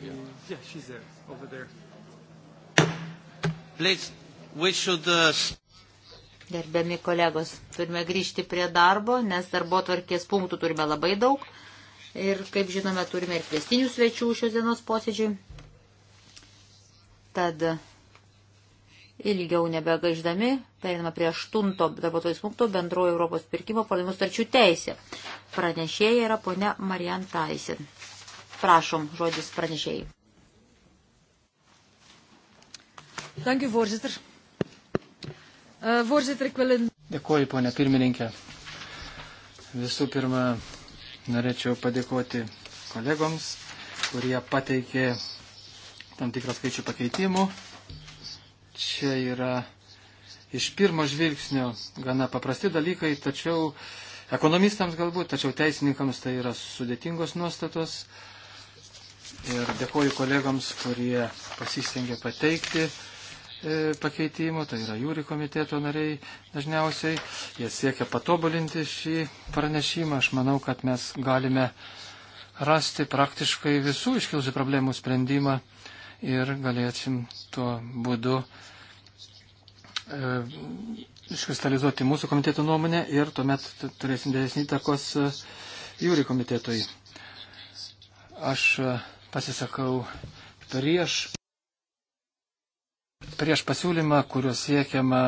Yeah. yeah, she's there, over there. Please, we should... Uh... Gerbiami kolegos, turime grįžti prie darbo, nes darbo tvarkės punktų turime labai daug. Ir, kaip žinome, turime ir kvestinių svečių šios dienos posėdžiui. Tad ilgiau nebegaždami, periname prie aštunto darbuotojų punkto bendrojo Europos pirkimo palaimų starčių teisė. Pranešėja yra ponia Marian Taisin. Prašom, žodis pranešėjai. Dank u, voorzitter. Uh, voorzitter, ik wil in... Dėkuoju, ponia pirmininkė. Visų pirma, norėčiau padėkoti kolegoms, kurie pateikė tam tikrą skaičių pakeitimų. Čia yra iš pirmo žvilgsnio gana paprasti dalykai, tačiau ekonomistams galbūt, tačiau teisininkams tai yra sudėtingos nuostatos. Uh, ir dėkoju kolegams, kurie pasistengė pateikti e, pakeitimų, tai yra jūri komiteto nariai dažniausiai, jie siekia patobulinti šį pranešimą, aš manau, kad mes galime rasti praktiškai visų iškilusių problemų sprendimą ir galėsim tuo būdu e, iškristalizuoti mūsų komiteto nuomonę ir tuomet turėsim didesnį įtakos e, jūri komitetui. Aš e, pasisakau prieš, prieš pasiūlymą, kuriuo siekiama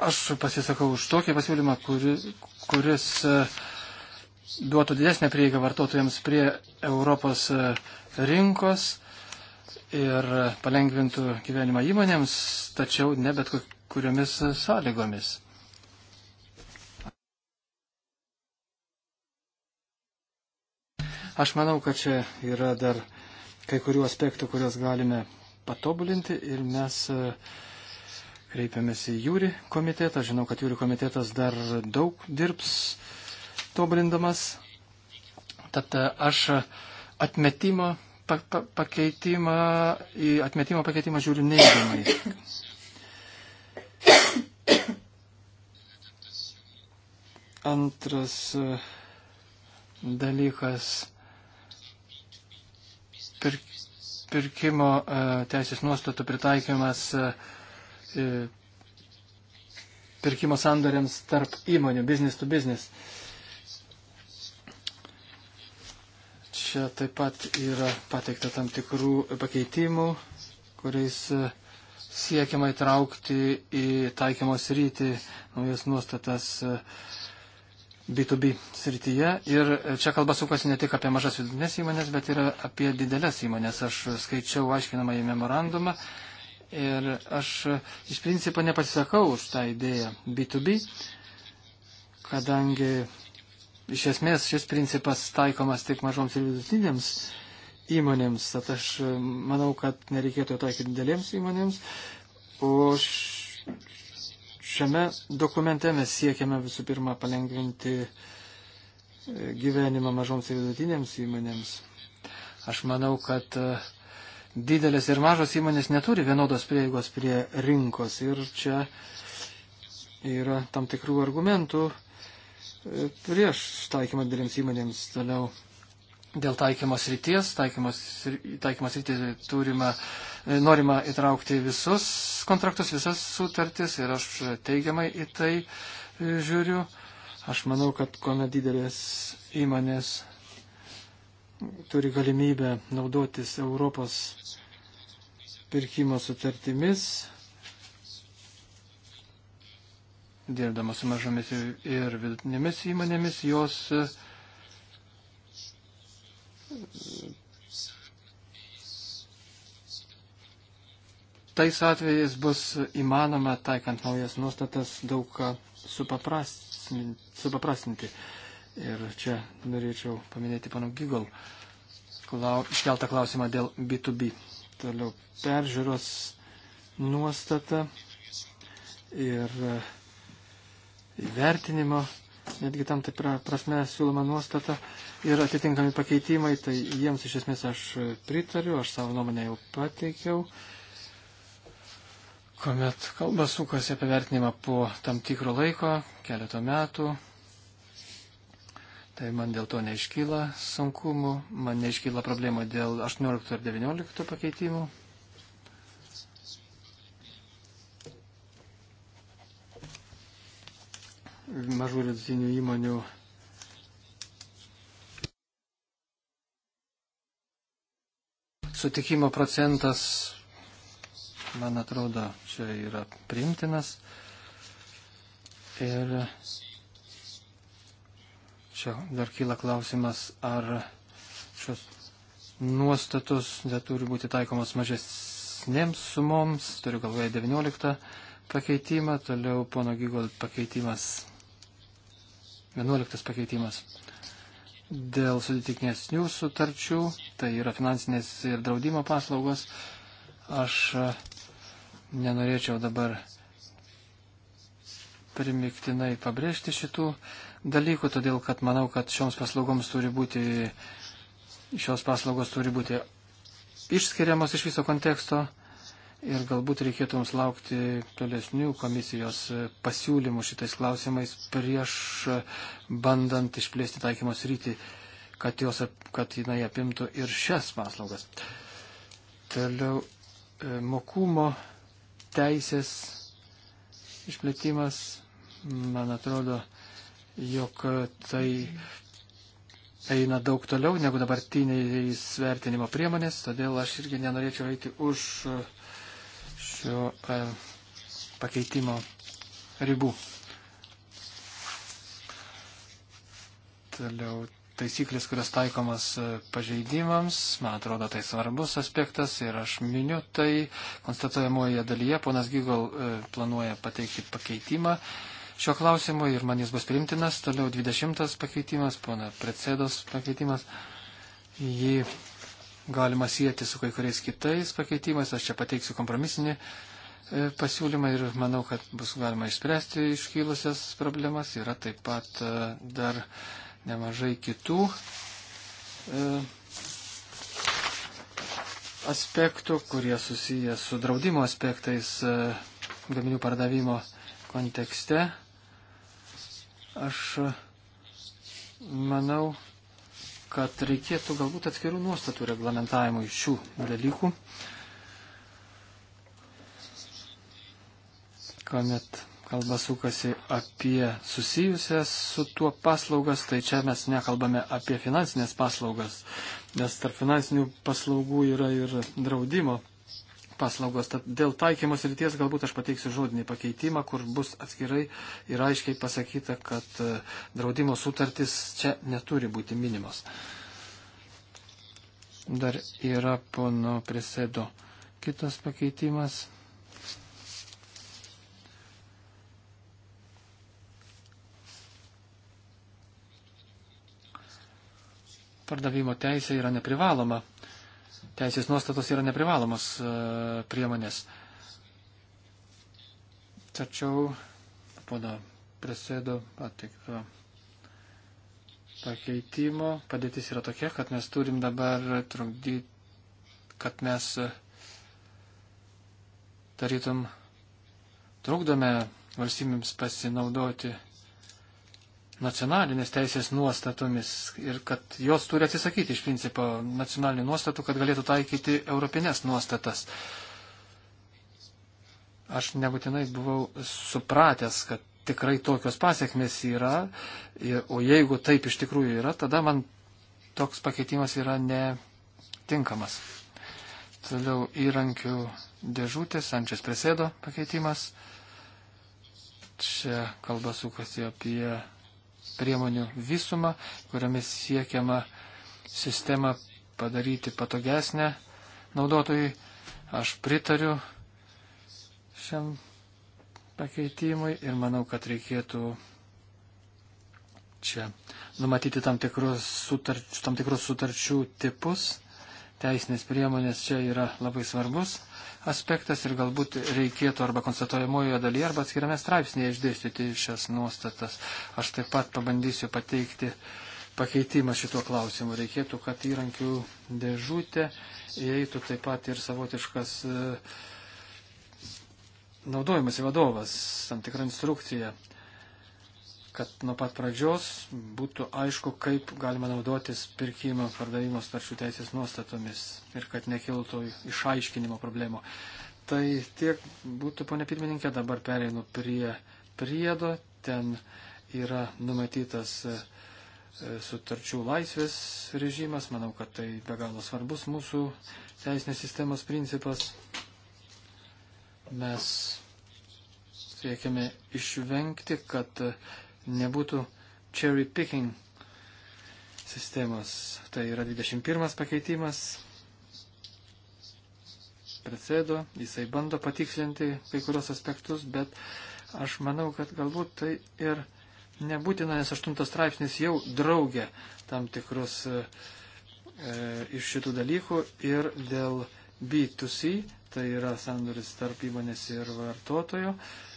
Aš pasisakau už tokį pasiūlymą, kuri, kuris e, duotų didesnę prieigą vartotojams prie Europos e, rinkos ir palengvintų gyvenimą įmonėms, tačiau ne bet kuriomis e, sąlygomis. Aš manau, kad čia yra dar kai kurių aspektų, kuriuos galime patobulinti ir mes e, kreipiamės į jūri komitetą. Žinau, kad jūri komitetas dar daug dirbs tobulindamas. Tad e, aš atmetimo pa, pa, pakeitimą, į atmetimo pakeitimą žiūriu neigiamai. Antras e, dalykas pir, pirkimo e, teisės nuostatų pritaikymas e, e, pirkimo sandoriams tarp įmonių, business to business. Čia taip pat yra pateikta tam tikrų pakeitimų, kuriais siekiama įtraukti į taikymos rytį naujas nuostatas B2B srityje. Ir čia kalba sukasi ne tik apie mažas vidutinės įmonės, bet ir apie didelės įmonės. Aš skaičiau aiškinamąjį memorandumą ir aš iš principo nepasisakau už tą idėją B2B, kadangi iš esmės šis principas taikomas tik mažoms ir vidutinėms įmonėms. Tad aš manau, kad nereikėtų taikyti didelėms įmonėms. O š Šiame dokumente mes siekiame visų pirma palengvinti e, gyvenimą mažoms ir vidutinėms įmonėms. Aš manau, kad e, didelės ir mažos įmonės neturi vienodos prieigos prie rinkos ir čia yra tam tikrų argumentų e, prieš taikymą didelėms įmonėms toliau Dėl taikymos ryties, taikymos, taikymos ryties turime, e, norima įtraukti visus kontraktus, visas sutartis ir aš teigiamai į tai e, žiūriu. Aš manau, kad kuomet didelės įmonės turi galimybę naudotis Europos pirkimo sutartimis, dirbdamas su mažomis ir vidutinėmis įmonėmis, jos e, Tais atvejais bus įmanoma, taikant naujas nuostatas, daug ką supaprastinti. Ir čia norėčiau paminėti pano Gigal iškeltą klausimą dėl B2B. Toliau peržiūros nuostata ir e, įvertinimo netgi tam tikrą prasme siūloma nuostata ir atitinkami pakeitimai, tai jiems iš esmės aš pritariu, aš savo nuomonę jau pateikiau. Komet kalba sukasi apie vertinimą po tam tikro laiko, keleto metų, tai man dėl to neiškyla sunkumų, man neiškyla problemų dėl 18 ir 19 pakeitimų. mažų vidutinių įmonių sutikimo procentas, man atrodo, čia yra primtinas. Ir čia dar kyla klausimas, ar šios nuostatos neturi būti taikomos mažesnėms sumoms, turiu galvoje 19 pakeitimą, toliau pono Gygol pakeitimas 11 pakeitimas. Dėl sudėtiknesnių sutarčių, tai yra finansinės ir draudimo paslaugos, aš e, nenorėčiau dabar primiktinai pabrėžti šitų dalykų, todėl kad manau, kad šioms paslaugoms turi būti, šios paslaugos turi būti išskiriamos iš viso konteksto ir galbūt reikėtų mums laukti tolesnių komisijos pasiūlymų šitais klausimais prieš bandant išplėsti taikymos rytį, kad, jos, kad jinai apimtų ir šias paslaugas. Toliau e, mokumo teisės išplėtimas, man atrodo, jog tai eina daug toliau negu dabartiniai svertinimo priemonės, todėl aš irgi nenorėčiau eiti už uh, teisų pakeitimo ribų. Toliau taisyklės, kurios taikomas e, pažeidimams, man atrodo, tai svarbus aspektas ir aš miniu tai konstatuojamoje dalyje. Ponas Gygol e, planuoja pateikti pakeitimą šio klausimu ir man jis bus priimtinas. Toliau 20 pakeitimas, pona Precedos pakeitimas. Jį galima sieti su kai kuriais kitais pakeitimais. Aš čia pateiksiu kompromisinį e, pasiūlymą ir manau, kad bus galima išspręsti iškylusias problemas. Yra taip pat e, dar nemažai kitų e, aspektų, kurie susiję su draudimo aspektais gaminių pardavimo kontekste. Aš manau, kad reikėtų galbūt atskirų nuostatų reglamentavimui šių dalykų, kuomet kalba sukasi apie susijusias su tuo paslaugas, tai čia mes nekalbame apie finansinės paslaugas, nes tarp finansinių paslaugų yra ir draudimo paslaugos. Tad dėl taikymos ryties galbūt aš pateiksiu žodinį pakeitimą, kur bus atskirai ir aiškiai pasakyta, kad e, draudimo sutartis čia neturi būti minimos. Dar yra pono Presėdo kitas pakeitimas. Pardavimo teisė yra neprivaloma teisės nuostatos yra neprivalomos e, priemonės. Tačiau pono presėdo patikto pakeitimo padėtis yra tokia, kad mes turim dabar trukdyti, kad mes e, tarytum trukdome valstybėms pasinaudoti nacionalinės teisės nuostatomis ir kad jos turi atsisakyti iš principo nacionalinių nuostatų, kad galėtų taikyti europinės nuostatas. Aš nebūtinai buvau supratęs, kad tikrai tokios pasiekmes yra, o jeigu taip iš tikrųjų yra, tada man toks pakeitimas yra netinkamas. Toliau įrankių dėžutės, Sančias Presėdo pakeitimas. Čia kalba sukasi apie priemonių visumą, kuriomis siekiama sistemą padaryti patogesnę naudotojui. Aš pritariu šiam pakeitimui ir manau, kad reikėtų čia numatyti tam tikrus, sutarč, tam tikrus sutarčių tipus teisinės priemonės čia yra labai svarbus aspektas ir galbūt reikėtų arba konstatuojamojoje dalyje arba atskiriame straipsnėje išdėstyti šias nuostatas. Aš taip pat pabandysiu pateikti pakeitimą šituo klausimu. Reikėtų, kad įrankių dėžutė įeitų taip pat ir savotiškas e, naudojimas į vadovas, tam tikra instrukcija kad nuo pat pradžios būtų aišku, kaip galima naudotis pirkimo, pardavimo starčių teisės nuostatomis ir kad nekiltų išaiškinimo problemų. Tai tiek būtų, ponė pirmininkė, dabar pereinu prie priedo, ten yra numatytas e, e, sutarčių laisvės režimas, manau, kad tai be galo svarbus mūsų teisinės sistemos principas. Mes siekiame išvengti, kad nebūtų cherry picking sistemos. Tai yra 21 pakeitimas. Precedo, jisai bando patikslinti kai kurios aspektus, bet aš manau, kad galbūt tai ir nebūtina, nes 8 straipsnis jau draugė tam tikrus e, e iš šitų dalykų ir dėl B2C, tai yra sandoris tarp įmonės ir vartotojo. E,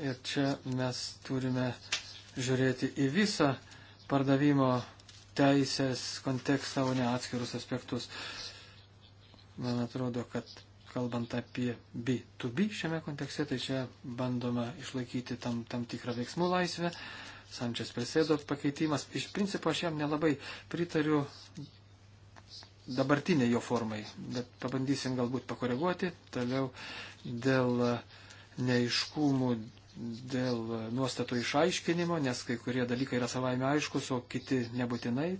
Ir čia mes turime žiūrėti į visą pardavimo teisės kontekstą, o ne atskirus aspektus. Man atrodo, kad kalbant apie B2B šiame kontekste, tai čia bandoma išlaikyti tam, tam tikrą veiksmų laisvę. Sančias prisėdo pakeitimas. Iš principo aš jam nelabai pritariu dabartinė jo formai, bet pabandysim galbūt pakoreguoti. Toliau dėl neiškumų dėl nuostatų išaiškinimo, nes kai kurie dalykai yra savaime aiškus, o kiti nebūtinai.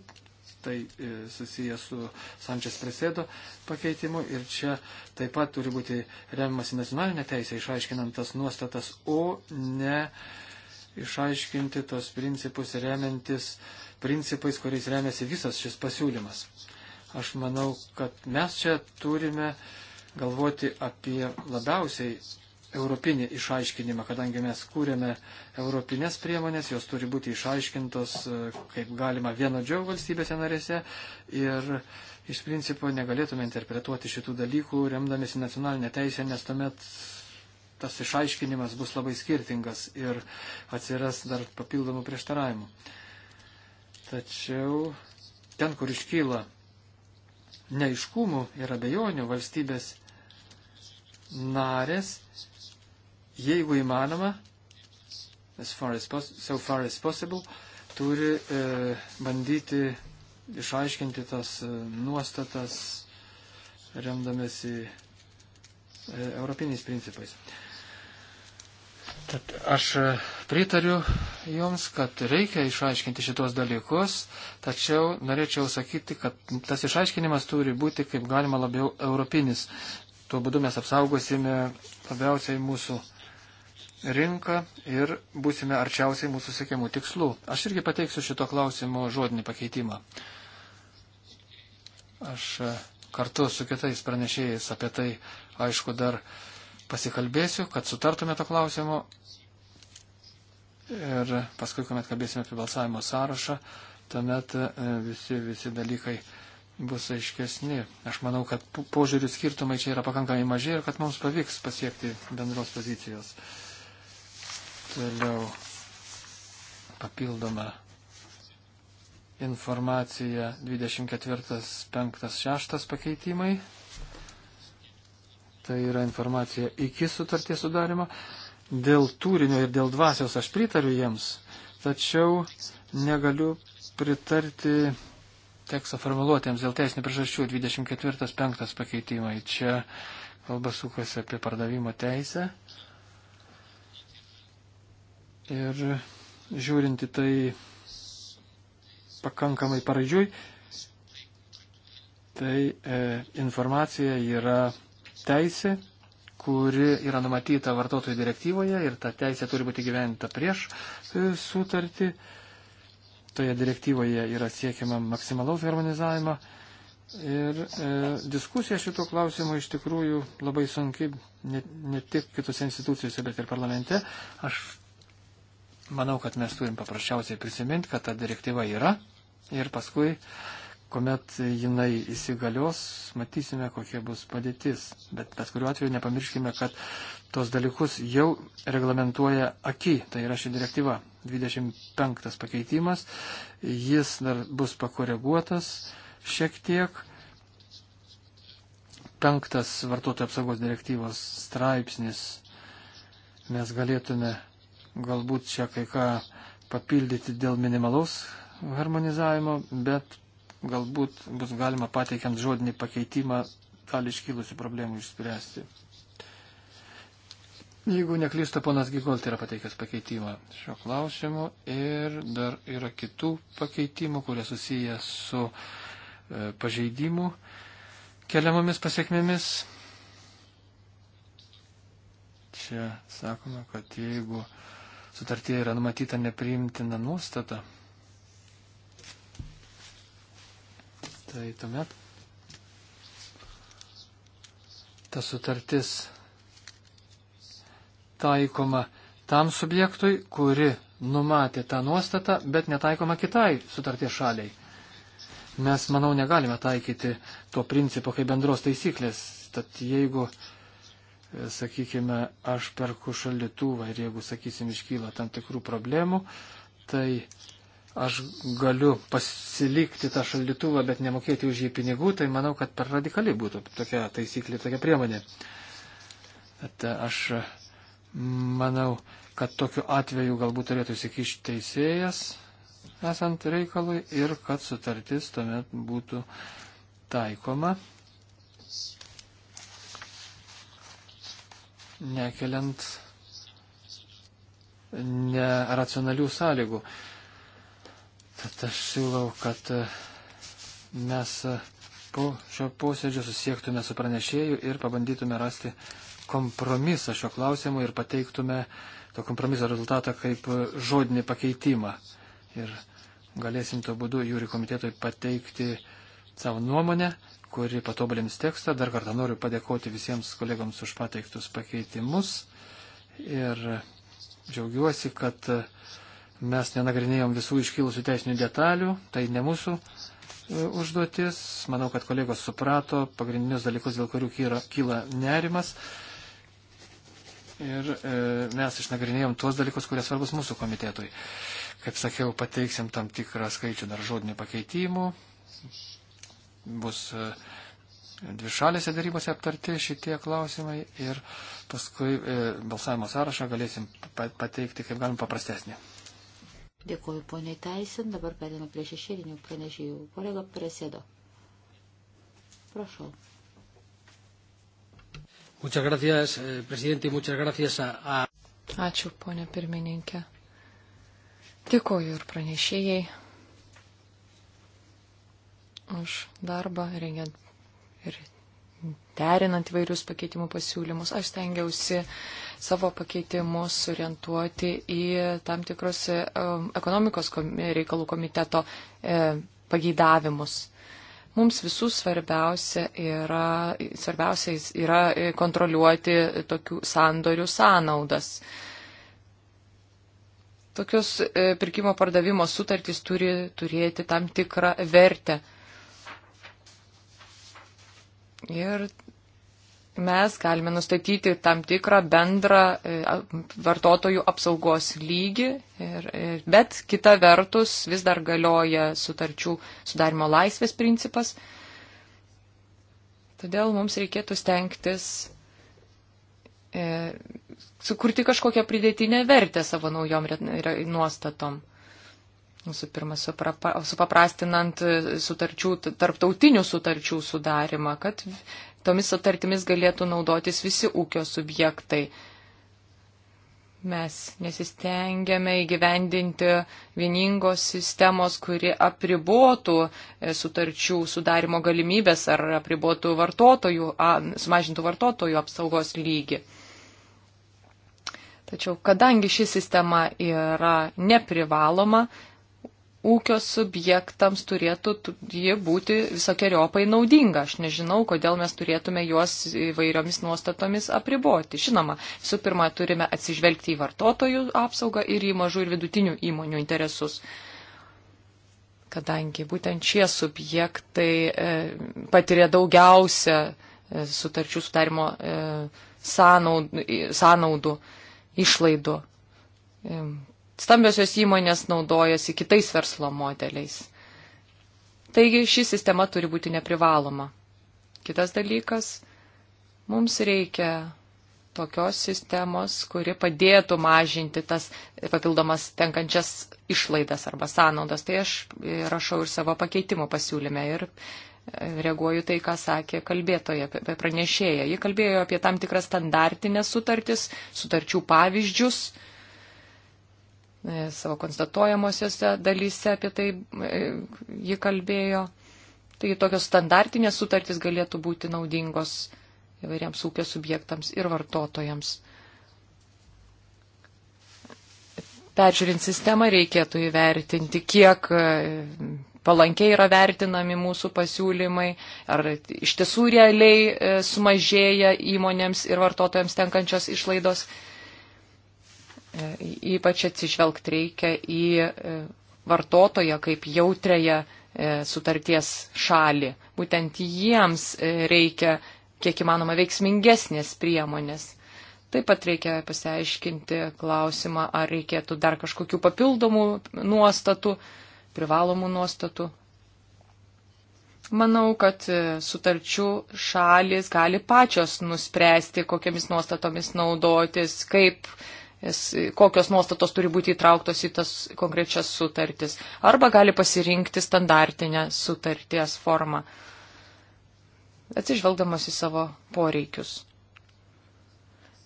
Tai e, susiję su Sančias Presėdo pakeitimu ir čia taip pat turi būti remiamasi nacionalinė teisė, išaiškinant tas nuostatas, o ne išaiškinti tos principus remiantis principais, kuriais remiasi visas šis pasiūlymas. Aš manau, kad mes čia turime galvoti apie labiausiai europinį išaiškinimą, kadangi mes kūrėme europinės priemonės, jos turi būti išaiškintos e, kaip galima vienodžiau valstybėse narėse ir iš principo negalėtume interpretuoti šitų dalykų remdamėsi nacionalinę teisę, nes tuomet tas išaiškinimas bus labai skirtingas ir atsiras dar papildomų prieštaravimų. Tačiau ten, kur iškyla neiškumų ir abejonių valstybės narės jeigu įmanoma, as far as pos, so far as possible, turi e, bandyti išaiškinti tas e, nuostatas remdamėsi e, europiniais principais. Tad aš e, pritariu Jums, kad reikia išaiškinti šitos dalykus, tačiau norėčiau sakyti, kad tas išaiškinimas turi būti kaip galima labiau europinis. Tuo būdu mes apsaugosime labiausiai mūsų rinką ir būsime arčiausiai mūsų siekiamų tikslų. Aš irgi pateiksiu šito klausimo žodinį pakeitimą. Aš e, kartu su kitais pranešėjais apie tai, aišku, dar pasikalbėsiu, kad sutartume to klausimo. Ir paskui, kuomet kalbėsime apie balsavimo sąrašą, tuomet e, visi, visi dalykai bus aiškesni. Aš manau, kad požiūrių skirtumai čia yra pakankamai maži ir kad mums pavyks pasiekti bendros pozicijos. Uh, Toliau papildoma informacija 24, 5, 6 pakeitimai. Tai yra informacija iki sutarties sudarimo. Dėl turinio ir dėl dvasios aš pritariu jiems, tačiau negaliu pritarti teksto formuluotėms dėl teisinių priežasčių 24.5 pakeitimai. Čia kalba sukasi apie pardavimo teisę. Ir žiūrint į tai pakankamai paraidžiui, tai e, informacija yra teisė, kuri yra numatyta vartotojų direktyvoje ir ta teisė turi būti gyventa prieš e, sutartį. Toje direktyvoje yra siekiama maksimalaus harmonizavimo. Ir e, diskusija šito klausimo iš tikrųjų labai sunki, ne, ne tik kitose institucijose, bet ir parlamente. Aš Manau, kad mes turim paprasčiausiai prisiminti, kad ta direktyva yra ir paskui, kuomet jinai įsigalios, matysime, kokia bus padėtis. Bet bet kuriuo atveju nepamirškime, kad tos dalykus jau reglamentuoja aki, tai yra ši direktyva. 25 pakeitimas, jis dar bus pakoreguotas šiek tiek penktas vartotojų apsaugos direktyvos straipsnis mes galėtume galbūt čia kai ką papildyti dėl minimalaus harmonizavimo, bet galbūt bus galima pateikiant žodinį pakeitimą dalį iškilusių problemų išspręsti. Jeigu neklysta, ponas Gigolt yra pateikęs pakeitimą šio klausimu ir dar yra kitų pakeitimų, kurie susiję su e, pažeidimu keliamomis pasiekmėmis. Čia sakoma, kad jeigu e, sutartie yra numatyta nepriimtina nuostata, tai tuomet ta sutartis taikoma tam subjektui, kuri numatė tą nuostatą, bet netaikoma kitai sutarties šaliai. Mes, manau, negalime taikyti to principo kaip bendros taisyklės. Tad jeigu sakykime, aš perku šalituvą ir jeigu, sakysim, iškyla tam tikrų problemų, tai aš galiu pasilikti tą šaldytuvą, bet nemokėti už jį pinigų, tai manau, kad per radikaliai būtų tokia taisyklė, tokia priemonė. Bet aš manau, kad tokiu atveju galbūt turėtų įsikišti teisėjas esant reikalui ir kad sutartis tuomet būtų taikoma nekeliant neracionalių sąlygų. Tad aš siūlau, kad e, mes e, po šio posėdžio susiektume su pranešėju ir pabandytume rasti kompromisą šio klausimu ir pateiktume to kompromiso rezultatą kaip e, žodinį pakeitimą. Ir galėsim to būdu jūri komitetui pateikti savo nuomonę kuri patobulins tekstą. Dar kartą noriu padėkoti visiems kolegams už pateiktus pakeitimus. Ir džiaugiuosi, kad mes nenagrinėjom visų iškilusių teisinių detalių. Tai ne mūsų e, užduotis. Manau, kad kolegos suprato pagrindinius dalykus, dėl kurių kyra, kyla nerimas. Ir e, mes išnagrinėjom tuos dalykus, kurie svarbus mūsų komitetui. Kaip sakiau, pateiksim tam tikrą skaičių dar žodinių pakeitimų bus e, dvišalėse darybose aptarti šitie klausimai ir paskui e, balsavimo sąrašą galėsim pateikti kaip galim paprastesnį. Dėkuoju poniai Taisin, dabar perėmė prie šešėlinių pranešėjų. Kolega Presėdo. Prašau. Muchas gracias, eh, presidente, muchas gracias a... Ačiū, ponė pirmininkė. Dėkuoju ir pranešėjai už darbą, rengiant ir derinant įvairius pakeitimų pasiūlymus. Aš stengiausi savo pakeitimus orientuoti į tam tikrus e, um, ekonomikos reikalų komiteto e, pageidavimus. Mums visų svarbiausia yra, svarbiausia yra kontroliuoti tokių sandorių sąnaudas. Tokios e, pirkimo pardavimo sutartys turi turėti tam tikrą vertę Ir mes galime nustatyti tam tikrą bendrą e, vartotojų apsaugos lygį, ir, bet kita vertus vis dar galioja sutarčių sudarimo laisvės principas. Todėl mums reikėtų stengtis e, sukurti kažkokią pridėtinę vertę savo naujom nuostatom. Visų pirma, supaprastinant sutarčių, tarptautinių sutarčių sudarimą, kad tomis sutartimis galėtų naudotis visi ūkio subjektai. Mes nesistengiame įgyvendinti vieningos sistemos, kuri apribotų e, sutarčių sudarimo galimybės ar apribotų vartotojų, sumažintų vartotojų apsaugos lygį. Tačiau, kadangi ši sistema yra neprivaloma, ūkio subjektams turėtų ji būti visokiojopai naudinga. Aš nežinau, kodėl mes turėtume juos įvairiomis nuostatomis apriboti. Žinoma, visų pirma, turime atsižvelgti į vartotojų apsaugą ir į mažų ir vidutinių įmonių interesus. Kadangi būtent šie subjektai e, patiria daugiausia e, sutarčių sudarimo e, sąnaudų, sąnaudų išlaidų stambiosios įmonės naudojasi kitais verslo modeliais. Taigi ši sistema turi būti neprivaloma. Kitas dalykas, mums reikia tokios sistemos, kuri padėtų mažinti tas papildomas tenkančias išlaidas arba sąnaudas. Tai aš rašau ir savo pakeitimo pasiūlyme ir e, reaguoju tai, ką sakė kalbėtoja, pranešėja. Ji kalbėjo apie tam tikras standartinės sutartis, sutarčių pavyzdžius E, savo konstatuojamosiose dalyse apie tai e, ji kalbėjo. Taigi tokios standartinės sutartys galėtų būti naudingos įvairiems ūkio subjektams ir vartotojams. Peržiūrint sistemą reikėtų įvertinti, kiek e, palankiai yra vertinami mūsų pasiūlymai, ar iš tiesų realiai sumažėja įmonėms ir vartotojams tenkančios išlaidos. E, ypač atsižvelgti reikia į e, vartotoją kaip jautrėje sutarties šalį. Būtent jiems e, reikia kiek įmanoma veiksmingesnės priemonės. Taip pat reikia pasiaiškinti klausimą, ar reikėtų dar kažkokių papildomų nuostatų, privalomų nuostatų. Manau, kad sutarčių šalis gali pačios nuspręsti, kokiamis nuostatomis naudotis, kaip uh, kokios nuostatos turi būti įtrauktos į tas konkrečias sutartis. Arba gali pasirinkti standartinę sutarties formą, atsižvelgdamas į savo poreikius.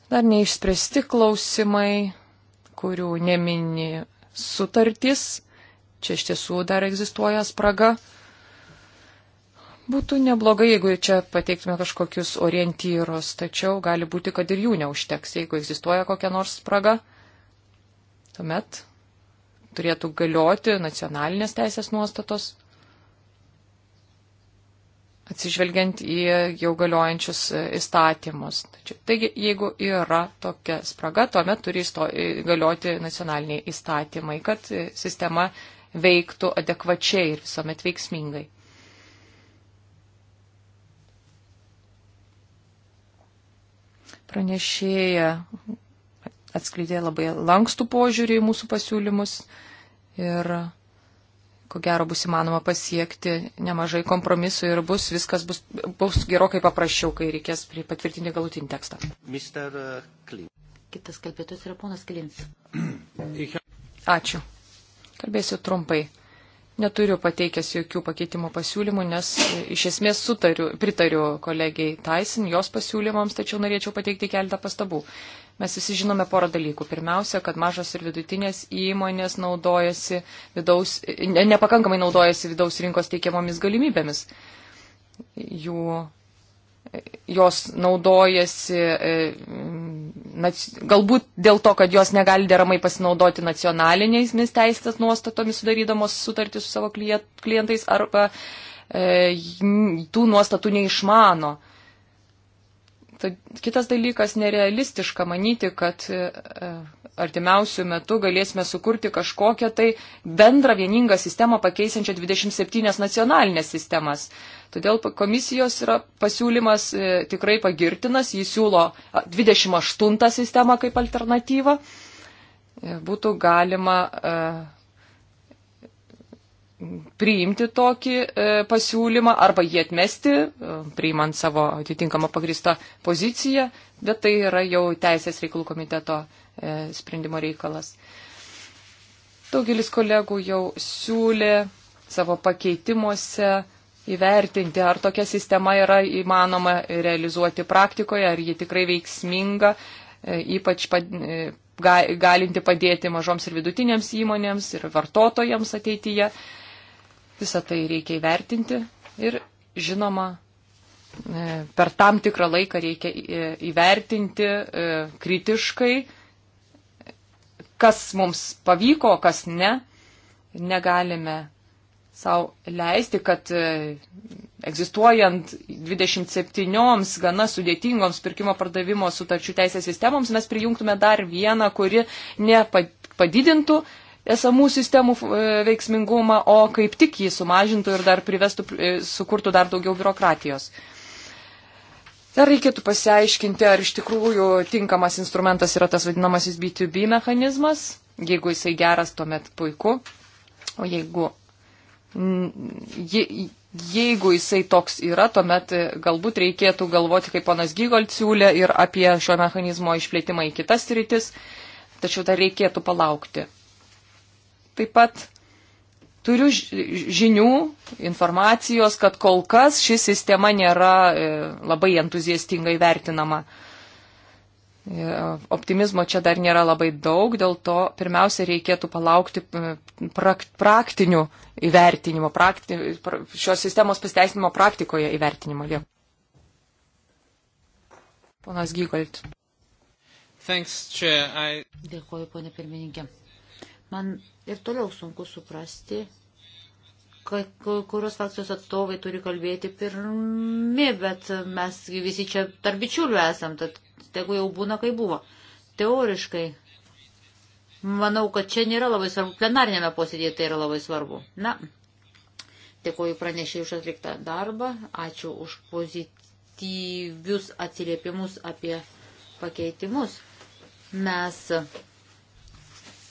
Dar neišspręsti klausimai, kurių nemini sutartys. Čia iš tiesų dar egzistuoja spraga. Būtų neblogai, jeigu čia pateiktume kažkokius orientyrus, tačiau gali būti, kad ir jų neužteks. Jeigu egzistuoja kokia nors spraga, tuomet turėtų galioti nacionalinės teisės nuostatos, atsižvelgiant į jau galiojančius įstatymus. Tačiau, taigi, jeigu yra tokia spraga, tuomet turi galioti nacionaliniai įstatymai, kad sistema veiktų adekvačiai ir visuomet veiksmingai. Pranešėja atskleidė labai lankstų požiūrį į mūsų pasiūlymus ir ko gero bus įmanoma pasiekti nemažai kompromisų ir bus, viskas bus, bus gerokai paprasčiau, kai reikės patvirtinti galutinį tekstą. Uh, Kitas kalbėtojas yra ponas Klins. Ačiū. Kalbėsiu trumpai neturiu pateikęs jokių pakeitimo pasiūlymų, nes e, iš esmės sutariu, pritariu kolegiai Taisin, jos pasiūlymams, tačiau norėčiau pateikti keletą pastabų. Mes visi žinome porą dalykų. Pirmiausia, kad mažos ir vidutinės įmonės naudojasi vidaus, e, ne, nepakankamai naudojasi vidaus rinkos teikiamomis galimybėmis. Jų jos naudojasi, e, galbūt dėl to, kad jos negali deramai pasinaudoti nacionalinėmis teisės nuostatomis sudarydamos sutartį su savo klientais arba e, tų nuostatų neišmano. Tad kitas dalykas - nerealistiška manyti, kad e, artimiausių metų galėsime sukurti kažkokią tai bendrą vieningą sistemą pakeisiančią 27 nacionalinės sistemas. Todėl komisijos yra pasiūlymas e, tikrai pagirtinas, jis siūlo 28 sistemą kaip alternatyvą. E, būtų galima e, priimti tokį pasiūlymą arba jį atmesti, priimant savo atitinkamą pagristą poziciją, bet tai yra jau Teisės reikalų komiteto E, sprendimo reikalas. Daugelis kolegų jau siūlė savo pakeitimuose įvertinti, ar tokia sistema yra įmanoma realizuoti praktikoje, ar ji tikrai veiksminga, e, ypač e, galinti padėti mažoms ir vidutinėms įmonėms ir vartotojams ateityje. Visą tai reikia įvertinti ir, žinoma, per tam tikrą laiką reikia įvertinti kritiškai kas mums pavyko, kas ne, negalime savo leisti, kad e, egzistuojant 27 gana sudėtingoms pirkimo pardavimo sutarčių teisės sistemoms mes prijungtume dar vieną, kuri nepadidintų esamų sistemų e, veiksmingumą, o kaip tik jį sumažintų ir dar privestų, e, sukurtų dar daugiau biurokratijos. Dar reikėtų pasiaiškinti, ar iš tikrųjų tinkamas instrumentas yra tas vadinamasis B2B mechanizmas. Jeigu jisai geras, tuomet puiku. O jeigu, je, jeigu jisai toks yra, tuomet e, galbūt reikėtų galvoti, kaip ponas Gygold siūlė, ir apie šio mechanizmo išplėtimą į kitas rytis. Tačiau dar reikėtų palaukti. Taip pat Turiu žinių, informacijos, kad kol kas ši sistema nėra e, labai entuziastingai vertinama. E, optimizmo čia dar nėra labai daug, dėl to pirmiausia reikėtų palaukti e, praktinių įvertinimo, prakti, šios sistemos pasteisinimo praktikoje įvertinimo. Liek. Ponas Gygolt. Thanks, I... Dėkuoju, ponė pirmininkė. Man ir toliau sunku suprasti, kurios frakcijos atstovai turi kalbėti pirmi, bet mes visi čia tarp bičiulių esam, tad tegu jau būna, kai buvo. Teoriškai, manau, kad čia nėra labai svarbu, plenarinėme posėdėje tai yra labai svarbu. Na, dėkoju pranešėjai už atliktą darbą, ačiū už pozityvius atsiliepimus apie pakeitimus. Mes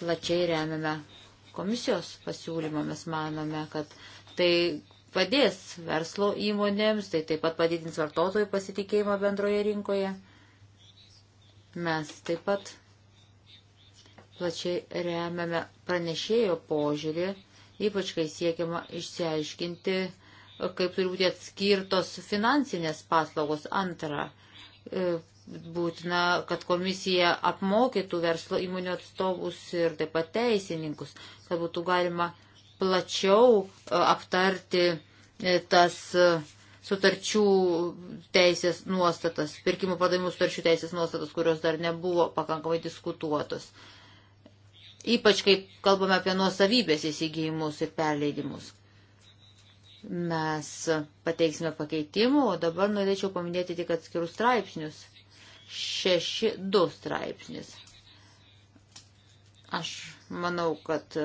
plačiai remiame komisijos pasiūlymą, mes manome, kad tai padės verslo įmonėms, tai taip pat padidins vartotojų pasitikėjimą bendroje rinkoje. Mes taip pat plačiai remiame pranešėjo požiūrį, ypač kai siekiama išsiaiškinti, kaip turi būti atskirtos finansinės paslaugos antrą e, būtina, kad komisija apmokytų verslo įmonių atstovus ir taip pat teisininkus, kad būtų galima plačiau e, aptarti e, tas e, sutarčių teisės nuostatas, pirkimų padavimų sutarčių teisės nuostatas, kurios dar nebuvo pakankamai diskutuotos. Ypač, kai kalbame apie nuosavybės įsigijimus ir perleidimus. Mes pateiksime pakeitimų, o dabar norėčiau paminėti tik atskirus straipsnius 6.2 straipsnis. Aš manau, kad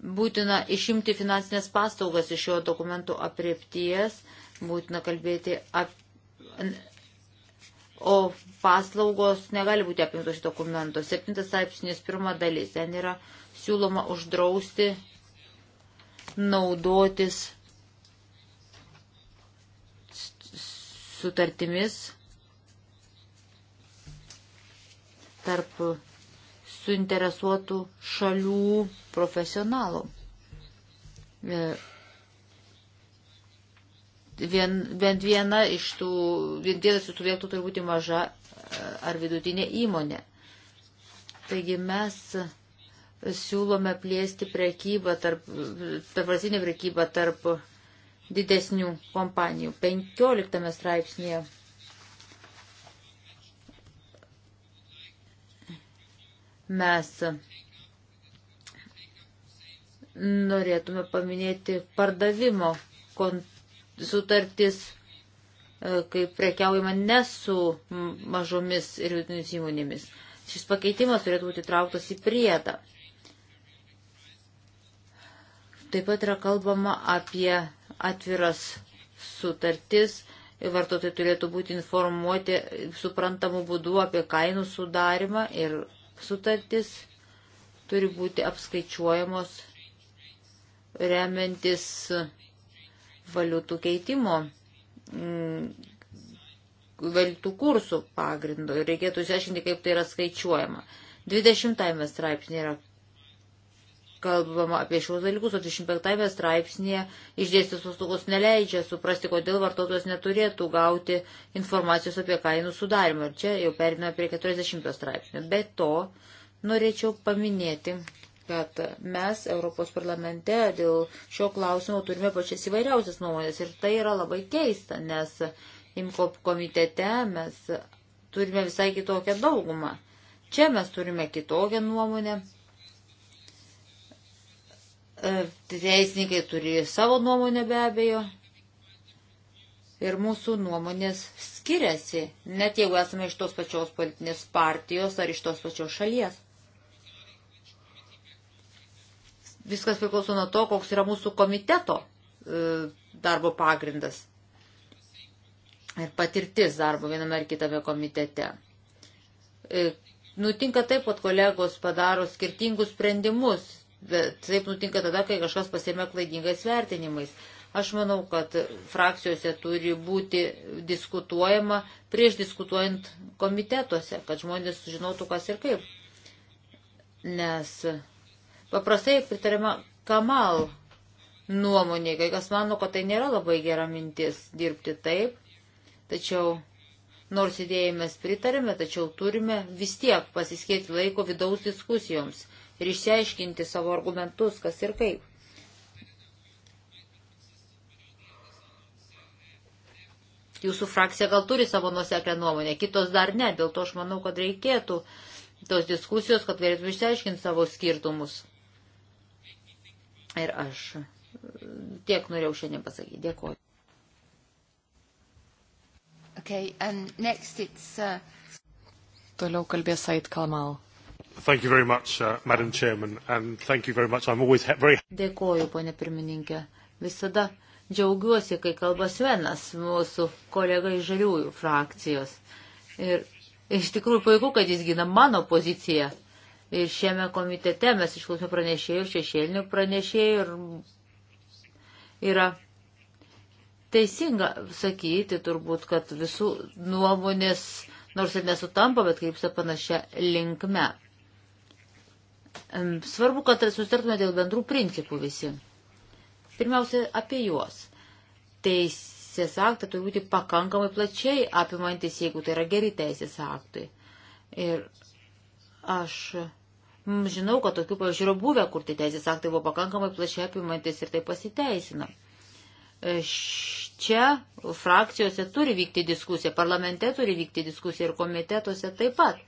būtina išimti finansinės paslaugas iš šio dokumentų apriepties, būtina kalbėti apie. O paslaugos negali būti apimtos šito dokumento. Septintas straipsnis, pirma dalis. Ten yra siūloma uždrausti naudotis sutartimis tarp suinteresuotų šalių profesionalų. E, vien, bent viena iš tų, vienas iš tų vietų turi būti maža e, ar vidutinė įmonė. Taigi mes siūlome plėsti prekybą tarp, tarp, prekybą tarp didesnių kompanijų. 15 straipsnėje mes norėtume paminėti pardavimo sutartis, e, kai prekiaujama ne su mažomis ir vidutinėmis įmonėmis. Šis pakeitimas turėtų būti trauktas į priedą. Taip pat yra kalbama apie atviras sutartis, vartotojai turėtų būti informuoti suprantamų būdų apie kainų sudarimą ir sutartis turi būti apskaičiuojamos remiantis valiutų keitimo mm, valiutų kursų pagrindu ir reikėtų išsiaiškinti, kaip tai yra skaičiuojama. 20 straipsnė yra kalbama apie šios dalykus, o 35 straipsnėje išdėstis atostogos neleidžia suprasti, kodėl vartotojas neturėtų gauti informacijos apie kainų sudarimą. Ir čia jau periname prie 40 straipsnio. Be to, norėčiau paminėti kad mes Europos parlamente dėl šio klausimo turime pačias įvairiausias nuomonės ir tai yra labai keista, nes IMCO komitete mes turime visai kitokią daugumą. Čia mes turime kitokią nuomonę E, teisininkai turi savo nuomonę be abejo. Ir mūsų nuomonės skiriasi, net jeigu esame iš tos pačios politinės partijos ar iš tos pačios šalies. Viskas priklauso nuo to, koks yra mūsų komiteto e, darbo pagrindas ir patirtis darbo viename ar kitame komitete. E, nutinka taip, kad kolegos padaro skirtingus sprendimus Bet taip nutinka tada, kai kažkas pasėmė klaidingais vertinimais. Aš manau, kad frakcijose turi būti diskutuojama prieš diskutuojant komitetuose, kad žmonės žinotų kas ir kaip. Nes paprastai pritariama kamal nuomonė, kai kas mano, kad tai nėra labai gera mintis dirbti taip, tačiau nors idėjai mes pritarėme, tačiau turime vis tiek pasiskėti laiko vidaus diskusijoms ir išsiaiškinti savo argumentus, kas ir kaip. Jūsų frakcija gal turi savo nuseklę nuomonę, kitos dar ne, dėl to aš manau, kad reikėtų tos diskusijos, kad galėtume išsiaiškinti savo skirtumus. Ir aš tiek norėjau šiandien pasakyti. Dėkuoju. Okay, um, next it's, uh... Toliau kalbės Ait Kalmal. Thank you very much, uh, Madam Chairman, and thank you very much. I'm always very... Dėkoju, ponė pirmininkė. Visada džiaugiuosi, kai kalba Svenas, mūsų kolega iš žaliųjų frakcijos. Ir iš tikrųjų puiku, kad jis gina mano poziciją. Ir šiame komitete mes išklausome pranešėjų, šešėlinių pranešėjų ir yra teisinga sakyti turbūt, kad visų nuomonės, nors ir nesutampa, bet kaip sa panašia linkme. Svarbu, kad susitartume dėl bendrų principų visi. Pirmiausia, apie juos. Teisės aktai turi būti pakankamai plačiai apimantis, jeigu tai yra geri teisės aktai. Ir aš žinau, kad tokių pavyzdžių yra buvę, kur tie teisės aktai buvo pakankamai plačiai apimantis ir tai pasiteisina. E, čia frakcijose turi vykti diskusija, parlamente turi vykti diskusija ir komitetuose taip pat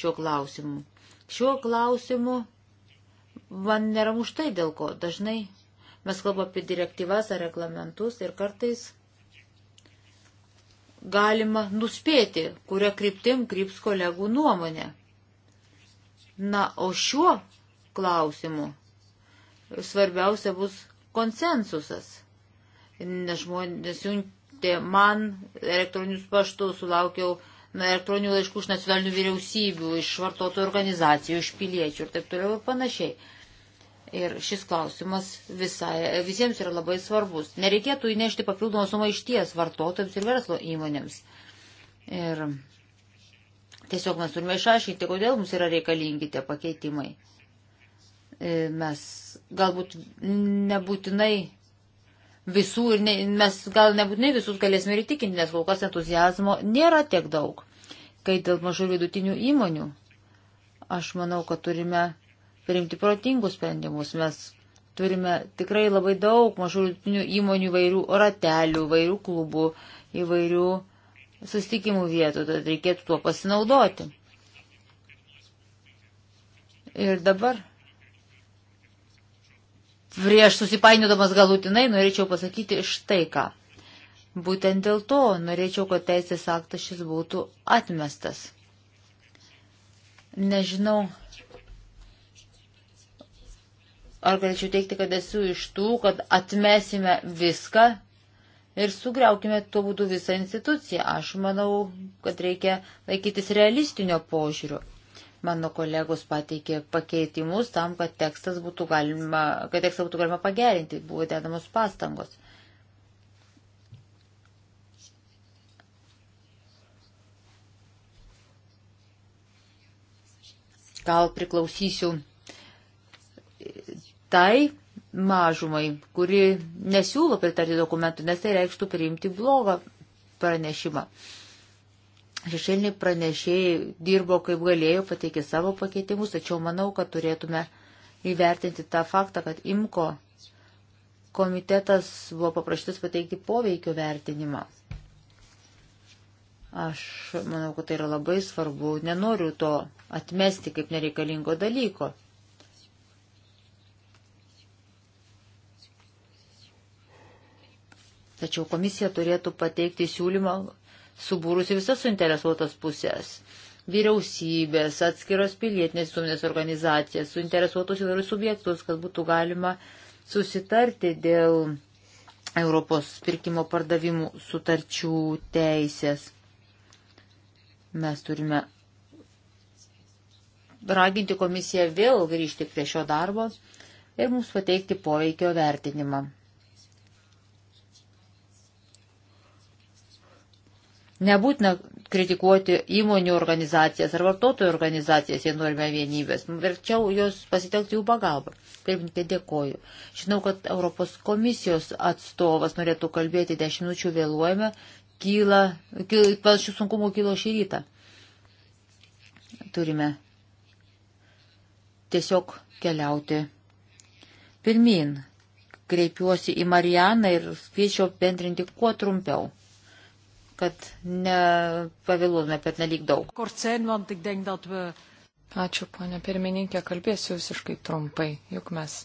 šiuo klausimu. Šiuo klausimu man neramu štai dėl ko. Dažnai mes kalbame apie direktyvas ar reglamentus ir kartais galima nuspėti, kuria kryptim kryps kolegų nuomonė. Na, o šiuo klausimu svarbiausia bus konsensusas. Nes žmonės siuntė man elektroninius paštus, sulaukiau elektroninių laiškų iš nacionalinių vyriausybių, iš vartotojų organizacijų, iš piliečių ir taip toliau ir panašiai. Ir šis klausimas visai, visiems yra labai svarbus. Nereikėtų įnešti papildomą sumą išties vartotojams ir verslo įmonėms. Ir tiesiog mes turime išaiškinti, kodėl mums yra reikalingi tie pakeitimai. E, mes galbūt nebūtinai visų ir ne, mes gal nebūtinai visus galėsime ir įtikinti, nes kol kas entuzijazmo nėra tiek daug. Kai dėl mažų vidutinių įmonių, aš manau, kad turime priimti protingus sprendimus. Mes turime tikrai labai daug mažų vidutinių įmonių, vairių ratelių, vairių klubų, įvairių susitikimų vietų, tad reikėtų tuo pasinaudoti. Ir dabar, prieš susipainiodamas galutinai, norėčiau pasakyti štai ką. Būtent dėl to norėčiau, kad teisės aktas šis būtų atmestas. Nežinau, ar galėčiau teikti, kad esu iš tų, kad atmesime viską ir sugriaukime tuo būdu visą instituciją. Aš manau, kad reikia laikytis realistinio požiūrio. Mano kolegos pateikė pakeitimus tam, kad, tekstas būtų galima, kad tekstą būtų galima pagerinti, buvo dedamos pastangos gal priklausysiu tai mažumai, kuri nesiūlo pritarti dokumentų, nes tai reikštų priimti blogą pranešimą. Šešėliniai pranešėjai dirbo kaip galėjo, pateikė savo pakeitimus, tačiau manau, kad turėtume įvertinti tą faktą, kad IMKO komitetas buvo paprašytas pateikti poveikio vertinimą. Aš manau, kad tai yra labai svarbu. Nenoriu to atmesti kaip nereikalingo dalyko. Tačiau komisija turėtų pateikti siūlymą subūrusi visas suinteresuotas pusės - vyriausybės, atskiros pilietinės visuomenės organizacijas, suinteresuotus įvairius subjektus, kad būtų galima susitarti dėl Europos pirkimo pardavimų sutarčių teisės. Mes turime raginti komisiją vėl grįžti prie šio darbo ir mums pateikti poveikio vertinimą. Nebūtina kritikuoti įmonių organizacijas ar vartotojų organizacijas, jei norime vienybės. Verčiau jos pasitelkti jų pagalbą. Pirmininkė, dėkoju. Žinau, kad Europos komisijos atstovas norėtų kalbėti, dešimt minučių vėluojame, kyla, panašių sunkumų kilo šį rytą. Turime tiesiog keliauti pirmin. Kreipiuosi į Marijaną ir kviečiu bendrinti kuo trumpiau, kad nepavėluotume per nelik daug. Ačiū, ponė pirmininkė, kalbėsiu visiškai trumpai, juk mes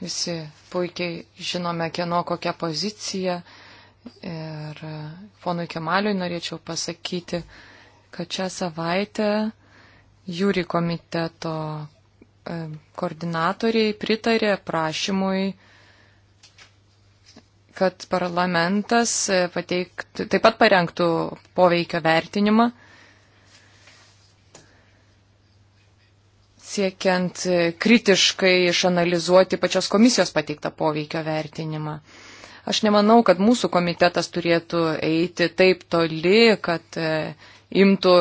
visi puikiai žinome, kieno kokia pozicija. Uh, Ir e, ponui Kemaliui norėčiau pasakyti, kad šią savaitę jūri komiteto e, koordinatoriai pritarė prašymui, kad parlamentas e, pateiktų, taip pat parengtų poveikio vertinimą, siekiant kritiškai išanalizuoti pačios komisijos pateiktą poveikio vertinimą. Aš nemanau, kad mūsų komitetas turėtų eiti taip toli, kad e, imtų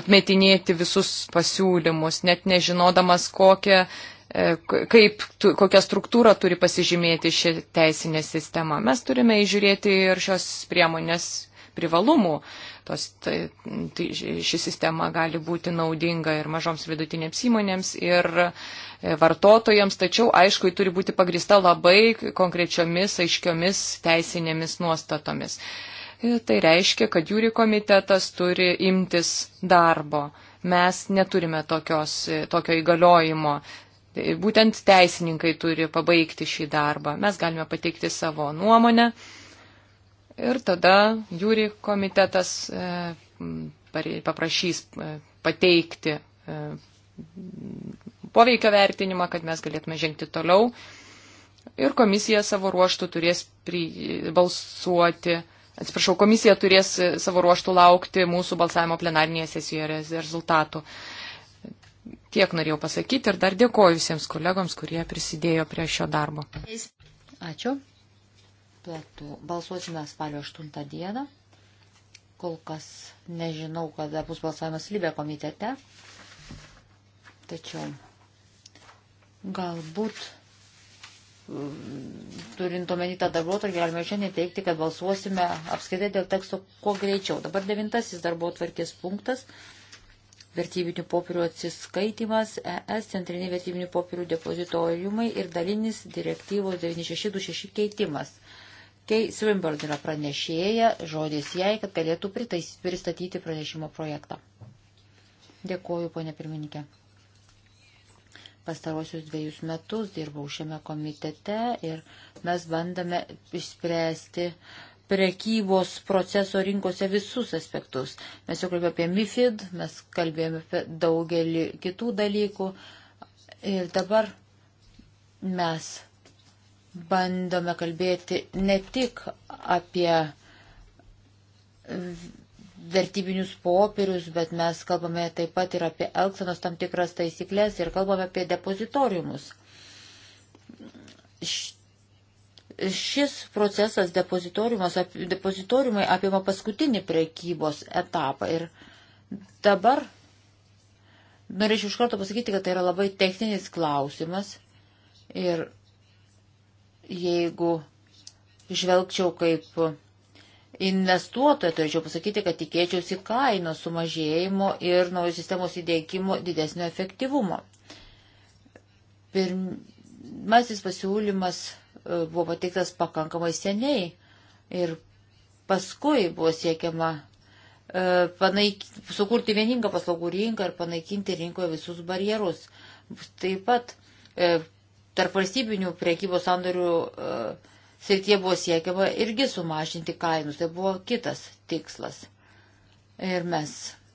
atmetinėti visus pasiūlymus, net nežinodamas, kokią, e, kaip, kokią struktūrą turi pasižymėti ši teisinė sistema. Mes turime įžiūrėti ir šios priemonės privalumų. Tos, tai, tai, ši sistema gali būti naudinga ir mažoms vidutinėms įmonėms, ir E, vartotojams, tačiau aišku, ji turi būti pagrista labai konkrečiomis, aiškiomis teisinėmis nuostatomis. E, tai reiškia, kad jūri komitetas turi imtis darbo. Mes neturime tokios, e, tokio įgaliojimo. Būtent teisininkai turi pabaigti šį darbą. Mes galime pateikti savo nuomonę ir tada jūri komitetas paprašys pateikti poveikio vertinimą, kad mes galėtume žengti toliau. Ir komisija savo ruoštų turės pri, balsuoti, atsiprašau, komisija turės savo ruoštų laukti mūsų balsavimo plenarinėje sesijoje rezultatų. Tiek norėjau pasakyti ir dar dėkoju visiems kolegoms, kurie prisidėjo prie šio darbo. Ačiū. Platų. Balsuosime spalio 8 dieną. Kol kas nežinau, kada bus balsavimas Libė komitete. Tačiau Galbūt mm, turint omeny tą darbotvarkę, galime šiandien teikti, kad balsuosime apskaitai dėl teksto kuo greičiau. Dabar devintasis darbotvarkės punktas - vertybinių popierių atsiskaitimas, ES centriniai vertybinių popierių depozitoriumai ir dalinis direktyvos 9626 keitimas. Kei Swinburne yra pranešėja, žodis jai, kad galėtų pristatyti pranešimo projektą. Dėkuoju, ponė pirmininkė pastarosius dviejus metus dirbau šiame komitete ir mes bandame išspręsti prekybos proceso rinkose visus aspektus. Mes jau kalbėjome apie MIFID, mes kalbėjome apie daugelį kitų dalykų ir dabar mes bandome kalbėti ne tik apie vertybinius popierius, bet mes kalbame taip pat ir apie elksenos tam tikras taisyklės ir kalbame apie depozitoriumus. Šis procesas depozitoriumai apima paskutinį prekybos etapą ir dabar norėčiau iš karto pasakyti, kad tai yra labai techninis klausimas ir jeigu žvelgčiau kaip investuotoja, turėčiau pasakyti, kad tikėčiausi kainos sumažėjimo ir naujos sistemos įdėkimo didesnio efektyvumo. Pirmasis pasiūlymas e, buvo patiktas pakankamai seniai ir paskui buvo siekiama e, panaik, sukurti vieningą paslaugų rinką ir panaikinti rinkoje visus barjerus. Taip pat e, tarp valstybinių priekybos sandorių uh, srityje buvo siekiama irgi sumažinti kainus. Tai buvo kitas tikslas. Ir mes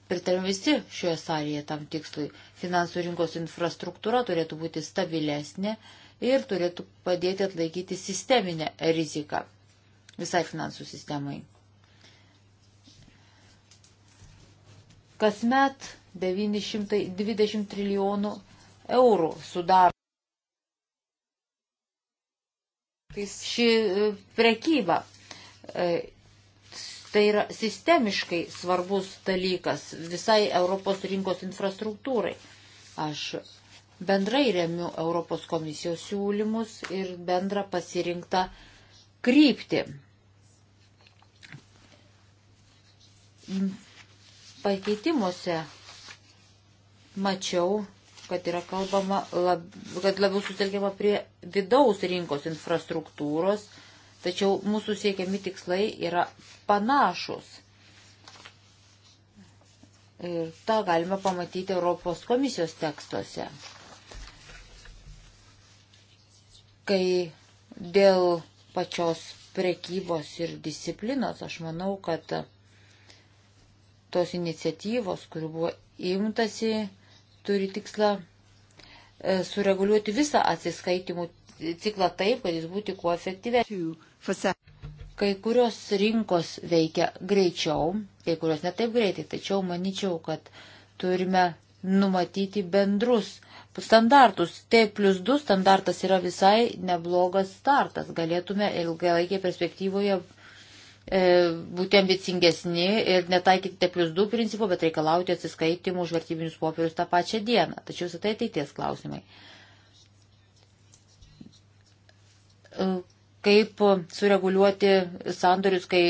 pritarėm visi šioje sąlyje tam tikslui. Finansų rinkos infrastruktūra turėtų būti stabilesnė ir turėtų padėti atlaikyti sisteminę riziką visai finansų sistemai. Kasmet 920 trilijonų eurų sudaro. ši e, prekyba. E, tai yra sistemiškai svarbus dalykas visai Europos rinkos infrastruktūrai. Aš bendrai remiu Europos komisijos siūlymus ir bendrą pasirinktą kryptį. Pakeitimuose mačiau kad yra kalbama, lab, kad labiau sutelkiama prie vidaus rinkos infrastruktūros, tačiau mūsų siekiami tikslai yra panašus. Ir tą galime pamatyti Europos komisijos tekstuose. Kai dėl pačios prekybos ir disciplinos, aš manau, kad tos iniciatyvos, kurių buvo imtasi, turi tikslą e, sureguliuoti visą atsiskaitimų ciklą taip, kad jis būtų kuo efektyvesnis. Kai kurios rinkos veikia greičiau, kai kurios netaip greitai, tačiau manyčiau, kad turime numatyti bendrus standartus. T plus 2 standartas yra visai neblogas startas. Galėtume ilgalaikėje perspektyvoje E, būti ambicingesni ir netaikyti T plus 2 principų, bet reikalauti atsiskaitimų už vertybinius popierius tą pačią dieną. Tačiau visą tai ateities klausimai. E, kaip sureguliuoti sandorius, kai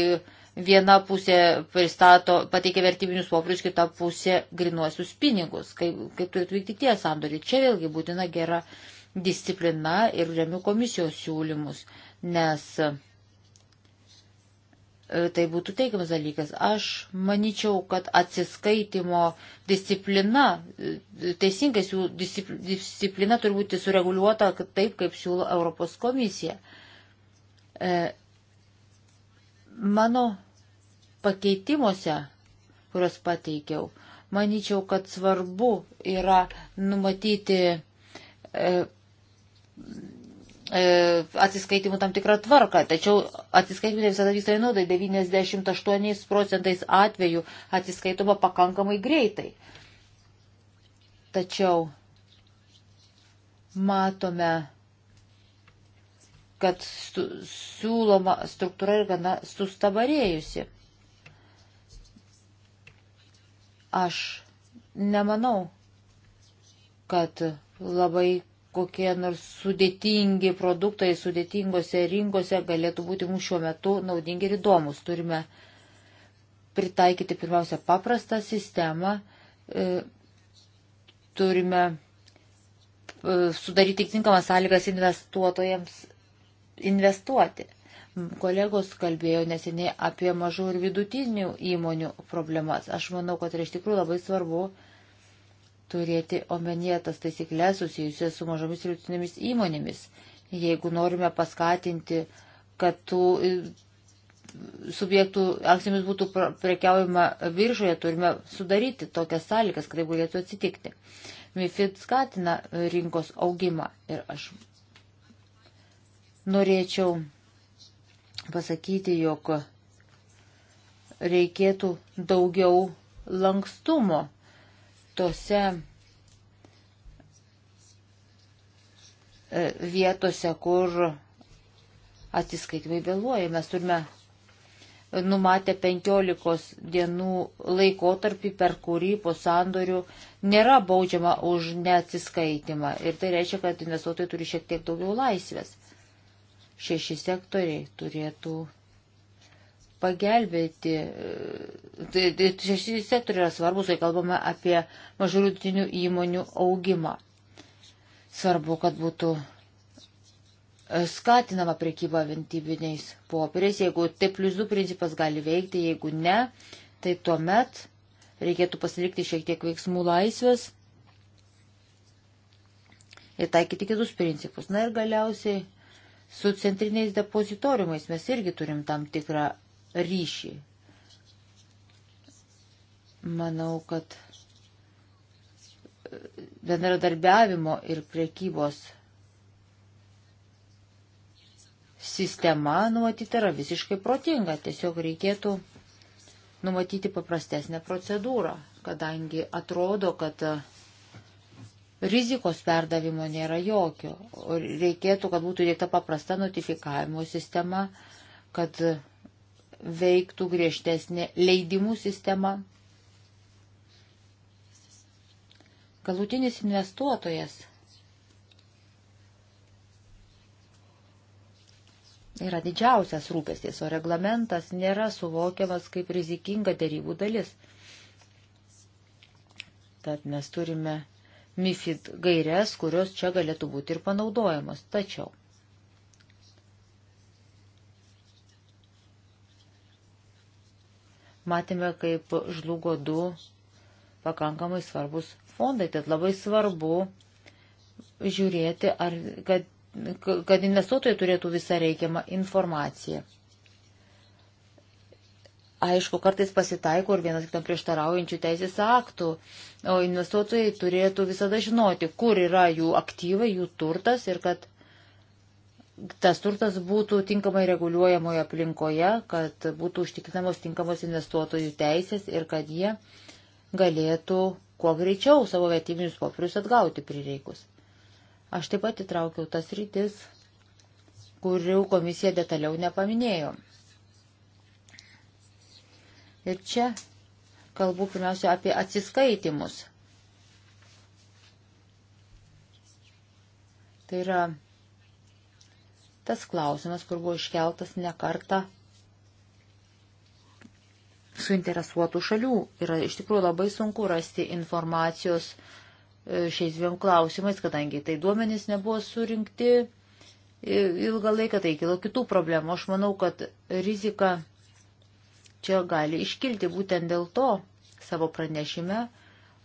viena pusė pristato, pateikia vertybinius popierius, kita pusė grinuosius pinigus. Kaip, kaip turėtų vykti tie sandoriai? Čia vėlgi būtina gera disciplina ir remiu komisijos siūlymus, nes E, tai būtų teigiamas dalykas. Aš manyčiau, kad atsiskaitimo disciplina, e, teisingai jų disciplina turi būti sureguliuota taip, kaip siūlo Europos komisija. E, mano pakeitimuose, kuriuos pateikiau, manyčiau, kad svarbu yra numatyti E, atsiskaitimų tam tikrą tvarką, tačiau atsiskaitimai visada visai vienodai 98 procentais atveju atsiskaitoma pakankamai greitai. Tačiau matome, kad siūloma struktūra yra gana sustabarėjusi. Aš nemanau, kad labai kokie nors sudėtingi produktai sudėtingose rinkose galėtų būti mums šiuo metu naudingi ir įdomus. Turime pritaikyti pirmiausia paprastą sistemą, e, turime e, sudaryti tinkamas sąlygas investuotojams investuoti. Kolegos kalbėjo neseniai apie mažų ir vidutinių įmonių problemas. Aš manau, kad yra iš tikrųjų labai svarbu turėti omenyje tas taisyklės susijusias su mažomis ir vidutinėmis įmonėmis. Jeigu norime paskatinti, kad tų e, subjektų akcijomis būtų prekiaujama viržoje, turime sudaryti tokias sąlygas, kad tai galėtų atsitikti. MIFID skatina rinkos augimą ir aš norėčiau pasakyti, jog reikėtų daugiau lankstumo tose e, vietose, kur atsiskaitimai vėluoja. Mes turime numatę 15 dienų laikotarpį, per kurį po sandorių nėra baudžiama už neatsiskaitimą. Ir tai reiškia, kad investuotojai turi šiek tiek daugiau laisvės. Šeši sektoriai turėtų pagelbėti. Tai, tai šešis sektoriai yra svarbus, kai kalbame apie mažų vidutinių įmonių augimą. Svarbu, kad būtų skatinama prekyba ventybiniais popieriais. Jeigu T plus 2 principas gali veikti, jeigu ne, tai tuomet reikėtų pasilikti šiek tiek veiksmų laisvės ir taikyti kitus principus. Na ir galiausiai su centriniais depozitoriumais mes irgi turim tam tikrą ryšį. Manau, kad e, bendradarbiavimo ir priekybos sistema numatyta yra visiškai protinga. Tiesiog reikėtų numatyti paprastesnę procedūrą, kadangi atrodo, kad e, rizikos perdavimo nėra jokio. Reikėtų, kad būtų įdėkta paprasta notifikavimo sistema, kad veiktų griežtesnė leidimų sistema. Galutinis investuotojas yra didžiausias rūpestis, o reglamentas nėra suvokiamas kaip rizikinga dėrybų dalis. Tad mes turime MIFID gairias, kurios čia galėtų būti ir panaudojamos. Tačiau matėme, kaip žlugo du pakankamai svarbus fondai. Tad labai svarbu žiūrėti, ar, kad, kad investuotojai turėtų visą reikiamą informaciją. Aišku, kartais pasitaiko ir vienas kitam prieštaraujančių teisės aktų, o investuotojai turėtų visada žinoti, kur yra jų aktyvai, jų turtas ir kad tas turtas būtų tinkamai reguliuojamoje aplinkoje, kad būtų užtikrinamos tinkamos investuotojų teisės ir kad jie galėtų kuo greičiau savo vertybinius popierius atgauti prireikus. Aš taip pat įtraukiau tas rytis, kurių komisija detaliau nepaminėjo. Ir čia kalbu pirmiausia apie atsiskaitimus. Tai yra tas klausimas, kur buvo iškeltas nekarta suinteresuotų šalių. Yra iš tikrųjų labai sunku rasti informacijos e, šiais dviem klausimais, kadangi tai duomenys nebuvo surinkti e, ilgą laiką, tai kilo kitų problemų. Aš manau, kad rizika čia gali iškilti būtent dėl to savo pranešime.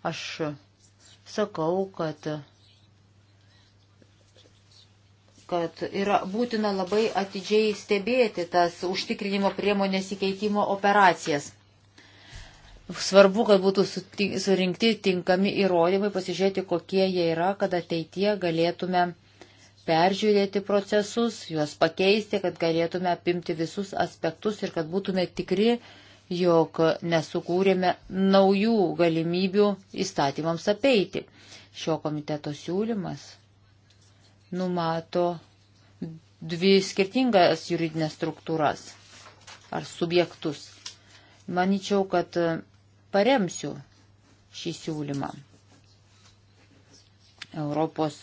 Aš sakau, kad kad yra būtina labai atidžiai stebėti tas užtikrinimo priemonės įkeitimo operacijas. Svarbu, kad būtų surinkti tinkami įrodymai, pasižiūrėti, kokie jie yra, kad ateitie galėtume peržiūrėti procesus, juos pakeisti, kad galėtume apimti visus aspektus ir kad būtume tikri, jog nesukūrėme naujų galimybių įstatymams apeiti. Šio komiteto siūlymas numato dvi skirtingas juridinės struktūras ar subjektus. Maničiau, kad paremsiu šį siūlymą. Europos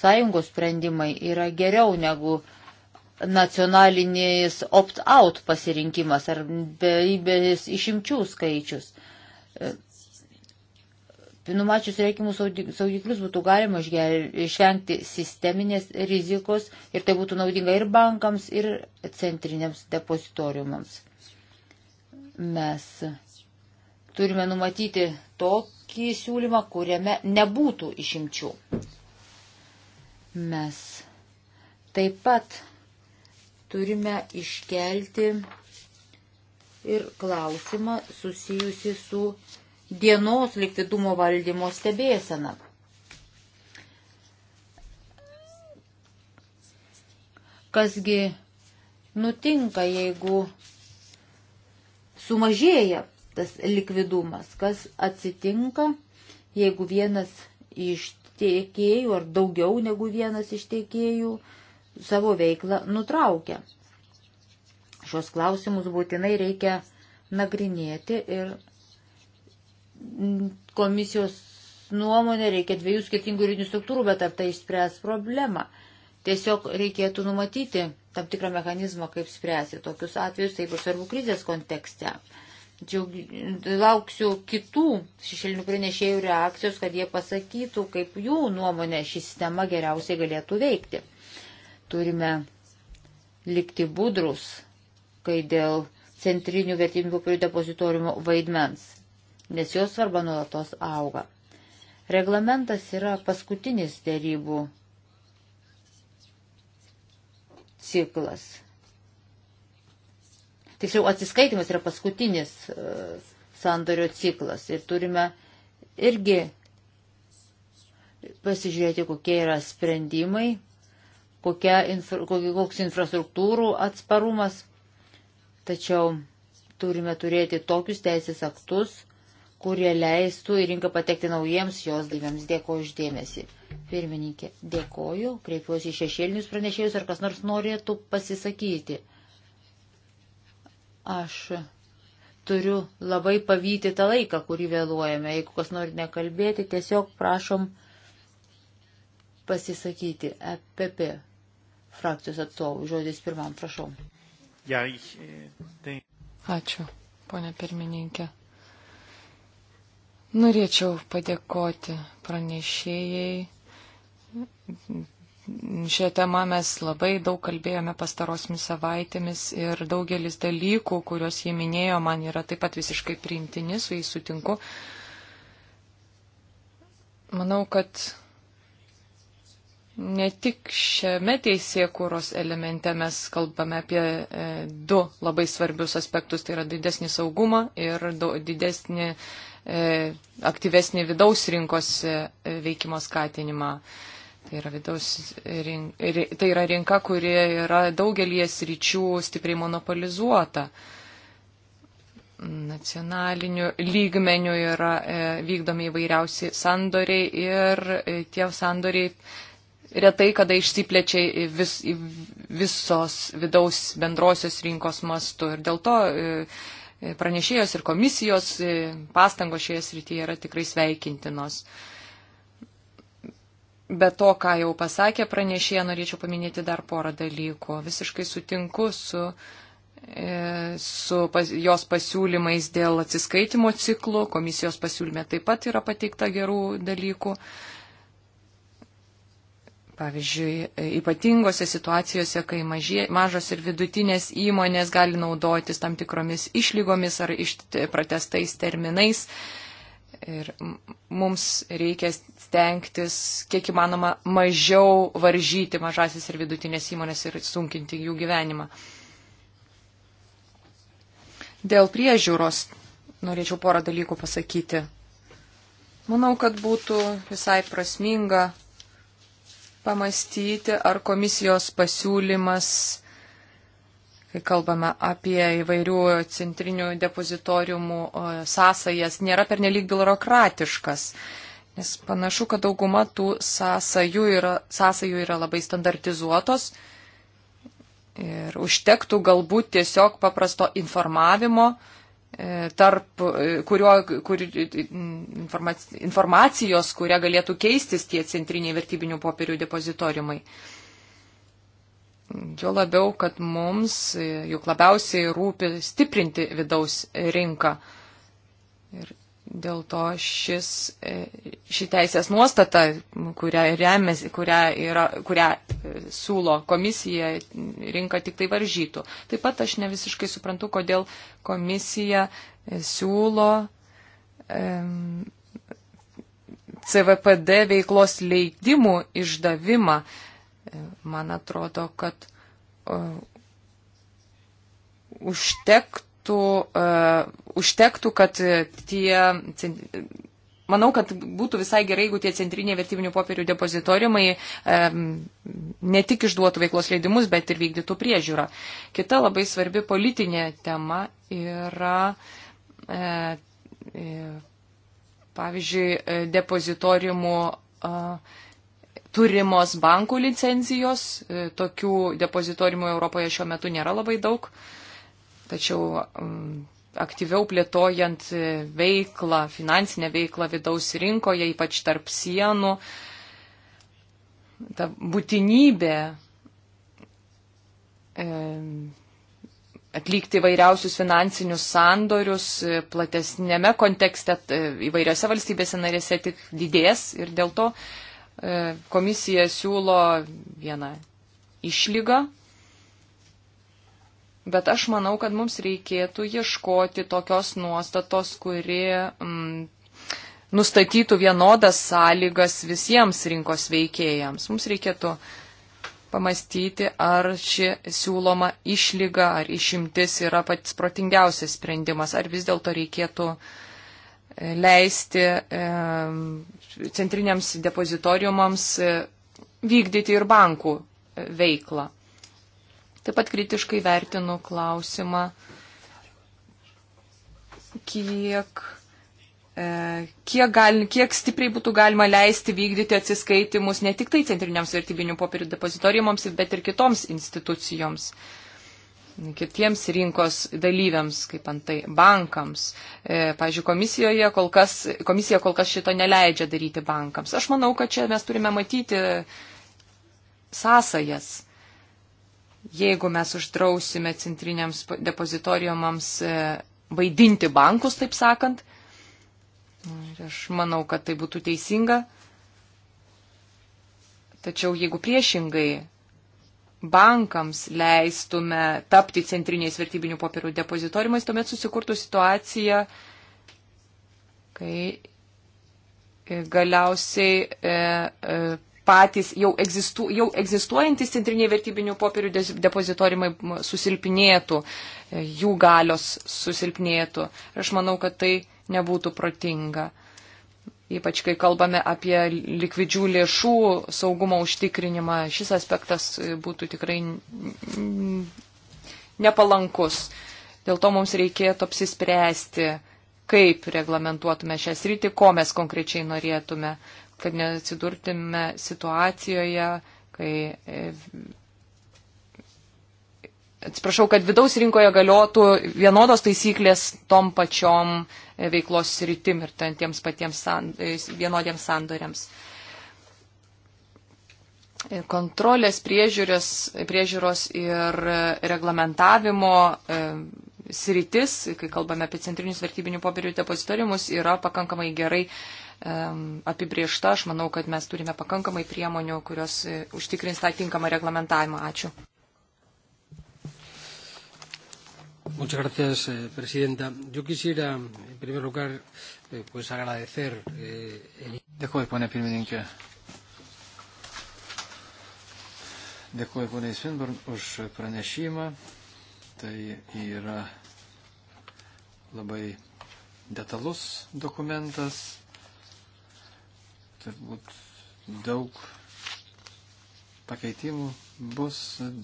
Sąjungos sprendimai yra geriau negu nacionalinis opt-out pasirinkimas ar beibės išimčių skaičius numačius reikimus saugiklius būtų galima išvengti sisteminės rizikos ir tai būtų naudinga ir bankams, ir centriniams depozitoriumams. Mes turime numatyti tokį siūlymą, kuriame nebūtų išimčių. Mes taip pat turime iškelti ir klausimą susijusi su dienos likvidumo valdymo stebėseną. Kasgi nutinka, jeigu sumažėja tas likvidumas, kas atsitinka, jeigu vienas iš tiekėjų ar daugiau negu vienas iš tiekėjų savo veiklą nutraukia. Šios klausimus būtinai reikia nagrinėti ir komisijos nuomonė reikia dviejų skirtingų juridinių struktūrų, bet ar tai išspręs problemą? Tiesiog reikėtų numatyti tam tikrą mechanizmą, kaip spręsti tokius atvejus, taip ir svarbu krizės kontekste. Džiaug, lauksiu kitų šešėlinių pranešėjų reakcijos, kad jie pasakytų, kaip jų nuomonė ši sistema geriausiai galėtų veikti. Turime likti budrus, kai dėl centrinių vertybinių popierių depozitoriumo vaidmens nes jos svarba nuolatos auga. Reglamentas yra paskutinis dėrybų ciklas. Tiksliau, atsiskaitimas yra paskutinis e, sandorio ciklas ir turime irgi pasižiūrėti, kokie yra sprendimai, kokia, koks infrastruktūrų atsparumas. Tačiau turime turėti tokius teisės aktus, kurie leistų į rinką patekti naujiems jos dalyviams. Dėkoju uždėmesi. Pirmininkė, dėkoju, kreipiuosi į šešėlinius pranešėjus, ar kas nors norėtų pasisakyti. Aš turiu labai pavyti tą laiką, kurį vėluojame. Jeigu kas nori nekalbėti, tiesiog prašom pasisakyti EPP frakcijos atstovų. Žodis pirmam, prašau. Ja, ich, tai... Ačiū, ponė pirmininkė. Norėčiau padėkoti pranešėjai. Šią temą mes labai daug kalbėjome pastarosmis savaitėmis ir daugelis dalykų, kuriuos jie minėjo, man yra taip pat visiškai priimtini, su jais sutinku. Manau, kad ne tik šiame teisėkūros elemente mes kalbame apie e, du labai svarbius aspektus, tai yra didesnį saugumą ir didesnį E, aktyvesnį vidaus rinkos e, veikimo skatinimą. Tai yra, vidaus, rink, tai yra rinka, kuri yra daugelį sričių stipriai monopolizuota. Nacionaliniu lygmeniu yra e, vykdomi įvairiausi sandoriai ir tie sandoriai retai kada išsiplečia vis, visos vidaus bendrosios rinkos mastu. Ir dėl to E, pranešėjos ir komisijos e, pastangos šioje srityje yra tikrai sveikintinos. Be to, ką jau pasakė pranešėja, norėčiau paminėti dar porą dalykų. Visiškai sutinku su, e, su pas, jos pasiūlymais dėl atsiskaitimo ciklų. Komisijos pasiūlyme taip pat yra pateikta gerų dalykų. E, Pavyzdžiui, ypatingose situacijose, kai mažie, mažos ir vidutinės įmonės gali naudotis tam tikromis išlygomis ar iš pratestais terminais. Ir mums reikia stengtis, kiek įmanoma, mažiau varžyti mažasis ir vidutinės įmonės ir sunkinti jų gyvenimą. Dėl priežiūros norėčiau porą dalykų pasakyti. Manau, kad būtų visai prasminga pamastyti, ar komisijos pasiūlymas, kai kalbame apie įvairių centrinių depozitoriumų sąsajas, nėra pernelyg biurokratiškas. Nes panašu, kad dauguma tų sąsajų yra, sąsajų yra labai standartizuotos. Ir užtektų galbūt tiesiog paprasto informavimo, E, tarp e, kurio, kur, e, informacijos, kurią galėtų keistis tie centriniai vertybinių popierių depozitoriumai. Jo labiau, kad mums juk labiausiai rūpi stiprinti vidaus rinką. Ir Dėl to šis, e, ši teisės nuostata, kurią, remės, kurią, yra, kurią e, siūlo komisija, rinka tik tai varžytų. Taip pat aš ne visiškai suprantu, kodėl komisija e, siūlo um, CVPD veiklos leidimų išdavimą. Man atrodo, kad uh, užtektų užtektų, uh, užtektų kad e, tie. Manau, kad būtų visai gerai, jeigu tie centriniai vertybinių popierių depozitoriumai um, ne tik išduotų veiklos leidimus, bet ir vykdytų priežiūrą. Kita labai svarbi politinė tema yra, e, e, pavyzdžiui, e, depozitoriumų. E, turimos bankų licencijos, e, tokių depozitorimų Europoje šiuo metu nėra labai daug. E, Tačiau mm, aktyviau plėtojant veiklą, finansinę veiklą vidaus rinkoje, ypač tarp sienų, ta būtinybė e, atlikti vairiausius finansinius sandorius e, platesnėme kontekste įvairiose valstybėse narėse tik didės ir dėl to e, komisija siūlo vieną išlygą Bet aš manau, kad mums reikėtų ieškoti tokios nuostatos, kuri mm, nustatytų vienodas sąlygas visiems rinkos veikėjams. Mums reikėtų pamastyti, ar ši siūloma išlyga ar išimtis yra pats protingiausias sprendimas, ar vis dėlto reikėtų e, leisti e, centriniams depozitoriumams e, vykdyti ir bankų e, veiklą. Taip pat kritiškai vertinu klausimą, kiek, e, kiek, gal, kiek stipriai būtų galima leisti vykdyti atsiskaitimus ne tik tai centriniams vertybinių popierių depozitoriumams, bet ir kitoms institucijoms kitiems rinkos dalyviams, kaip antai bankams. E, pavyzdžiui, komisijoje kol kas, komisija kol kas šito neleidžia daryti bankams. Aš manau, kad čia mes turime matyti sąsajas jeigu mes uždrausime centriniams depozitoriumams e, vaidinti bankus, taip sakant, ir aš manau, kad tai būtų teisinga, tačiau jeigu priešingai bankams leistume tapti centriniais vertybinių popierų depozitoriumais, tuomet susikurtų situacija, kai e, galiausiai e, e, patys jau, egzistu, jau egzistuojantis centriniai vertybinių popierių depozitorimai susilpnėtų, e, jų galios susilpnėtų. Aš manau, kad tai nebūtų protinga. Ypač kai kalbame apie likvidžių lėšų saugumo užtikrinimą, šis aspektas e, būtų tikrai nepalankus. Dėl to mums reikėtų apsispręsti, kaip reglamentuotume šią sritį, ko mes konkrečiai norėtume kad neatsidurtume situacijoje, kai. E, atsiprašau, kad vidaus rinkoje galiotų vienodos taisyklės tom pačiom e, veiklos sritim ir tiems patiems san, e, vienodiems sandoriams. Kontrolės priežiūros, priežiūros ir reglamentavimo sritis, kai kalbame apie centrinius vertybinių popierių depozitoriumus, yra pakankamai gerai apibriešta. Aš manau, kad mes turime pakankamai priemonių, kurios e, užtikrins tą tinkamą reglamentavimą. Ačiū. Muchas gracias, eh, Presidenta. Yo quisiera, en primer lugar, eh, pues agradecer. Eh, el... Dėkuoju, ponia pirmininkė. Dėkuoju, ponia Svinburn, už pranešimą. Tai yra labai detalus dokumentas, turbūt daug pakeitimų bus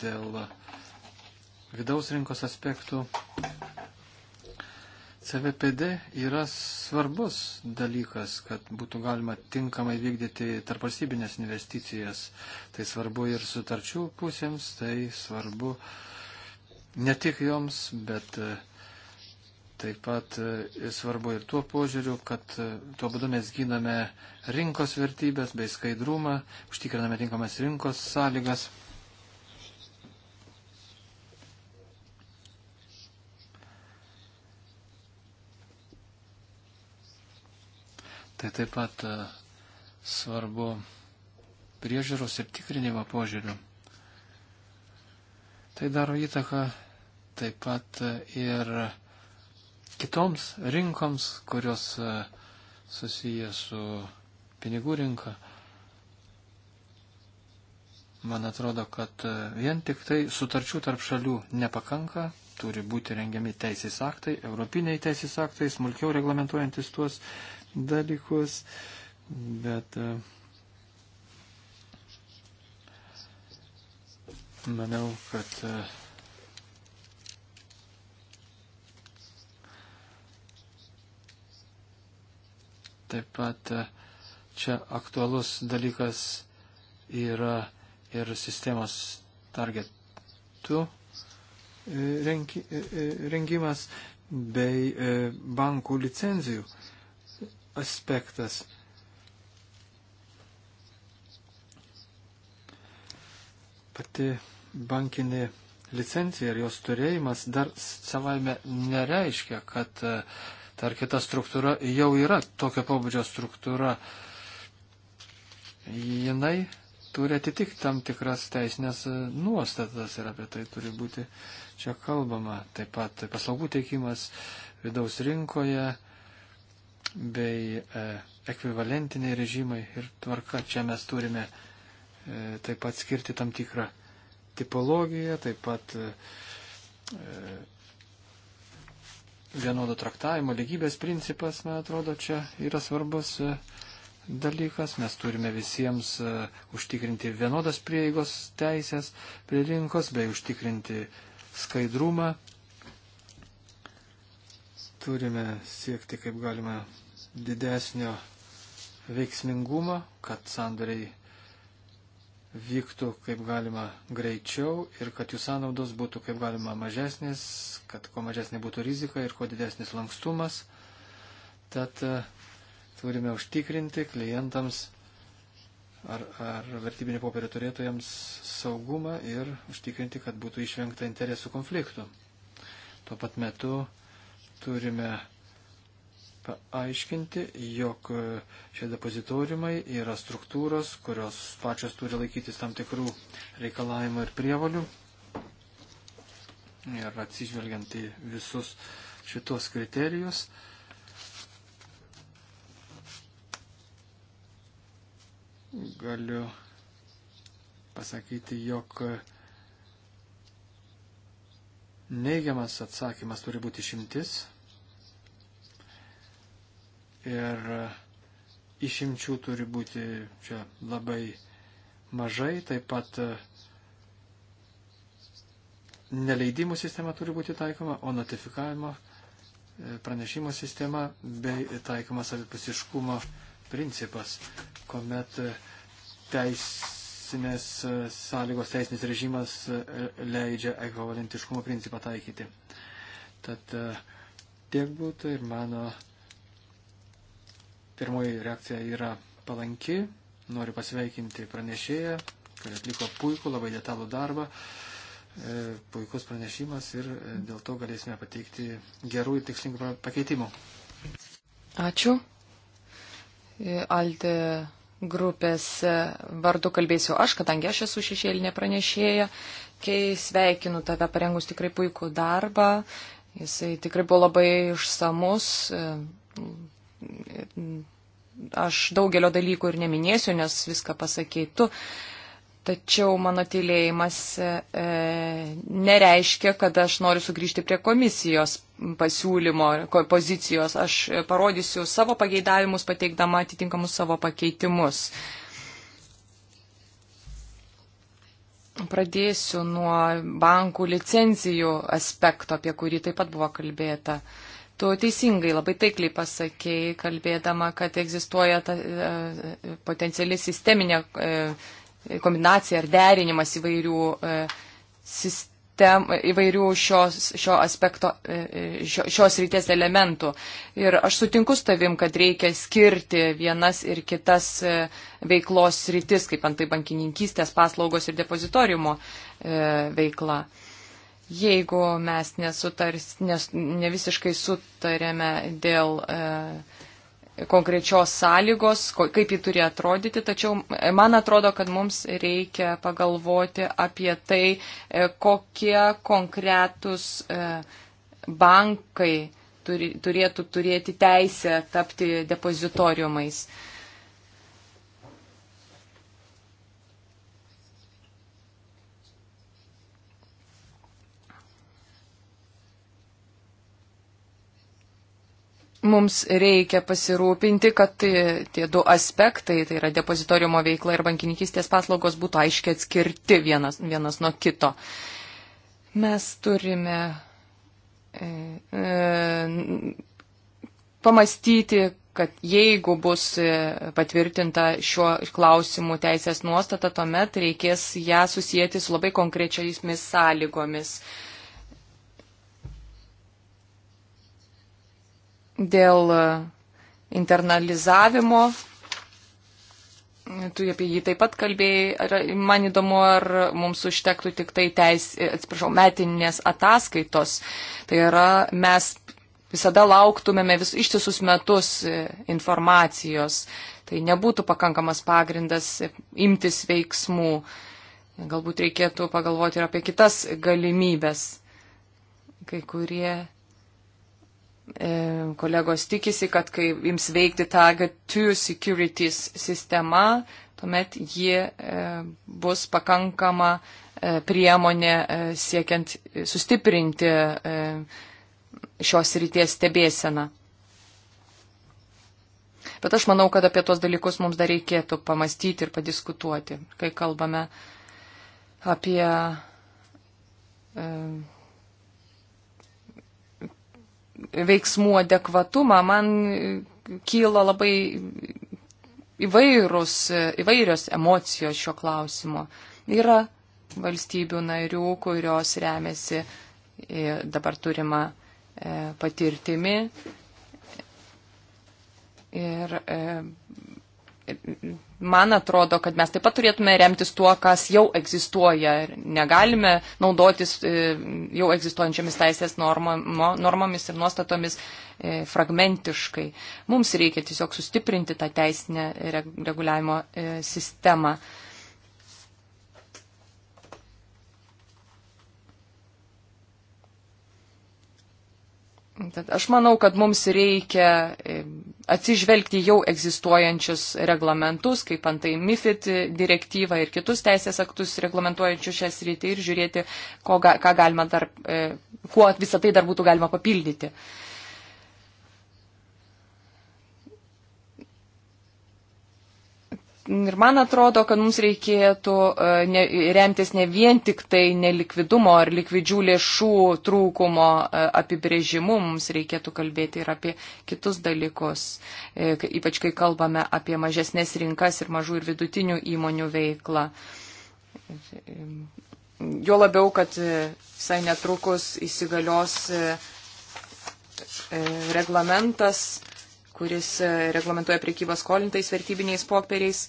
dėl vidaus rinkos aspektų. CVPD yra svarbus dalykas, kad būtų galima tinkamai vykdyti tarpvalstybinės investicijas. Tai svarbu ir sutarčių pusėms, tai svarbu ne tik joms, bet uh, Taip pat e, svarbu ir tuo požiūriu, kad e, tuo būdu mes giname rinkos vertybės bei skaidrumą, užtikriname tinkamas rinkos sąlygas. Tai taip pat e, svarbu priežiūros ir tikrinimo požiūriu. Tai daro įtaką taip pat ir kitoms rinkoms, kurios e, susiję su pinigų rinka. Man atrodo, kad e, vien tik tai sutarčių tarp šalių nepakanka, turi būti rengiami teisės aktai, europiniai teisės aktai, smulkiau reglamentuojantis tuos dalykus, bet e, manau, kad Taip pat e, čia aktualus dalykas yra ir sistemos target 2 e, rengi, e, rengimas bei bankų licenzijų aspektas. Pati bankinė licencija ir jos turėjimas dar savaime nereiškia, kad uh, ta ar kita struktūra jau yra tokio pobūdžio struktūra. Jinai turi atitikti tam tikras teisinės e, nuostatas ir apie tai turi būti čia kalbama. Taip pat paslaugų teikimas vidaus rinkoje bei e, ekvivalentiniai režimai ir tvarka. Čia mes turime e, taip pat skirti tam tikrą tipologiją, taip pat e, e vienodo traktavimo, lygybės principas, man atrodo, čia yra svarbus e, dalykas. Mes turime visiems e, užtikrinti vienodas prieigos teisės prie rinkos, bei užtikrinti skaidrumą. Turime siekti kaip galima didesnio veiksmingumo, kad sandoriai vyktų kaip galima greičiau ir kad jų sąnaudos būtų kaip galima mažesnės, kad kuo mažesnė būtų rizika ir kuo didesnis lankstumas. Tad e, turime užtikrinti klientams ar, ar vertybinio popierio turėtojams saugumą ir užtikrinti, kad būtų išvengta interesų konfliktų. Tuo pat metu turime paaiškinti, jog e, šie depozitoriumai yra struktūros, kurios pačios turi laikytis tam tikrų reikalavimų ir prievalių. Ir atsižvelgiant į visus šitos kriterijus, galiu pasakyti, jog neigiamas atsakymas turi būti šimtis ir e, išimčių turi būti čia labai mažai, taip pat e, neleidimų sistema turi būti taikoma, o notifikavimo e, pranešimo sistema bei taikomas abipusiškumo principas, kuomet teisinės sąlygos, teisinis režimas leidžia ekvivalentiškumo principą taikyti. Tad tiek būtų ir mano Pirmoji reakcija yra palanki. Noriu pasveikinti pranešėją, kuris atliko puikų, labai detalų darbą. E, puikus pranešimas ir e, dėl to galėsime pateikti gerų ir tikslingų pakeitimų. Ačiū. E, Alde grupės vardu kalbėsiu aš, kadangi aš esu šešėlinė pranešėja. Kai sveikinu tave parengus tikrai puikų darbą. Jisai tikrai buvo labai išsamus, Aš daugelio dalykų ir neminėsiu, nes viską pasakytų. Tačiau mano tylėjimas e, nereiškia, kad aš noriu sugrįžti prie komisijos pasiūlymo, pozicijos. Aš e, parodysiu savo pageidavimus, pateikdama atitinkamus savo pakeitimus. Pradėsiu nuo bankų licencijų aspekto, apie kurį taip pat buvo kalbėta. E, Tu teisingai labai taikliai pasakėjai, kalbėdama, kad egzistuoja ta, e, potenciali sisteminė e, kombinacija ar derinimas įvairių, e, sistem, įvairių šios, šio aspekto, e, e šio, šios ryties elementų. Ir aš sutinku su tavim, kad reikia skirti vienas ir kitas e, veiklos rytis, kaip antai bankininkystės, paslaugos ir depozitoriumo e, veikla. E, Jeigu mes nesutars, nes, ne visiškai sutarėme dėl e, konkrečios sąlygos, ko, kaip ji turi atrodyti, tačiau e, man atrodo, kad mums reikia pagalvoti apie tai, e, kokie konkretus e, bankai turi, turėtų turėti teisę tapti depozitoriumais. E, mums reikia pasirūpinti, kad tie du aspektai, tai yra depozitoriumo veikla ir bankininkystės paslaugos, būtų aiškiai atskirti vienas, vienas nuo kito. Mes turime e, e, pamastyti, kad jeigu bus e, patvirtinta šiuo klausimu teisės nuostata, tuomet reikės ją susijęti su labai konkrečiais sąlygomis. E, dėl e, internalizavimo. Tu apie jį taip pat kalbėjai. Ar, man įdomu, ar mums užtektų tik tai teis, e, atsiprašau, metinės ataskaitos. Tai yra, mes visada lauktumėme vis ištisus metus e, informacijos. Tai nebūtų pakankamas pagrindas imtis veiksmų. Galbūt reikėtų pagalvoti ir apie kitas galimybės. Kai kurie E, kolegos tikisi, kad kai jums veikti Target 2 Securities sistema, tuomet ji e, bus pakankama e, priemonė siekiant sustiprinti šios ryties stebėseną. Bet aš manau, kad apie tos dalykus mums dar reikėtų pamastyti ir padiskutuoti, kai kalbame apie veiksmų adekvatumą, man kyla labai įvairūs, įvairios emocijos šio klausimo. Yra valstybių narių, kurios remiasi e, dabar turima e, patirtimi. Ir, ir e, man atrodo, kad mes taip pat turėtume remtis tuo, kas jau egzistuoja ir negalime naudotis e, jau egzistuojančiamis teisės normomis ir nuostatomis e, fragmentiškai. Mums reikia tiesiog sustiprinti tą teisinę reguliavimo e, sistemą. Tad aš manau, kad mums reikia e, atsižvelgti jau egzistuojančius reglamentus, kaip antai MIFID direktyvą ir kitus teisės aktus reglamentuojančius šią sritį ir žiūrėti, ko, ką galima dar, e, kuo visą tai dar būtų galima papildyti. Uh, Ir man atrodo, kad mums reikėtų e, ne, remtis ne vien tik tai nelikvidumo ar likvidžių lėšų trūkumo e, apibrėžimu, mums reikėtų kalbėti ir apie kitus dalykus, e, ypač kai kalbame apie mažesnės rinkas ir mažų ir vidutinių įmonių veiklą. Jo labiau, kad visai netrukus įsigalios reglamentas kuris e, reglamentuoja priekybą skolintais vertybiniais popieriais.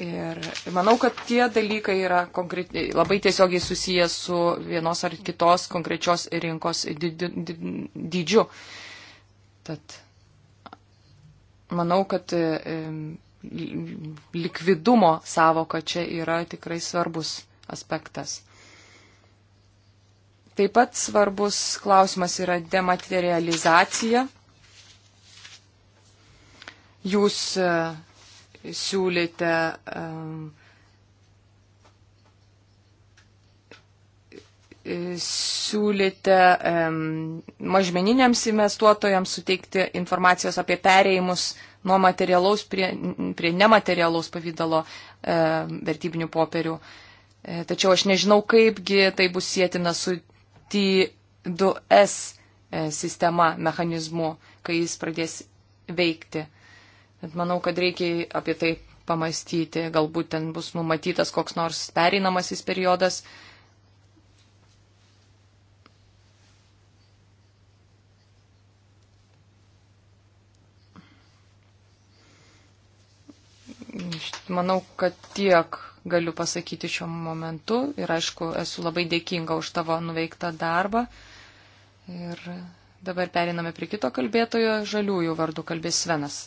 Ir manau, kad tie dalykai yra konkreti, labai tiesiogiai susiję su vienos ar kitos konkrečios rinkos dydžiu. Tad manau, kad e, likvidumo savoka čia yra tikrai svarbus aspektas. Taip pat svarbus klausimas yra dematerializacija Jūs e, siūlėte e, siūlėte um, mažmeniniams investuotojams suteikti informacijos apie pereimus nuo materialaus prie, prie nematerialaus pavydalo um, vertybinių popierių. E, tačiau aš nežinau, kaipgi tai bus sėtina su T2S sistema, mechanizmu, kai jis pradės veikti. Bet manau, kad reikia apie tai pamastyti, galbūt ten bus numatytas koks nors pereinamasis periodas. Manau, kad tiek galiu pasakyti šiuo momentu ir aišku, esu labai dėkinga už tavo nuveiktą darbą. Ir dabar periname prie kito kalbėtojo, žaliųjų vardu kalbės Svenas.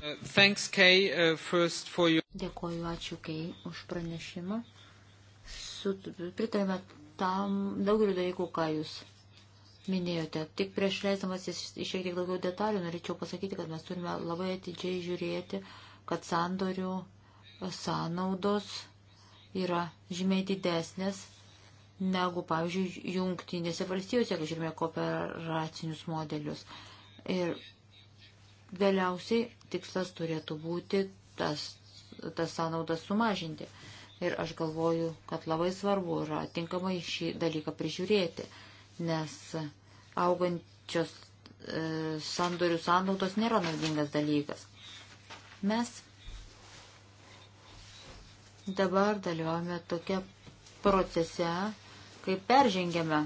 Uh, thanks, Kay, uh, first for you. Dėkoju, ačiū, Kay, už pranešimą. Su, pritarėme tam daugeliu dalykų, ką jūs minėjote. Tik prieš leisdamas išėk tiek daugiau detalių, norėčiau pasakyti, kad mes turime labai atidžiai žiūrėti, kad sandorių sąnaudos yra žymiai didesnės negu, pavyzdžiui, jungtinėse valstijose, kai žiūrime kooperacinius modelius. Ir Vėliausiai tikslas turėtų būti tas, tas sąnaudas sumažinti. Ir aš galvoju, kad labai svarbu yra tinkamai šį dalyką prižiūrėti, nes augančios e, sandorių sąnaudos nėra naudingas dalykas. Mes dabar dalyvaujame tokia procese, kai peržengiame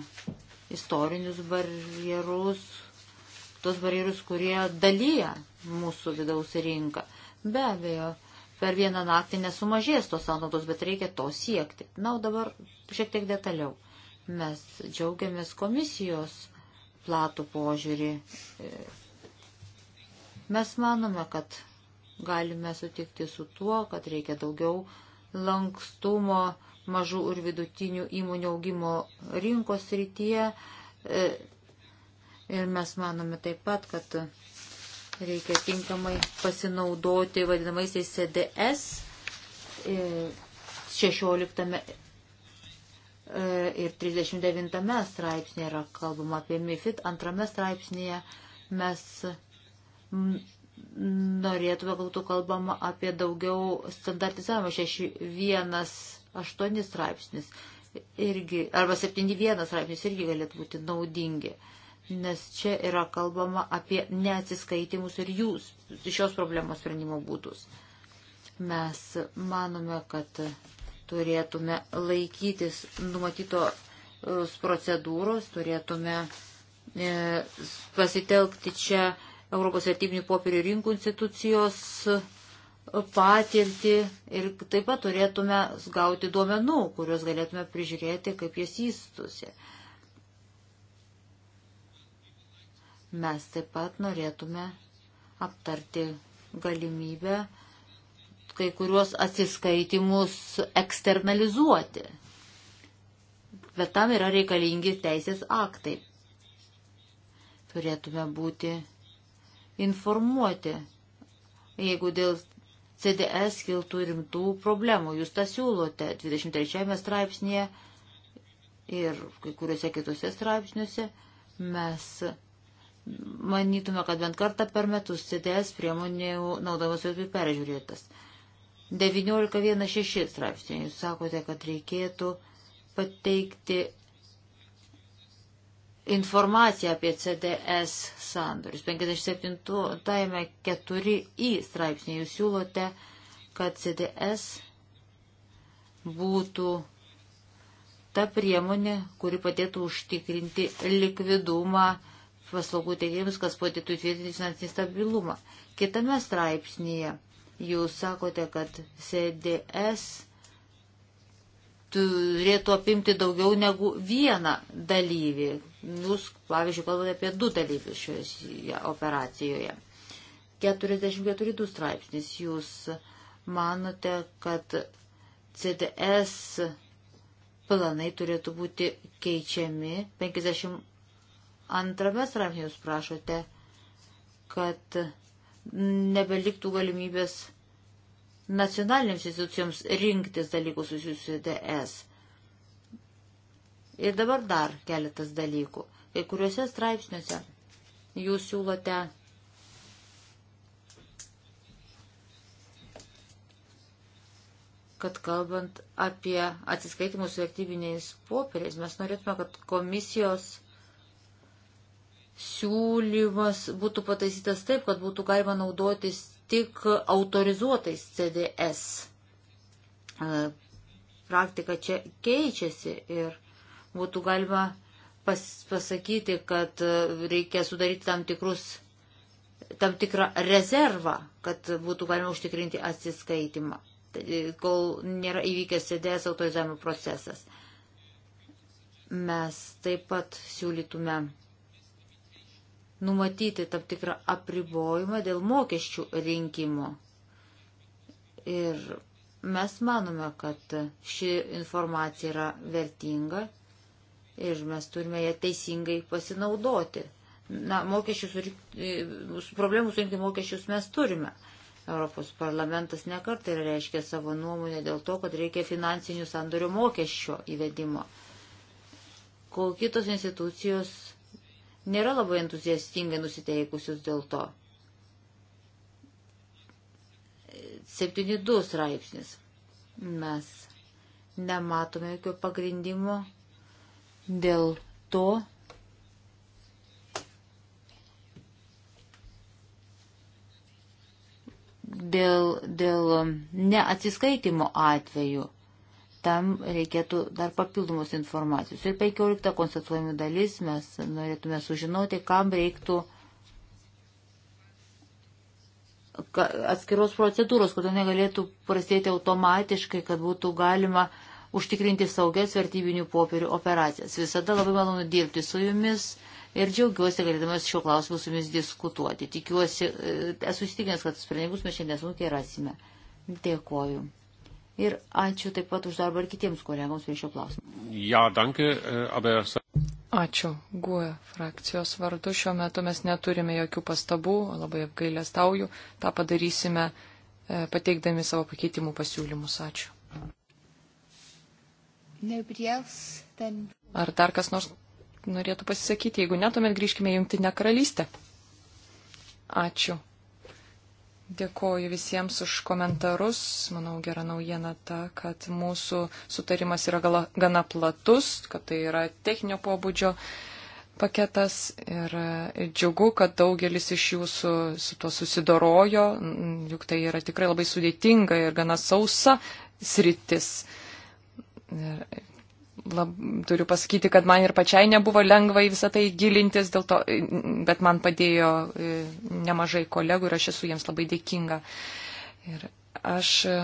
istorinius barjerus, tuos barjerus, kurie dalyja mūsų vidaus rinką. Be abejo, per vieną naktį nesumažės tos sąnaudos, bet reikia to siekti. Na, o dabar šiek tiek detaliau. Mes džiaugiamės komisijos platų požiūrį. Mes manome, kad galime sutikti su tuo, kad reikia daugiau lankstumo mažų ir vidutinių įmonių augimo rinkos rytyje e, Ir mes manome taip pat, kad reikia tinkamai pasinaudoti vadinamaisiais CDS 16 e, e, ir 39 straipsnėje yra kalbama apie MIFID, antrame straipsnėje mes norėtume, kad būtų kalbama apie daugiau standartizavimo 6.1.8 straipsnis irgi, arba 7.1 straipsnis irgi galėtų būti naudingi. Uh, nes čia yra kalbama apie neatsiskaitimus ir jūs šios problemos sprendimo būdus. Mes manome, kad turėtume laikytis numatyto e, procedūros, turėtume e, pasitelkti čia Europos vertybinių popierių rinkų institucijos e, patirtį ir taip pat turėtume gauti duomenų, kuriuos galėtume prižiūrėti, kaip jis įstusi. Uh, Mes taip pat norėtume aptarti galimybę kai kuriuos atsiskaitimus eksternalizuoti. Bet tam yra reikalingi teisės aktai. Turėtume būti informuoti, jeigu dėl CDS kiltų rimtų problemų. Jūs tą siūlote 23 straipsnėje ir kai kuriuose kitose straipsniuose mes Manytume, kad bent kartą per metus CDS priemonių naudomas jau būtų peržiūrėtas. 19.16 straipsnė. Jūs sakote, kad reikėtų pateikti informaciją apie CDS sandorius. 57.4i straipsnė jūs siūlote, kad CDS būtų ta priemonė, kuri padėtų užtikrinti likvidumą paslaugų teikėjams, kas padėtų įtvirtinti finansinį stabilumą. Kitame straipsnėje jūs sakote, kad CDS turėtų apimti daugiau negu vieną dalyvį. Jūs, pavyzdžiui, kalbate apie du dalyvius šioje operacijoje. 44 straipsnis. Jūs manote, kad CDS planai turėtų būti keičiami 50 Antrame straipsnėje jūs prašote, kad nebeliktų galimybės nacionalinėms institucijoms rinktis dalykus susijusius e DS. Ir dabar dar keletas dalykų. Kai kuriuose straipsniuose jūs siūlote kad kalbant apie atsiskaitimus vertybiniais popieriais, mes norėtume, kad komisijos siūlymas būtų pataisytas taip, kad būtų galima naudotis tik autorizuotais CDS. E, praktika čia keičiasi ir būtų galima pas, pasakyti, kad e, reikia sudaryti tam tikrus tam tikrą rezervą, kad būtų galima užtikrinti atsiskaitimą, tai, e, kol nėra įvykęs CDS autorizavimo procesas. Mes taip pat siūlytume numatyti tam tikrą apribojimą dėl mokesčių rinkimo. Ir mes manome, kad ši informacija yra vertinga ir mes turime ją teisingai pasinaudoti. Na, mokesčių e, surinkti, problemų surinkti mokesčius mes turime. Europos parlamentas nekartai reiškia savo nuomonę dėl to, kad reikia finansinių sandorių mokesčio įvedimo. Kol kitos institucijos nėra labai entuziastingai nusiteikusius dėl to. 7.2 straipsnis. Mes nematome jokio pagrindimo dėl to, dėl, dėl neatsiskaitimo atveju tam reikėtų dar papildomos informacijos. Ir 15 konstatuojami dalis mes norėtume sužinoti, kam reiktų atskiros procedūros, kodėl negalėtų prasidėti automatiškai, kad būtų galima užtikrinti saugias vertybinių popierių operacijas. Visada labai malonu dirbti su jumis ir džiaugiuosi galėdamas šiuo klausimu su jumis diskutuoti. Tikiuosi, e, esu įstikinęs, kad sprendimus mes šiandien sunkiai rasime. Dėkuoju. Ir ačiū taip pat už darbą ir kitiems kolegams prie šio klausimo. Ja, danke, äh, aber... Ačiū, GUE frakcijos vardu. Šiuo metu mes neturime jokių pastabų, labai apgailę stauju. Ta padarysime e, pateikdami savo pakeitimų pasiūlymus. Ačiū. Else, then... Ar dar kas nors norėtų pasisakyti? Jeigu ne, tuomet grįžkime į Jungtinę karalystę. Ačiū. Dėkoju visiems už komentarus. Manau, gera naujiena ta, kad mūsų sutarimas yra gala, gana platus, kad tai yra techninio pobūdžio paketas ir e, džiugu, kad daugelis iš jūsų su tuo susidorojo, mm, juk tai yra tikrai labai sudėtinga ir gana sausa sritis. Ir lab, turiu pasakyti, kad man ir pačiai nebuvo lengva į visą tai gilintis, to, bet man padėjo e, nemažai kolegų ir aš esu jiems labai dėkinga. Ir aš e,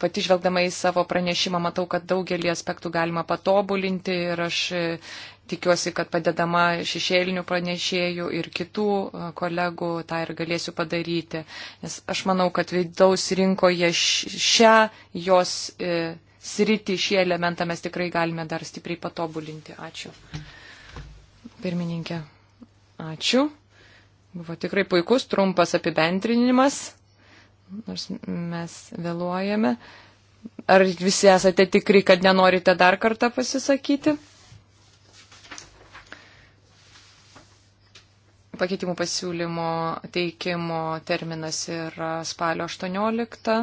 pati žvelgdama į savo pranešimą matau, kad daugelį aspektų galima patobulinti ir aš e, tikiuosi, kad padedama šešėlinių pranešėjų ir kitų kolegų tą ir galėsiu padaryti. Nes aš manau, kad vidaus rinkoje šią jos sritį, šį elementą mes tikrai galime dar stipriai patobulinti. Ačiū. Pirmininkė, ačiū. Buvo tikrai puikus, trumpas apibendrinimas, nors mes vėluojame. Ar visi esate tikri, kad nenorite dar kartą pasisakyti? pakeitimų pasiūlymo teikimo terminas yra spalio 18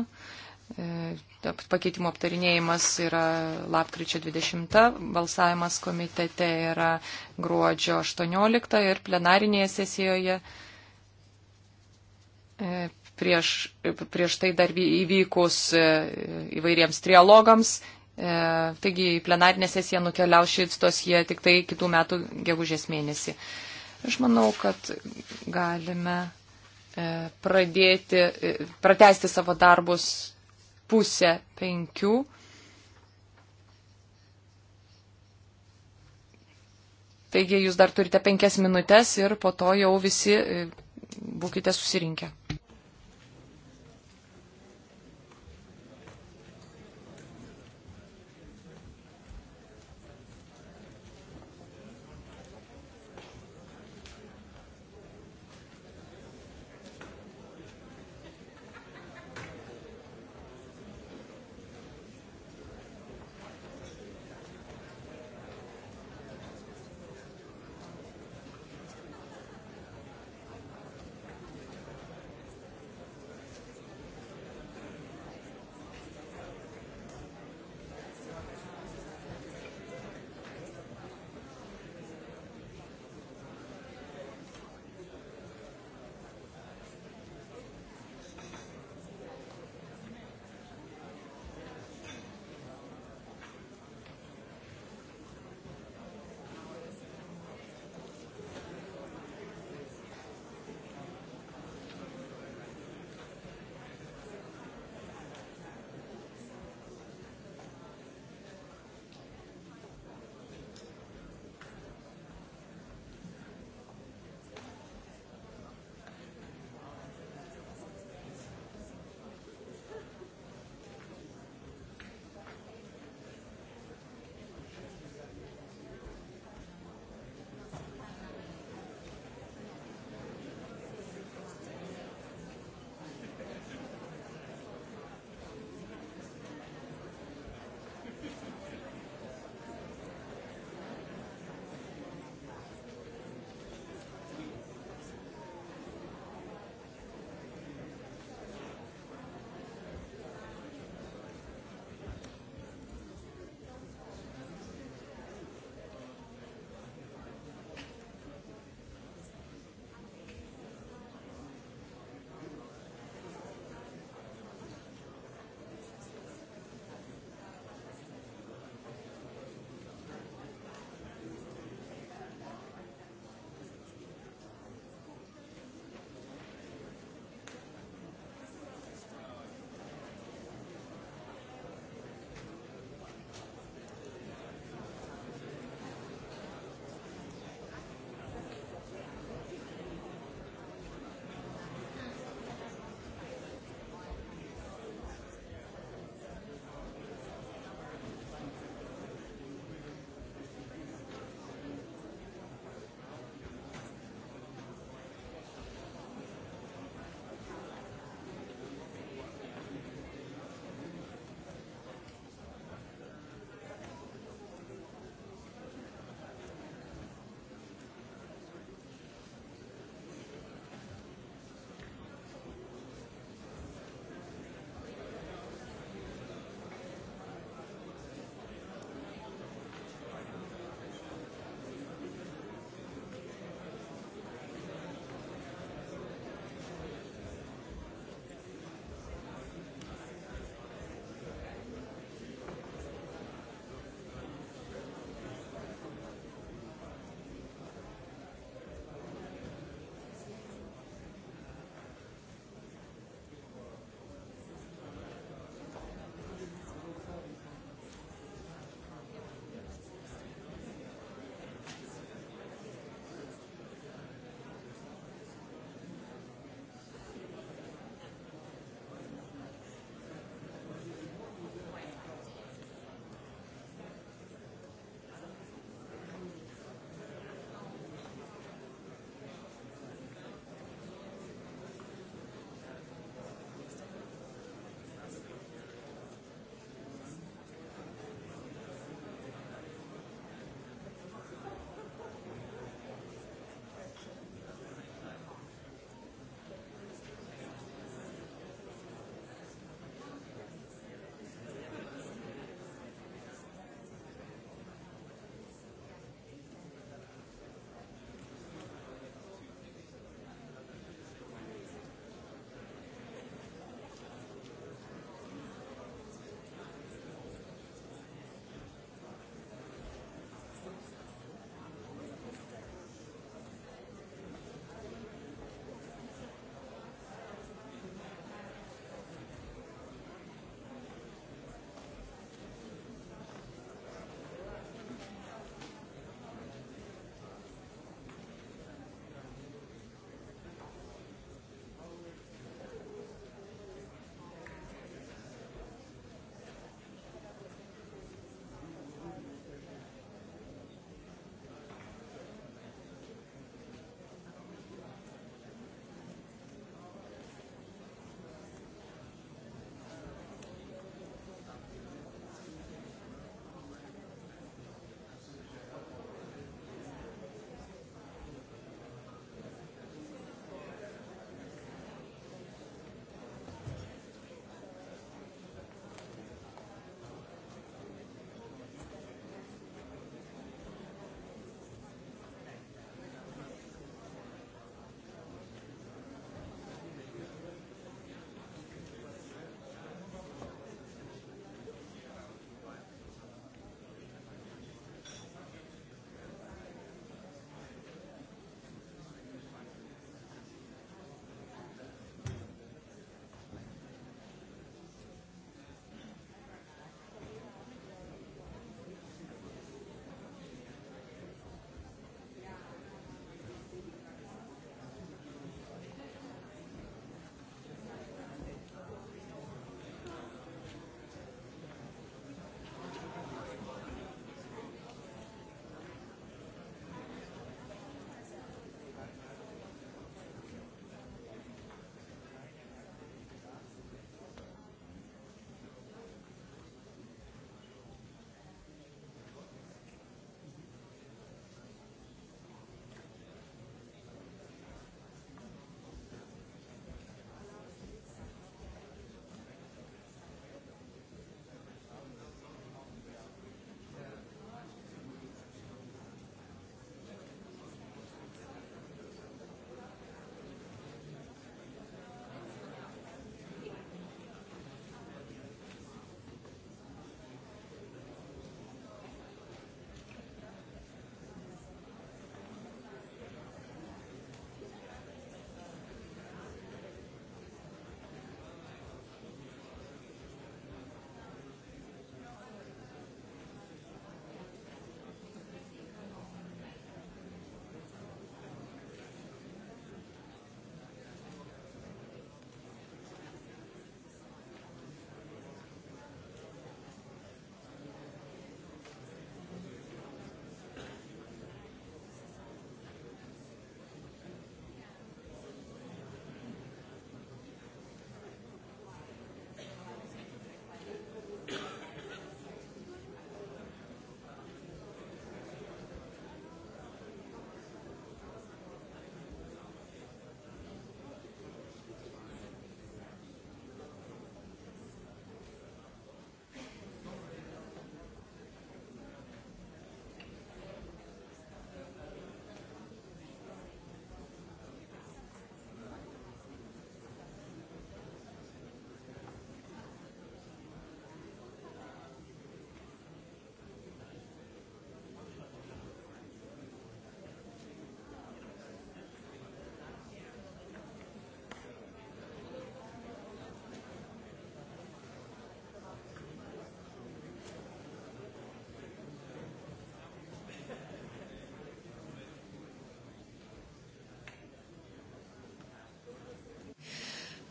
pakeitimo aptarinėjimas yra lapkričio 20, balsavimas komitete yra gruodžio 18 ir plenarinėje sesijoje e, prieš, prieš tai dar įvykus e, įvairiems trialogams. E, taigi plenarinė sesija nukeliau šis dosie tik tai kitų metų gegužės mėnesį. Aš manau, kad galime pradėti, pratesti savo darbus pusę penkių. Taigi jūs dar turite penkias minutės ir po to jau visi e, būkite susirinkę.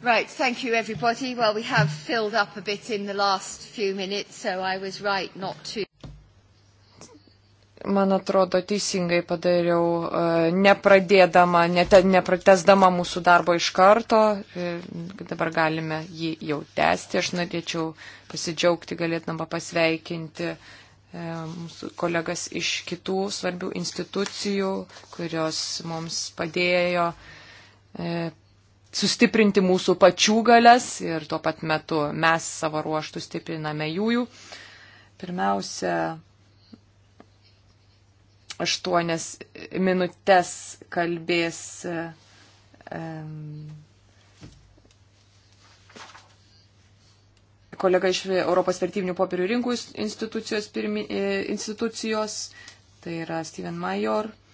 Right, thank you everybody. Well, we have filled up a bit in the last few minutes, so I was right not to. Man atrodo, teisingai padariau, e, nepradėdama, net, nepratesdama mūsų darbo iš karto. E, dabar galime jį jau tęsti. Aš norėčiau pasidžiaugti, galėtumą pasveikinti e, mūsų kolegas iš kitų svarbių institucijų, kurios mums padėjo sustiprinti mūsų pačių galės ir tuo pat metu mes savo ruoštų stipriname jųjų. Pirmiausia, aštuonias minutės kalbės. Um, kolega iš Europos vertybinių popierių rinkų institucijos, pirmi, e, institucijos tai yra Steven Major. Uh,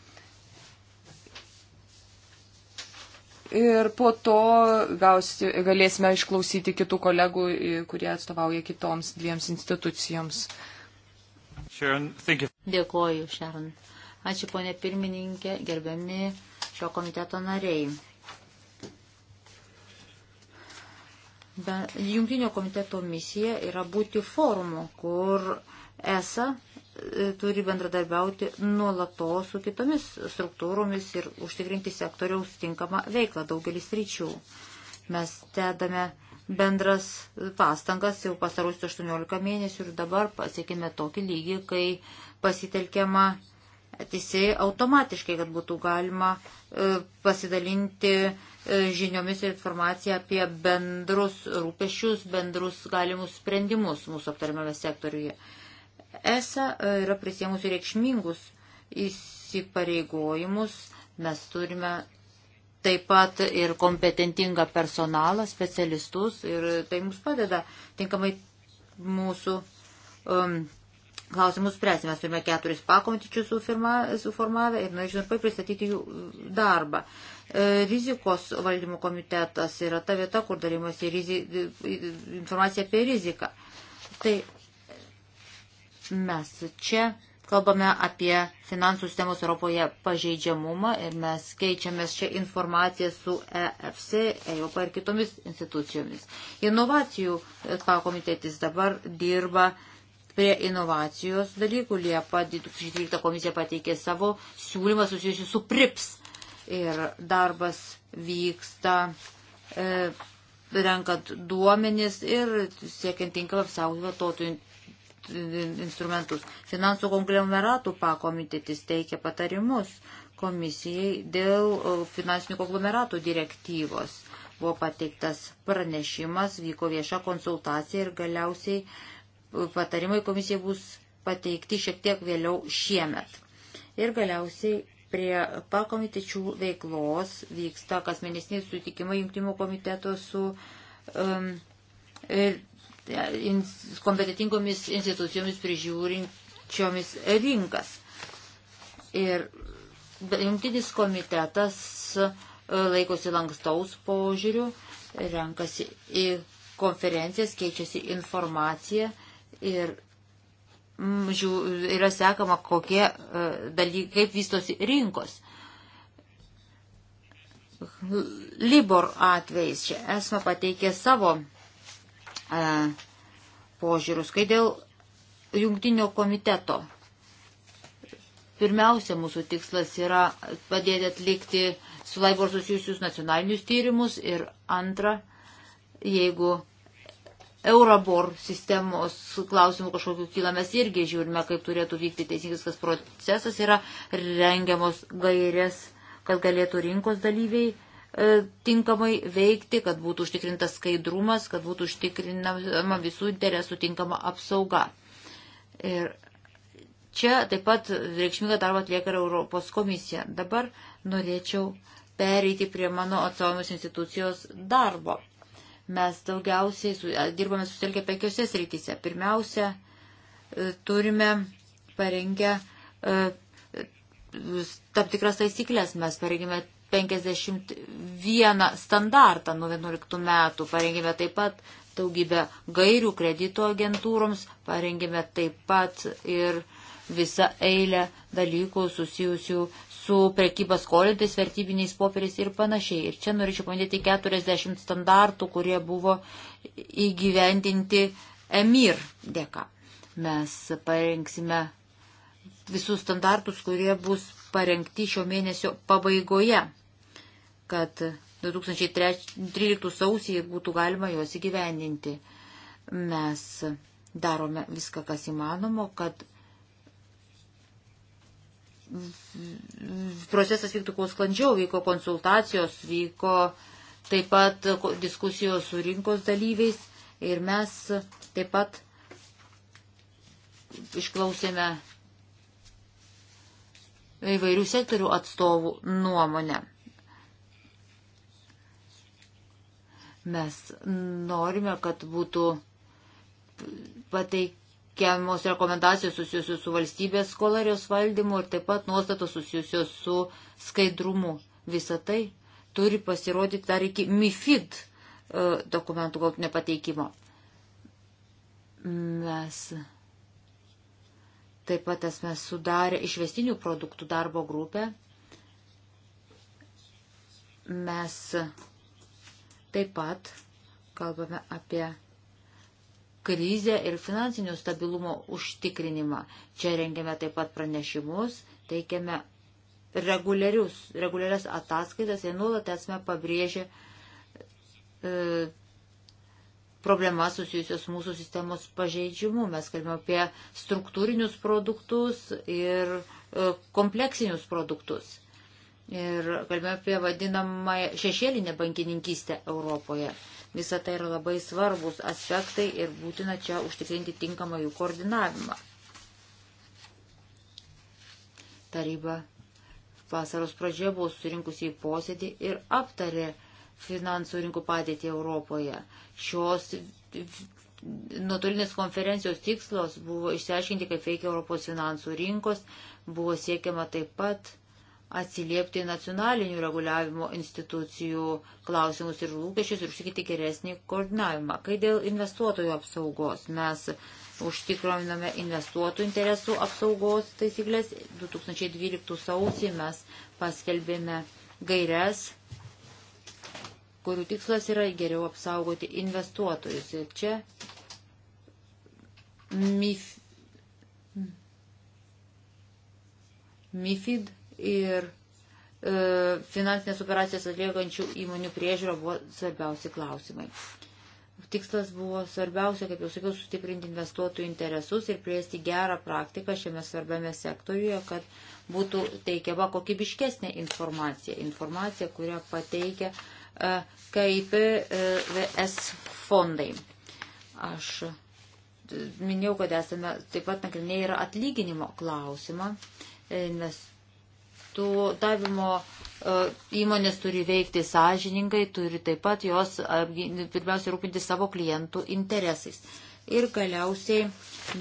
Ir po to gausi, galėsime išklausyti kitų kolegų, kurie atstovauja kitoms dviems institucijoms. Sharon, Dėkoju, Šern. Ačiū, ponė pirmininkė, gerbiami šio komiteto nariai. Be, jungtinio komiteto misija yra būti forumu, kur ESA E, turi bendradarbiauti nuolatos su kitomis struktūromis ir užtikrinti sektoriaus tinkamą veiklą daugelis ryčių. Mes dedame bendras pastangas jau pastarusius 18 mėnesių ir dabar pasiekime tokį lygį, kai pasitelkiama teisėjai automatiškai, kad būtų galima e, pasidalinti e, žiniomis ir informacija apie bendrus rūpešius, bendrus galimus sprendimus mūsų aptariamame sektoriuje. ESA e, yra prisėmusi reikšmingus įsipareigojimus, mes turime taip pat ir kompetentingą personalą, specialistus ir tai mums padeda tinkamai mūsų um, klausimus spręsime. Mes turime keturis pakomitečius suformavę ir norėčiau trumpai pristatyti jų darbą. E, rizikos valdymo komitetas yra ta vieta, kur dalymas informacija apie riziką. Tai Mes čia kalbame apie finansų sistemos Europoje pažeidžiamumą ir mes keičiamės čia informaciją su EFC, EOP ir kitomis institucijomis. Inovacijų e, komitetis dabar dirba prie inovacijos dalykų. Liepa 2013 komisija pateikė savo siūlymą susijusiu su PRIPS ir darbas vyksta. E, renkant duomenis ir siekiant tinkamą apsaugoti vartotojų instrumentus. Finansų konglomeratų pakomitetis teikia patarimus komisijai dėl e, finansinių konglomeratų direktyvos. Buvo pateiktas pranešimas, vyko vieša konsultacija ir galiausiai e, patarimai komisijai bus pateikti šiek tiek vėliau šiemet. Ir galiausiai prie pakomitečių veiklos vyksta kasmėnesiniai sutikimai jungtimo komiteto su um, kompetitingomis institucijomis prižiūrinčiomis rinkas. Ir jungtinis komitetas e, laikosi lankstaus požiūrių, renkasi į konferencijas, keičiasi informacija ir mm, yra sekama, kokie e, dalykai, kaip vystosi rinkos. Libor atvejais čia esame pateikę savo požiūrus, kai dėl jungtinio komiteto. Pirmiausia, mūsų tikslas yra padėti atlikti su laibor susijusius nacionalinius tyrimus ir antra, jeigu Eurabor sistemos klausimų kažkokiu kyla, mes irgi žiūrime, kaip turėtų vykti teisingas procesas, yra rengiamos gairės, kad galėtų rinkos dalyviai E, tinkamai veikti, kad būtų užtikrintas skaidrumas, kad būtų užtikrinama visų interesų tinkama apsauga. Ir čia taip pat reikšmingą darbą atlieka ir Europos komisija. Dabar norėčiau pereiti prie mano atsakomos institucijos darbo. Mes daugiausiai su, dirbame susitelkę penkiose srityse. Pirmiausia, e, turime parengę e, tam tikras taisyklės. Mes parengėme 51 standartą nuo 11 metų. Parengėme taip pat daugybę gairių kredito agentūroms, parengėme taip pat ir visą eilę dalykų susijusių su prekyba skolintais vertybiniais popieriais ir panašiai. Ir čia norėčiau paminėti 40 standartų, kurie buvo įgyvendinti EMIR dėka. Mes parengsime visus standartus, kurie bus parengti šio mėnesio pabaigoje, kad 2013 sausį būtų galima juos įgyvendinti. Mes darome viską, kas įmanoma, kad procesas vyktų kuo sklandžiau, vyko konsultacijos, vyko taip pat diskusijos su rinkos dalyviais ir mes taip pat išklausėme įvairių sektorių atstovų nuomonę. Mes norime, kad būtų pateikiamos rekomendacijos susijusios su valstybės skolarijos valdymu ir taip pat nuostatos susijusios su skaidrumu. Visą tai turi pasirodyti dar iki MIFID e, dokumentų galtinio pateikimo. Mes. Yes Taip pat esame sudarę išvestinių produktų darbo grupę. Mes taip pat kalbame apie krizę ir finansinio stabilumo užtikrinimą. Čia rengiame taip pat pranešimus, teikiame reguliarias ataskaitas ir nuolat esame pabrėžę e, problemas susijusios mūsų sistemos pažeidžiamu. Mes kalbame apie struktūrinius produktus ir e, kompleksinius produktus. Ir kalbame apie vadinamą šešėlinę bankininkystę Europoje. Visą tai yra labai svarbus aspektai ir būtina čia užtikrinti tinkamą jų koordinavimą. Taryba vasaros pradžioje buvo surinkusi į posėdį ir aptarė finansų rinkų padėtį Europoje. Šios nuotolinės konferencijos tikslas buvo išsiaiškinti, kaip veikia Europos finansų rinkos, buvo siekiama taip pat atsiliepti nacionalinių reguliavimo institucijų klausimus ir lūkesčius ir užtikrinti geresnį koordinavimą. Kai dėl investuotojų apsaugos mes užtikrinome investuotojų interesų apsaugos taisyklės, 2012 sausį mes paskelbėme gairias kurių tikslas yra geriau apsaugoti investuotojus. Ir čia MIF, MIFID ir e, finansinės operacijas atliekančių įmonių priežiūra buvo svarbiausi klausimai. Tikslas buvo svarbiausia, kaip jau sakiau, sustiprinti investuotojų interesus ir plėsti gerą praktiką šiame svarbiame sektoriuje, kad būtų teikiama kokybiškesnė informacija, informacija, kurią pateikia uh, kaip e VS fondai. Aš minėjau, kad esame taip pat nagrinėję ir atlyginimo klausimą, e, nes tų davimo e, įmonės turi veikti sąžiningai, turi taip pat jos pirmiausia rūpinti savo klientų interesais. Ir galiausiai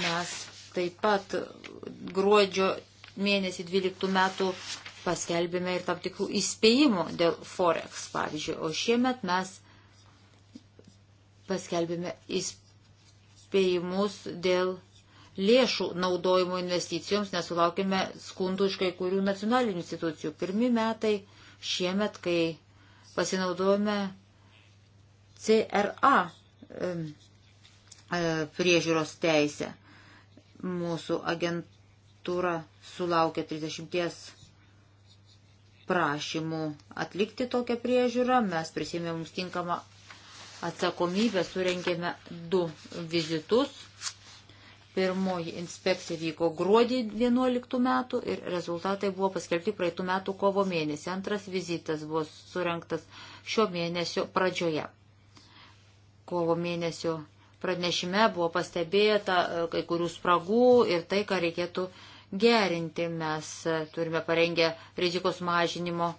mes taip pat gruodžio mėnesį 12 metų paskelbėme ir tam tikrų įspėjimų dėl Forex, pavyzdžiui, o šiemet mes paskelbėme įspėjimus dėl lėšų naudojimo investicijoms, nesulaukime skundų iš kai kurių nacionalinių institucijų. Pirmi metai šiemet, kai pasinaudojame CRA e, priežiūros teisę. Mūsų agentūra sulaukė 30 prašymų atlikti tokią priežiūrą. Mes prisėmėm mums tinkamą atsakomybę, surengėme du vizitus. Pirmoji inspekcija vyko gruodį 11 metų ir rezultatai buvo paskelbti praeitų metų kovo mėnesį. Antras vizitas buvo surinktas šio mėnesio pradžioje. Kovo mėnesio pranešime buvo pastebėta e, kai kurių spragų ir tai, ką reikėtų uh, gerinti. Mes turime parengę rizikos mažinimo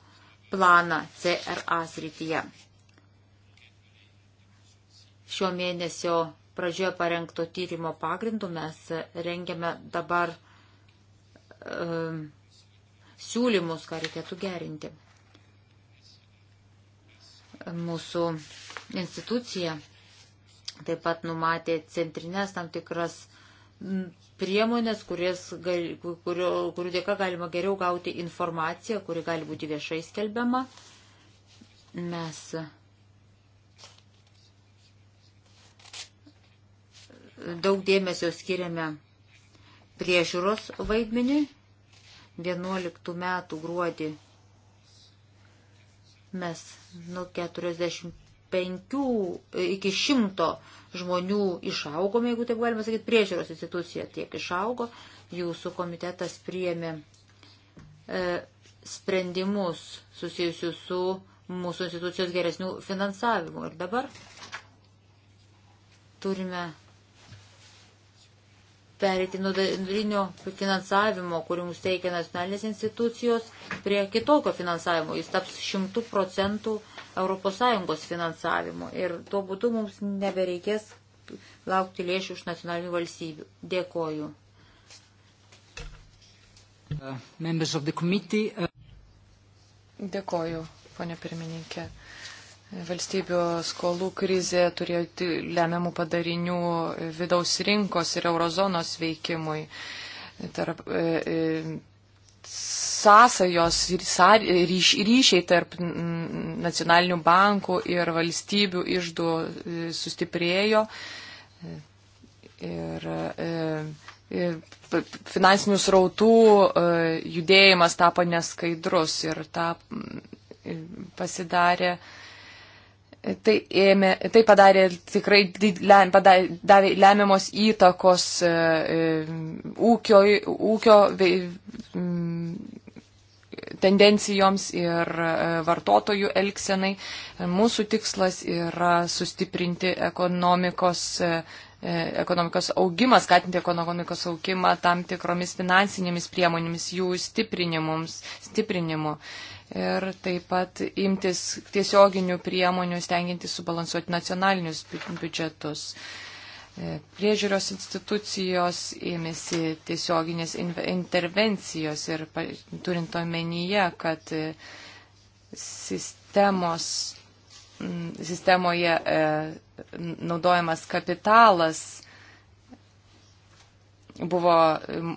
planą CRA srityje. Šio mėnesio pradžioje parengto tyrimo pagrindu mes rengiame dabar um, siūlymus, ką reikėtų gerinti. Mūsų institucija taip pat numatė centrinės tam tikras priemonės, kurias, kurio, kurių dėka galima geriau gauti informaciją, kuri gali būti viešai skelbiama. Mes daug dėmesio skiriame priežiūros vaidmeniui. 11 metų gruodį mes nuo 45 5 e, iki 100 žmonių išaugome, jeigu taip galima sakyti, priežiūros institucija tiek išaugo, jūsų komitetas priėmė e, sprendimus susijusius su mūsų institucijos geresnių finansavimų. Ir dabar turime perėti nuo dalinio finansavimo, kurį mums teikia nacionalinės institucijos, prie kitokio finansavimo. Jis taps šimtų procentų ES finansavimo ir tuo būdu mums nebereikės laukti lėšų iš nacionalinių valstybių. Dėkoju. Uh, uh Dėkoju, ponė pirmininkė. Valstybių skolų krizė turėjo lemiamų padarinių vidaus rinkos ir eurozonos veikimui. Tarp, e, e, sąsajos ir ryš, ryšiai tarp nacionalinių bankų ir valstybių išdų e, sustiprėjo. E, ir, ir e, finansinių srautų judėjimas tapo neskaidrus ir tą pasidarė uh, Tai, ėmė, tai padarė tikrai lem, padarė, davė lemiamos įtakos e, e ūkio, ūkio vei, tendencijoms ir e, vartotojų elgsenai. Mūsų tikslas yra sustiprinti ekonomikos, e, ekonomikos augimą, skatinti ekonomikos augimą tam tikromis finansinėmis priemonėmis, jų stiprinimums, stiprinimu. stiprinimu ir taip pat imtis tiesioginių priemonių, stengiantis subalansuoti nacionalinius biudžetus. E, priežiūros institucijos ėmėsi tiesioginės intervencijos ir turint omenyje, kad e, sistemos, sistemoje e, naudojamas kapitalas buvo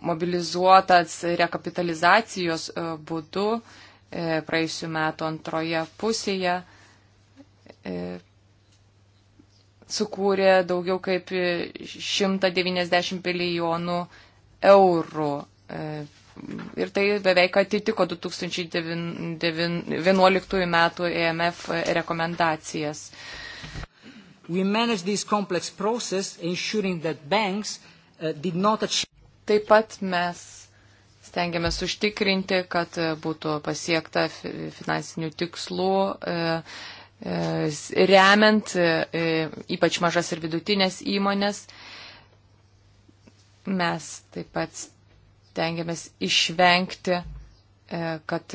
mobilizuotas rekapitalizacijos būdu, E, praėjusiu metu antroje pusėje e, sukūrė daugiau kaip 190 milijonų eurų. E, ir tai beveik atitiko 2011 metų EMF rekomendacijas. Process, banks, uh, achieve... Taip pat mes Stengiamės užtikrinti, kad būtų pasiekta finansinių tikslų, e, e, remiant e, ypač mažas ir vidutinės įmonės. Mes taip pat stengiamės išvengti kad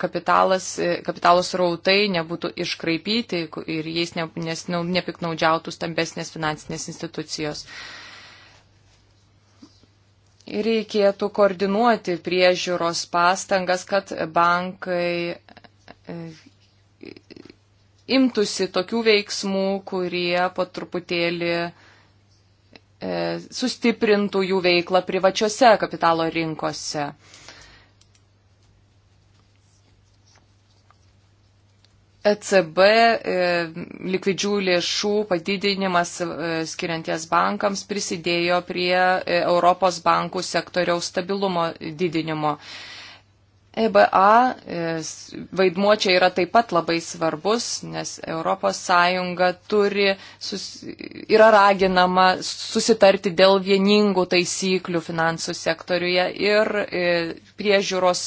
kapitalas, kapitalos rautai nebūtų iškraipyti ir jais ne, nes, ne, nu, nepiknaudžiautų stambesnės finansinės institucijos. Uh, reikėtų koordinuoti priežiūros pastangas, kad bankai e, imtųsi tokių veiksmų, kurie po truputėlį e, sustiprintų jų veiklą privačiose kapitalo rinkose. ECB e, likvidžių lėšų padidinimas e, skirianties bankams prisidėjo prie e, Europos bankų sektoriaus stabilumo didinimo. EBA vaidmuo čia yra taip pat labai svarbus, nes ES turi, sus, yra raginama susitarti dėl vieningų taisyklių finansų sektoriuje ir priežiūros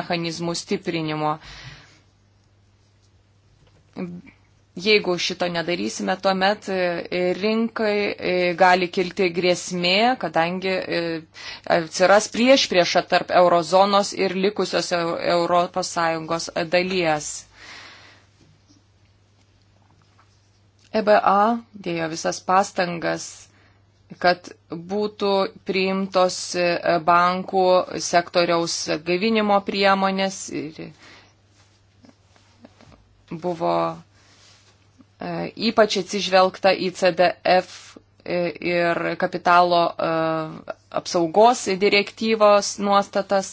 mechanizmų stiprinimo. E, Jeigu šito nedarysime, tuomet e, rinkai e, gali kilti grėsmė, kadangi e, atsiras prieš priešą tarp eurozonos ir likusios ES dalies. EBA dėjo visas pastangas, kad būtų priimtos bankų sektoriaus gaivinimo priemonės ir buvo e, ypač atsižvelgta į CDF e, ir kapitalo e, apsaugos direktyvos nuostatas.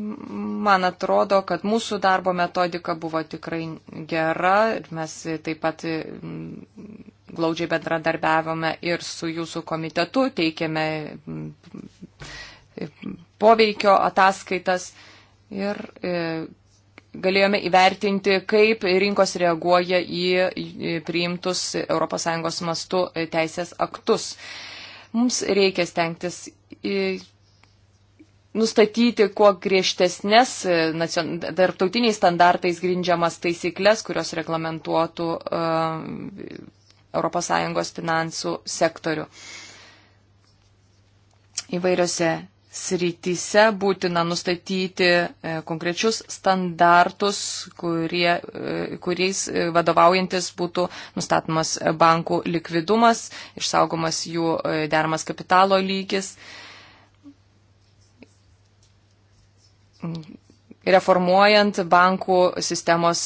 Man atrodo, kad mūsų darbo metodika buvo tikrai gera ir mes taip pat mm, glaudžiai bendradarbiavome ir su jūsų komitetu, teikėme mm, poveikio ataskaitas ir e, galėjome įvertinti, kaip rinkos reaguoja į priimtus ES mastu teisės aktus. Mums reikia stengtis e, nustatyti kuo griežtesnės e, tarptautiniais standartais grindžiamas taisyklės, kurios reglamentuotų ES finansų sektorių. Įvairiose srityse būtina nustatyti e, konkrečius standartus, kurie, e, kuriais e, vadovaujantis būtų nustatomas bankų likvidumas, išsaugomas jų dermas kapitalo lygis. Reformuojant bankų sistemos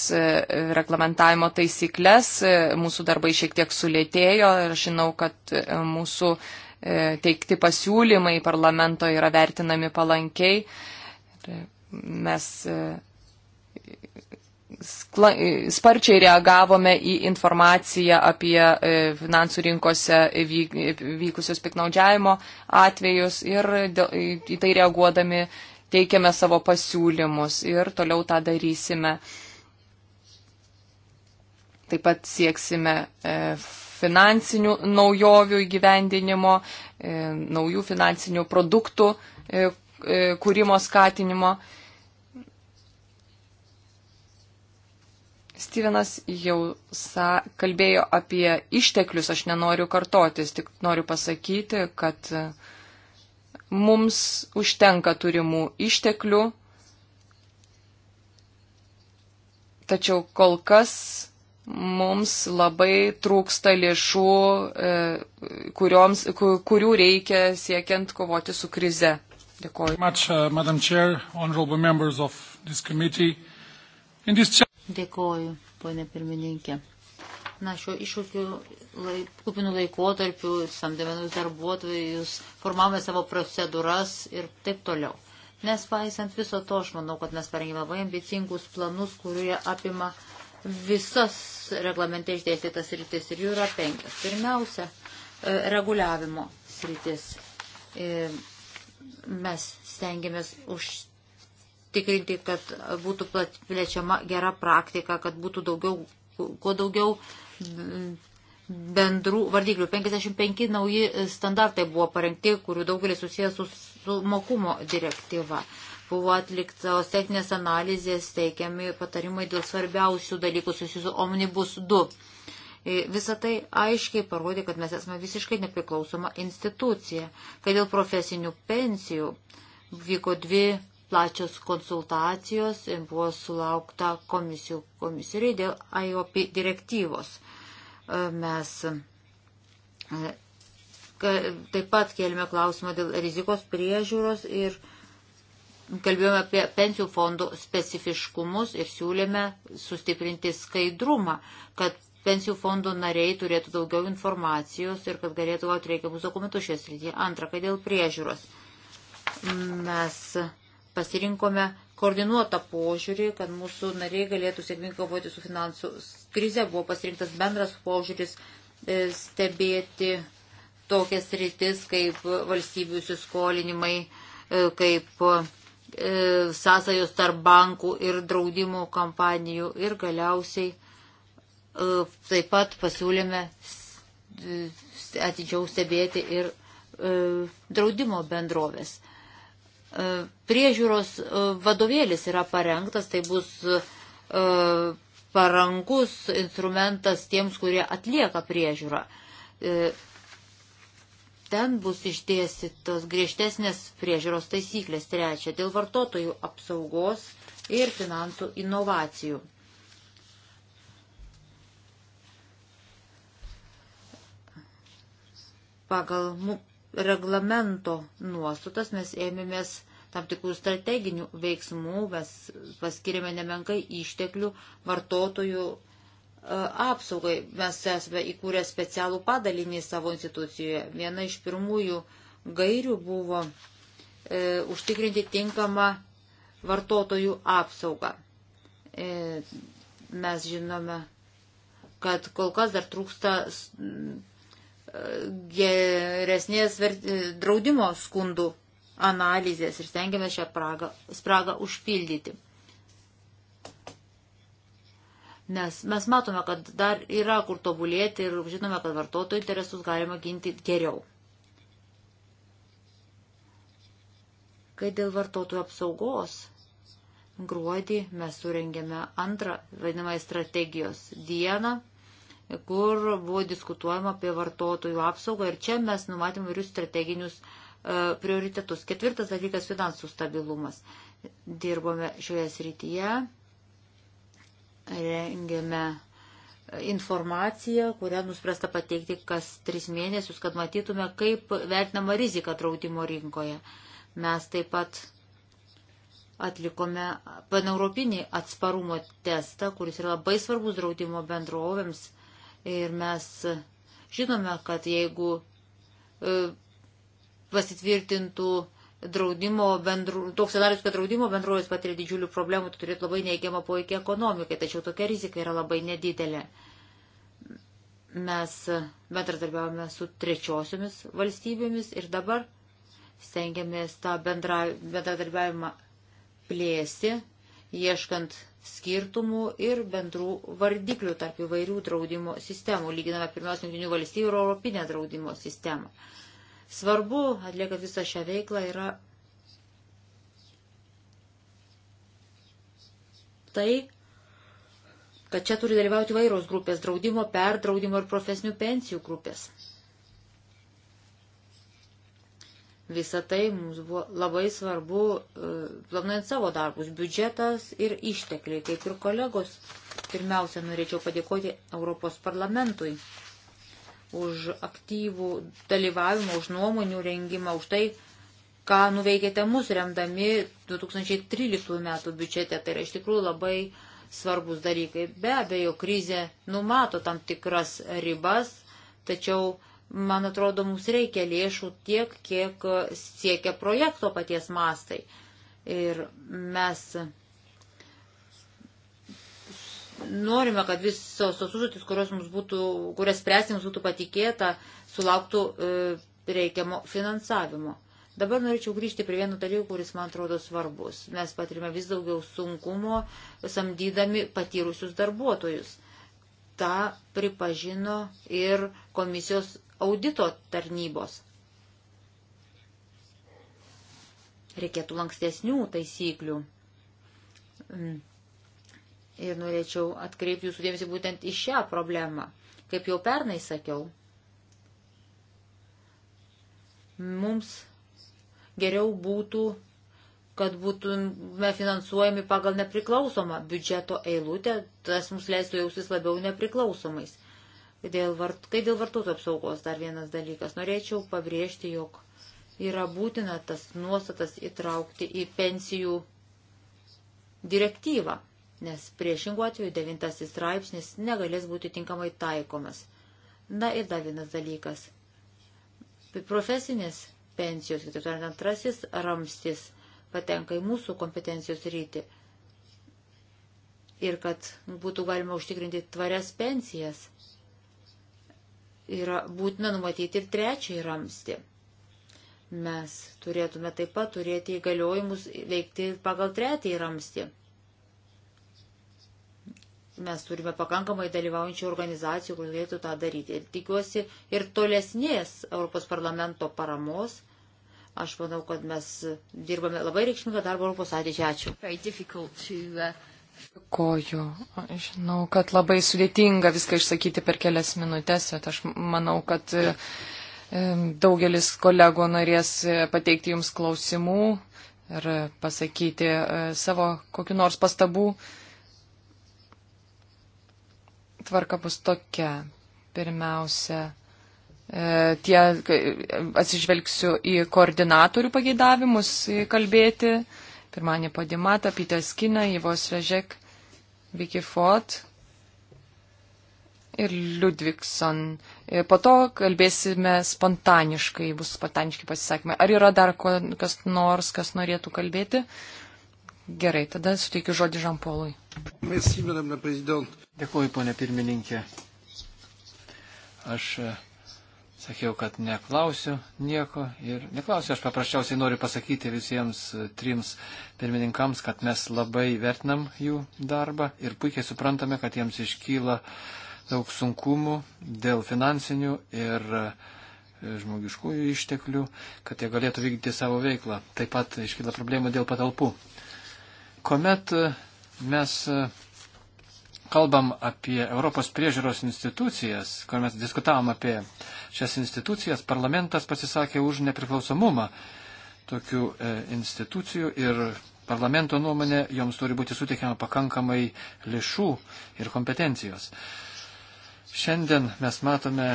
reglamentavimo taisyklės, mūsų darbai šiek tiek sulėtėjo ir žinau, kad mūsų uh, E, teikti pasiūlymai parlamento yra vertinami palankiai. Ir mes e, e, sparčiai reagavome į informaciją apie finansų rinkose vykusius piknaudžiavimo atvejus ir į tai reaguodami teikiame savo pasiūlymus ir toliau tą darysime. Taip pat sieksime finansinių naujovių įgyvendinimo, e, naujų finansinių produktų e, e, kūrimo skatinimo. Stevenas jau sa, kalbėjo apie išteklius, aš nenoriu kartotis, tik noriu pasakyti, kad mums užtenka turimų išteklių, tačiau kol kas mums labai trūksta lėšų, e, kurioms, kurių reikia siekiant kovoti su krize. Dėkuoju. Much, uh, Chair, this... Dėkuoju, ponė pirmininkė. Na, šiuo iššūkiu laik, kupinų laikotarpiu samdėme naujus darbuotojus, formavome savo procedūras ir taip toliau. Nes paisant viso to, aš manau, kad mes parengėme labai ambicingus planus, kurie apima uh, visas reglamente išdėstytas rytis ir jų yra penkias. Pirmiausia, e, reguliavimo sritis. E, mes stengiamės užtikrinti, kad būtų plečiama gera praktika, kad būtų daugiau, kuo daugiau bendrų vardiklių. 55 nauji standartai buvo parengti, kurių daugelis susijęs su, su mokumo direktyva buvo atliktos techninės analizės, teikiami patarimai dėl svarbiausių dalykų susijusių Omnibus 2. E, Visą tai aiškiai parodė, kad mes esame visiškai nepriklausoma institucija, kad dėl profesinių pensijų vyko dvi plačios konsultacijos ir e, buvo sulaukta komisijų komisijai dėl IOP direktyvos. E, mes taip pat kelime klausimą dėl rizikos priežiūros ir kalbėjome apie pensijų fondų specifiškumus ir siūlėme sustiprinti skaidrumą, kad pensijų fondų nariai turėtų daugiau informacijos ir kad galėtų gauti reikiamus dokumentus šioje srityje. Antra, kad dėl priežiūros mes pasirinkome koordinuotą požiūrį, kad mūsų nariai galėtų sėkmingai kovoti su finansų krize. Buvo pasirinktas bendras požiūris e, stebėti tokias rytis kaip valstybių įsiskolinimai, e, kaip E, sąsajos tarp bankų ir draudimo kompanijų ir galiausiai e, taip pat pasiūlėme e, atidžiau stebėti ir draudimo bendrovės. Priežiūros vadovėlis yra parengtas, tai bus parankus instrumentas tiems, kurie atlieka priežiūrą ten bus išdėstytos griežtesnės priežiūros taisyklės. Trečia, dėl vartotojų apsaugos ir finansų inovacijų. Pagal reglamento nuostatas mes ėmėmės tam tikrų strateginių veiksmų, mes paskiriame nemenkai išteklių vartotojų E, apsaugai. Mes esame įkūrę specialų padalinį savo institucijoje. Viena iš pirmųjų gairių buvo e, užtikrinti tinkamą vartotojų apsaugą. E, mes žinome, kad kol kas dar trūksta e, geresnės e, draudimo skundų analizės ir stengiamės šią pragą, spragą užpildyti. Nes mes matome, kad dar yra kur tobulėti ir žinome, kad vartotojų interesus galima ginti geriau. Kai dėl vartotojų apsaugos gruodį mes surengėme antrą, vadinamąją, strategijos dieną, kur buvo diskutuojama apie vartotojų apsaugą ir čia mes numatėme vairius strateginius e, prioritetus. Ketvirtas dalykas - finansų stabilumas. Dirbome šioje srityje rengiame informaciją, kurią nuspręsta pateikti kas tris mėnesius, kad matytume, kaip vertinama rizika draudimo rinkoje. Mes taip pat atlikome paneuropinį atsparumo testą, kuris yra labai svarbus draudimo bendrovėms. Ir mes žinome, kad jeigu e, pasitvirtintų e, draudimo bendru, toks scenarius, kad draudimo bendrovės patiria didžiulių problemų, tai turėtų labai neigiamą poveikį ekonomikai, tačiau tokia rizika yra labai nedidelė. Mes bendradarbiavome su trečiosiomis valstybėmis ir dabar stengiamės tą bendra, bendradarbiavimą plėsti, ieškant skirtumų ir bendrų vardiklių tarp įvairių draudimo sistemų. Lyginame pirmiausia, jungtinių valstybių ir europinę draudimo sistemą. Uh, Svarbu, atlieka visą šią veiklą, yra tai, kad čia turi dalyvauti vairos grupės - draudimo, perdraudimo ir profesinių pensijų grupės. Visa tai mums buvo labai svarbu, e, planuojant savo darbus, biudžetas ir ištekliai, kaip ir kolegos. Pirmiausia, norėčiau padėkoti Europos parlamentui už aktyvų dalyvavimą, už nuomonių rengimą, už tai, ką nuveikėte mus remdami 2013 metų biudžete. Tai yra iš tikrųjų labai svarbus dalykai. Be abejo, krizė numato tam tikras ribas, tačiau, man atrodo, mums reikia lėšų tiek, kiek siekia projekto paties mastai. Ir mes norime, kad visos tos užduotis, kurios mums būtų, kurias spręsti mums būtų patikėta, sulauktų e, reikiamo finansavimo. Dabar norėčiau grįžti prie vieno dalyko, kuris man atrodo svarbus. Mes patirime vis daugiau sunkumo, samdydami patyrusius darbuotojus. Ta pripažino ir komisijos audito tarnybos. Reikėtų lankstesnių taisyklių. Mm Ir norėčiau atkreipti jūsų dėmesį būtent į šią problemą. Kaip jau pernai sakiau, mums geriau būtų, kad būtume finansuojami pagal nepriklausomą biudžeto eilutę, tas mums leistų jausis labiau nepriklausomais. Dėl vart, kai dėl vartotojų apsaugos dar vienas dalykas, norėčiau pabrėžti, jog yra būtina tas nuostatas įtraukti į pensijų direktyvą nes priešingų atveju devintasis straipsnis negalės būti tinkamai taikomas. Na ir dar vienas dalykas. Profesinės pensijos, kitaip tariant, antrasis ramstis patenka į mūsų kompetencijos rytį. Ir kad būtų galima užtikrinti tvarias pensijas, yra būtina numatyti ir trečiąjį ramstį. Mes turėtume taip pat turėti įgaliojimus veikti pagal trečiąjį ramstį. Mes turime pakankamai dalyvaujančių organizacijų, kur galėtų tą daryti. Ir tikiuosi ir tolesnės Europos parlamento paramos. Aš manau, kad mes dirbame labai reikšmingą darbą Europos ateičiai. Ačiū. Uh, Koju. Žinau, kad labai sudėtinga viską išsakyti per kelias minutės, bet aš manau, kad e, e, daugelis kolegų norės e, pateikti jums klausimų ir pasakyti savo kokiu nors pastabų tvarka bus tokia. Pirmiausia, e, tie, atsižvelgsiu į koordinatorių pageidavimus e, kalbėti. Pirmanį padimata, Pytė Skina, Ivos Režek, Vicky Ford ir Ludvikson. E, po to kalbėsime spontaniškai, bus spontaniški pasisakymai. Ar yra dar kas nors, kas norėtų kalbėti? Uh, Gerai, tada suteikiu žodį Žampolui. Dėkuoju, ponė pirmininkė. Aš e, sakiau, kad neklausiu nieko ir neklausiu, aš paprasčiausiai noriu pasakyti visiems e, trims pirmininkams, kad mes labai vertinam jų darbą ir puikiai suprantame, kad jiems iškyla daug sunkumų dėl finansinių ir e, žmogiškųjų išteklių, kad jie galėtų vykdyti savo veiklą. Taip pat iškyla problemų dėl patalpų. Komet e, mes e, kalbam apie Europos priežiūros institucijas, kur mes diskutavom apie šias institucijas, parlamentas pasisakė už nepriklausomumą tokių e, institucijų ir parlamento nuomonė joms turi būti suteikiama pakankamai lėšų ir kompetencijos. Šiandien mes matome,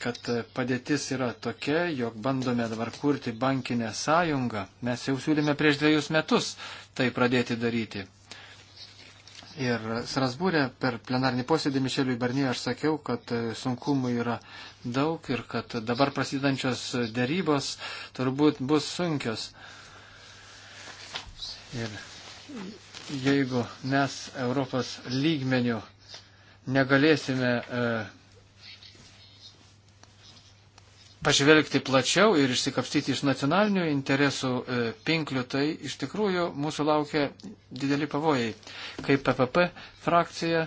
kad e, padėtis yra tokia, jog bandome dabar kurti bankinę sąjungą. Mes jau siūlėme prieš dviejus metus tai pradėti daryti. Ir Strasbūrė per plenarnį posėdį Mišeliui Barnie aš sakiau, kad e, sunkumų yra daug ir kad dabar prasidančios dėrybos turbūt bus sunkios. Ir jeigu mes Europos lygmenių negalėsime e, pažvelgti plačiau ir išsikapstyti iš nacionalinių interesų e, pinklių, tai iš tikrųjų mūsų laukia dideli pavojai. Kaip PPP frakcija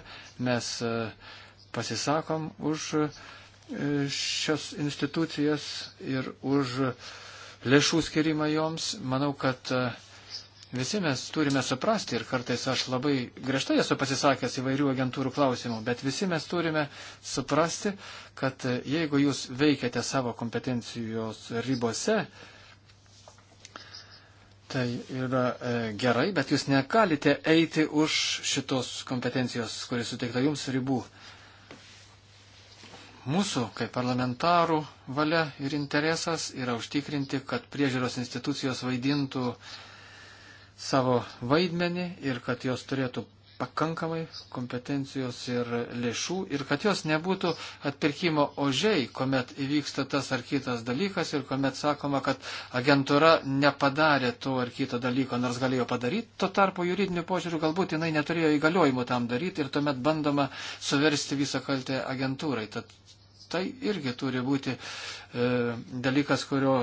mes e, pasisakom už e, šias institucijas ir už lėšų skirimą joms. Manau, kad Visi mes turime suprasti ir kartais aš labai griežtai esu pasisakęs įvairių agentūrų klausimų, bet visi mes turime suprasti, kad jeigu jūs veikiate savo kompetencijos ribose, tai yra e, gerai, bet jūs negalite eiti už šitos kompetencijos, kuris suteikta jums ribų. Mūsų, kaip parlamentarų, valia ir interesas yra užtikrinti, kad priežiūros institucijos vaidintų savo vaidmenį ir kad jos turėtų pakankamai kompetencijos ir lėšų ir kad jos nebūtų atpirkimo ožiai, kuomet įvyksta tas ar kitas dalykas ir kuomet sakoma, kad agentūra nepadarė to ar kito dalyko, nors galėjo padaryti, tuo tarpu juridiniu požiūriu galbūt jinai neturėjo įgaliojimų tam daryti ir tuomet bandoma suversti visą kaltę agentūrai. Tad tai irgi turi būti e, dalykas, kurio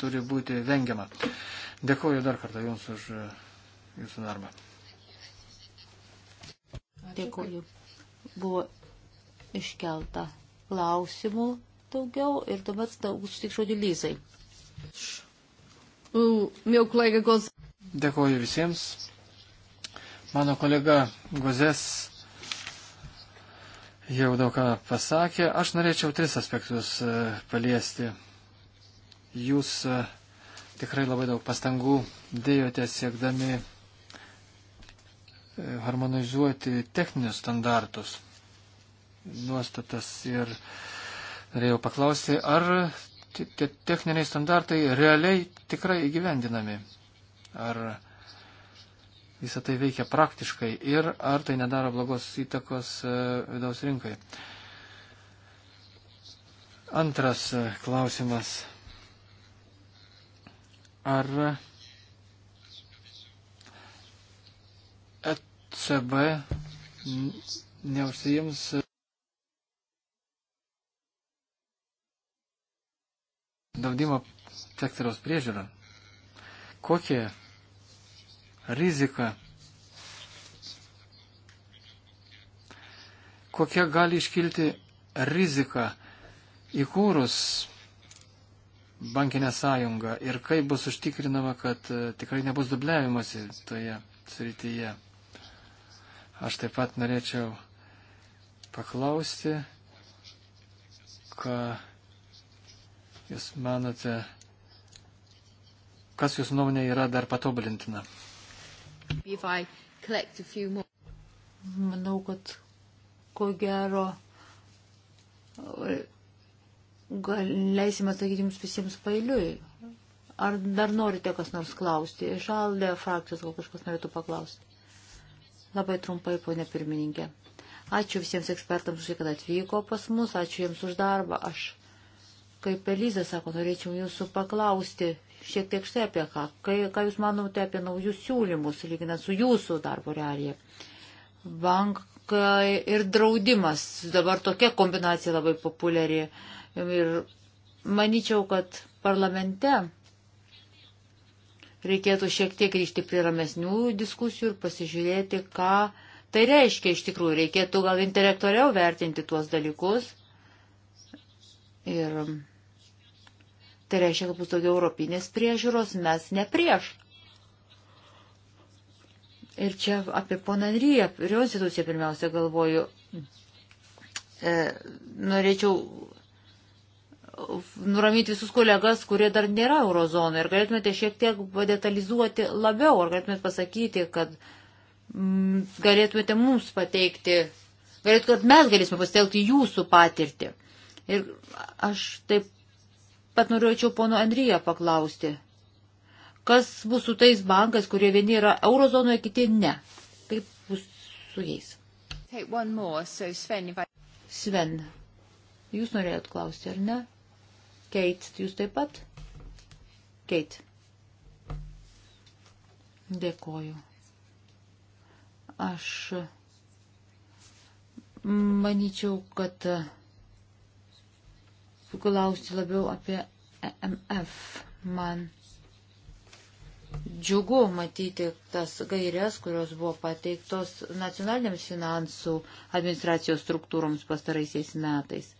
turi būti vengiama. E, Dėkuoju dar kartą Jums už e, Jūsų darbą. Dėkuoju. Buvo iškelta klausimų daugiau ir dabar sutiks žodį Lyzai. Dėkuoju visiems. Mano kolega Gozės jau daug ką pasakė. Aš norėčiau tris aspektus e, paliesti. Jūs uh, tikrai labai daug pastangų dėjote siekdami e, harmonizuoti techninius standartus, nuostatas ir norėjau paklausti, ar tie techniniai standartai realiai tikrai įgyvendinami, ar visą tai veikia praktiškai ir ar tai nedaro blogos įtakos e, vidaus rinkai. Antras e, klausimas ar ECB neužsijims draudimo sektoriaus priežiūrą. Kokią riziką, kokia gali iškilti rizika įkūrus bankinę sąjungą ir kaip bus užtikrinama, kad e, tikrai nebus dubliavimuose toje srityje. Aš taip pat norėčiau paklausti, ką jūs manote, kas jūsų nuomonė yra dar patobulintina. Manau, kad ko gero Gal leisime atsakyti jums visiems pailiui. Ar dar norite kas nors klausti? Iš Aldė frakcijos gal kažkas norėtų paklausti. Labai trumpai, ponė pirmininkė. Ačiū visiems ekspertams už tai, kad atvyko pas mus, ačiū jiems už darbą. Aš, kaip Eliza sako, norėčiau jūsų paklausti šiek tiek štai apie ką. Kai, ką jūs manote apie naujus siūlymus, lyginant su jūsų darbo realija? Bankai ir draudimas, dabar tokia kombinacija labai populiari. Uh, Ir manyčiau, kad parlamente reikėtų šiek tiek grįžti prie ramesnių diskusijų ir pasižiūrėti, ką tai reiškia iš tikrųjų. Reikėtų gal intelektualiau vertinti tuos dalykus. Ir tai reiškia, kad bus daugiau europinės priežiūros, mes ne prieš. Ir čia apie poną Andryją, ir jo instituciją pirmiausia galvoju. E, norėčiau nuraminti visus kolegas, kurie dar nėra eurozonoje. Ir galėtumėte šiek tiek detalizuoti labiau, ar galėtumėte pasakyti, kad mm, galėtumėte mums pateikti, galėtumėte, kad mes galėsime pasitelkti jūsų patirtį. Ir aš taip pat norėčiau pono Andriją paklausti, kas bus su tais bankais, kurie vieni yra eurozonoje, kiti ne. Kaip bus su jais? More, so Sven, I... Sven, jūs norėjot klausti, ar ne? Keit, jūs taip pat? Keit. Dėkoju. Aš manyčiau, kad klausti labiau apie EMF. Man džiugu matyti tas gairias, kurios buvo pateiktos nacionalinėms finansų administracijos struktūroms pastaraisiais metais.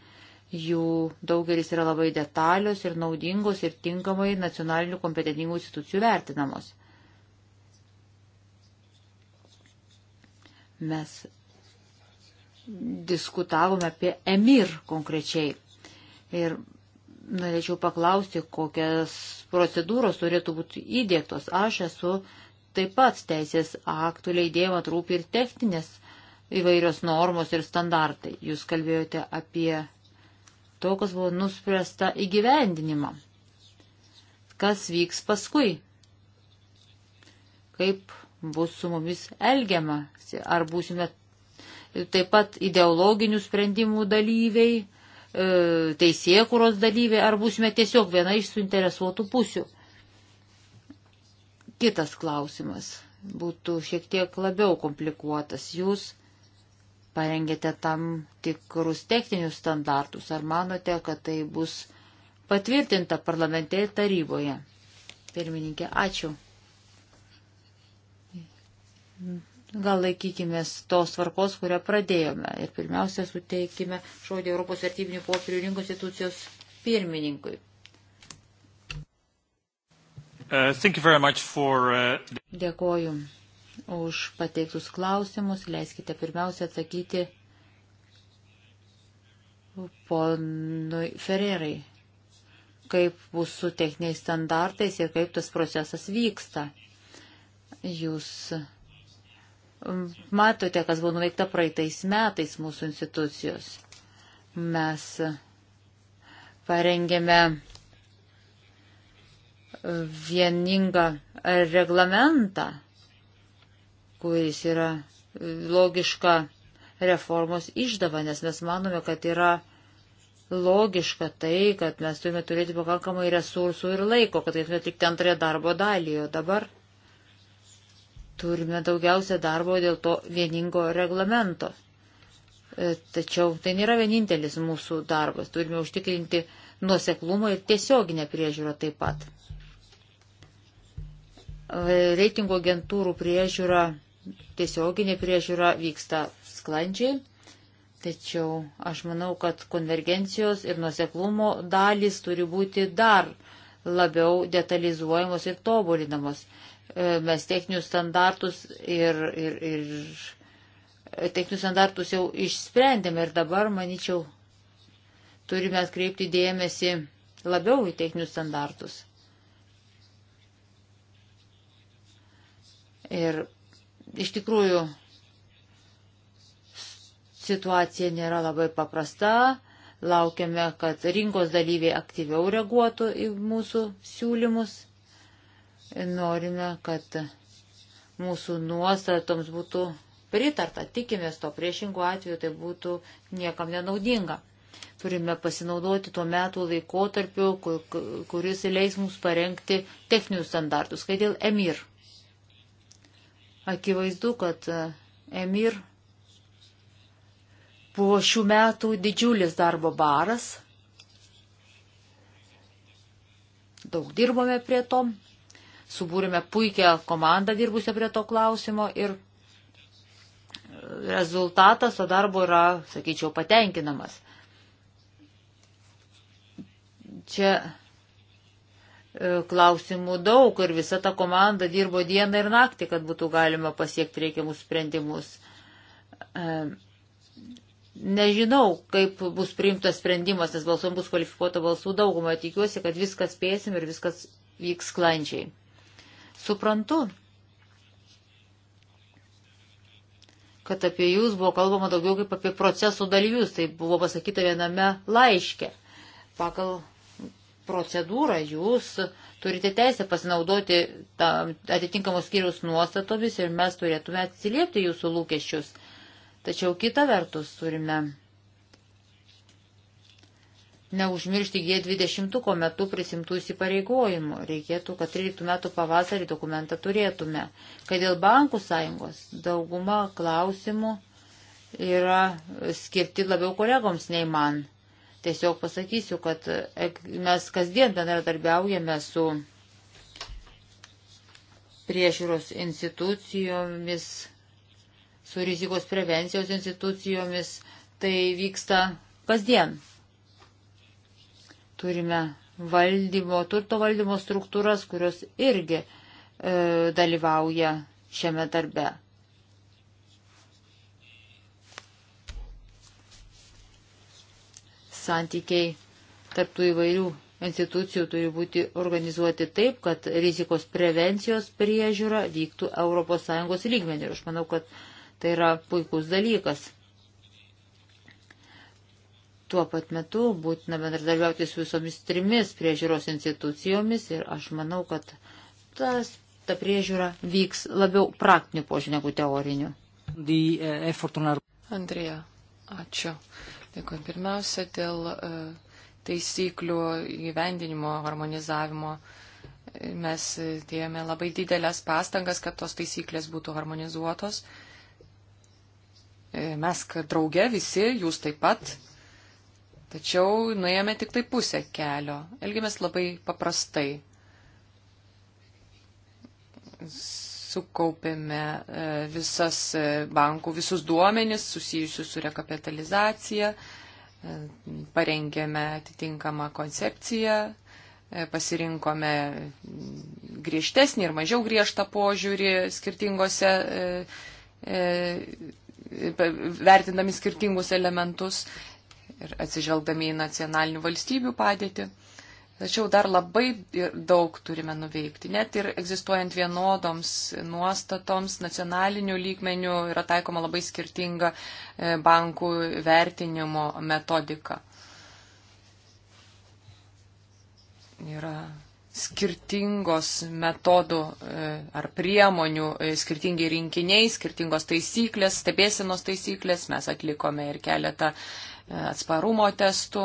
Jų daugelis yra labai detalios ir naudingos ir tinkamai nacionalinių kompetentingų institucijų vertinamos. Mes diskutavome apie emir konkrečiai. Ir norėčiau paklausti, kokias procedūros turėtų būti įdėktos. Aš esu taip pat teisės aktų leidėjimą trūpi ir techninės įvairios normos ir standartai. Jūs kalbėjote apie to, kas buvo nuspręsta įgyvendinimo. Kas vyks paskui? Kaip bus su mumis elgiama? Ar būsime taip pat ideologinių sprendimų dalyviai, e, teisėkuros dalyviai, ar būsime tiesiog viena iš suinteresuotų pusių? Kitas klausimas būtų šiek tiek labiau komplikuotas. Jūs parengėte tam tikrus techninius standartus. Ar manote, kad tai bus patvirtinta parlamente ir taryboje? Pirmininkė, ačiū. Gal laikykime tos tvarkos, kurią pradėjome. Ir pirmiausia, suteikime žodį Europos vertybinių popierių rinkos institucijos pirmininkui. Uh, for, uh... Dėkoju už pateiktus klausimus. Leiskite pirmiausia atsakyti ponui Ferrerai, kaip bus su techniniais standartais ir kaip tas procesas vyksta. Jūs matote, kas buvo nuveikta praeitais metais mūsų institucijos. Mes parengėme vieningą reglamentą kuris yra e, logiška reformos išdava, nes mes manome, kad yra logiška tai, kad mes turime turėti pakankamai resursų ir laiko, kad galėtume atlikti antrąją darbo dalį, o dabar turime daugiausia darbo dėl to vieningo reglamento. E, tačiau tai nėra vienintelis mūsų darbas. Turime užtikrinti nuoseklumą ir tiesioginę priežiūrą taip pat. E, Reitingo agentūrų priežiūra tiesioginė priežiūra vyksta sklandžiai, tačiau aš manau, kad konvergencijos ir nuseklumo dalys turi būti dar labiau detalizuojamos ir tobulinamos. E, mes techninius standartus ir, ir, ir e, techninius standartus jau išsprendėme ir dabar, manyčiau, turime atkreipti dėmesį labiau į techninius standartus. Ir Iš tikrųjų, situacija nėra labai paprasta. Laukiame, kad rinkos dalyviai aktyviau reaguotų į mūsų siūlymus. Norime, kad mūsų nuostatoms būtų pritarta. Tikimės to priešingų atveju, tai būtų niekam nenaudinga. Turime pasinaudoti tuo metu laikotarpiu, kuris leis mums parengti techninius standartus, kai dėl emir. Akivaizdu, kad e, Emir buvo šių metų didžiulis darbo baras. Daug dirbome prie to, subūrėme puikią komandą dirbusią prie to klausimo ir e, rezultatas to darbo yra, sakyčiau, patenkinamas. Čia E, klausimų daug ir visa ta komanda dirbo dieną ir naktį, kad būtų galima pasiekti reikiamus sprendimus. E, nežinau, kaip bus priimtas sprendimas, nes balsuom bus kvalifikuota balsų dauguma. Tikiuosi, kad viskas spėsim ir viskas vyks sklandžiai. Suprantu, kad apie jūs buvo kalbama daugiau kaip apie procesų dalyvius. Tai buvo pasakyta viename laiške. Pagal procedūrą jūs turite teisę pasinaudoti atitinkamos skyrius nuostatomis ir mes turėtume atsiliepti jūsų lūkesčius. Tačiau kita vertus turime neužmiršti G20 metu prisimtų įsipareigojimų. Reikėtų, kad 13 metų pavasarį dokumentą turėtume. Kai dėl bankų sąjungos dauguma klausimų yra skirti labiau kolegoms nei man. Tiesiog pasakysiu, kad e, mes kasdien bendradarbiaujame su priežiūros institucijomis, su rizikos prevencijos institucijomis. Tai vyksta kasdien. Turime valdymo, turto valdymo struktūras, kurios irgi e, dalyvauja šiame darbe. santykiai tarptų įvairių institucijų turi būti organizuoti taip, kad rizikos prevencijos priežiūra vyktų ES lygmenį. Ir aš manau, kad tai yra puikus dalykas. Tuo pat metu būtina bendradarbiauti su visomis trimis priežiūros institucijomis ir aš manau, kad tas, ta priežiūra vyks labiau praktiniu požiūriu negu teoriniu. Uh, Andrija, ačiū. Dėkui. Pirmiausia, dėl e, taisyklių įgyvendinimo, harmonizavimo. E, mes e, dėjome labai didelės pastangas, kad tos taisyklės būtų harmonizuotos. Mes, kad drauge visi, jūs taip pat. Tačiau nuėjome tik tai pusę kelio. Elgėmės labai paprastai sukaupėme e, visas e, bankų, visus duomenis susijusius su rekapitalizacija, e, parengėme atitinkamą koncepciją, pasirinkome griežtesnį ir mažiau griežtą požiūrį skirtingose vertindami skirtingus elementus ir atsižvelgdami į nacionalinių valstybių padėtį. Tačiau dar labai daug turime nuveikti. Net ir egzistuojant vienodoms nuostatoms, nacionalinių lygmenių yra taikoma labai skirtinga e, bankų vertinimo metodika. Yra skirtingos metodų e, ar priemonių, e, skirtingi rinkiniai, skirtingos taisyklės, stebėsenos taisyklės. Mes atlikome ir keletą atsparumo testų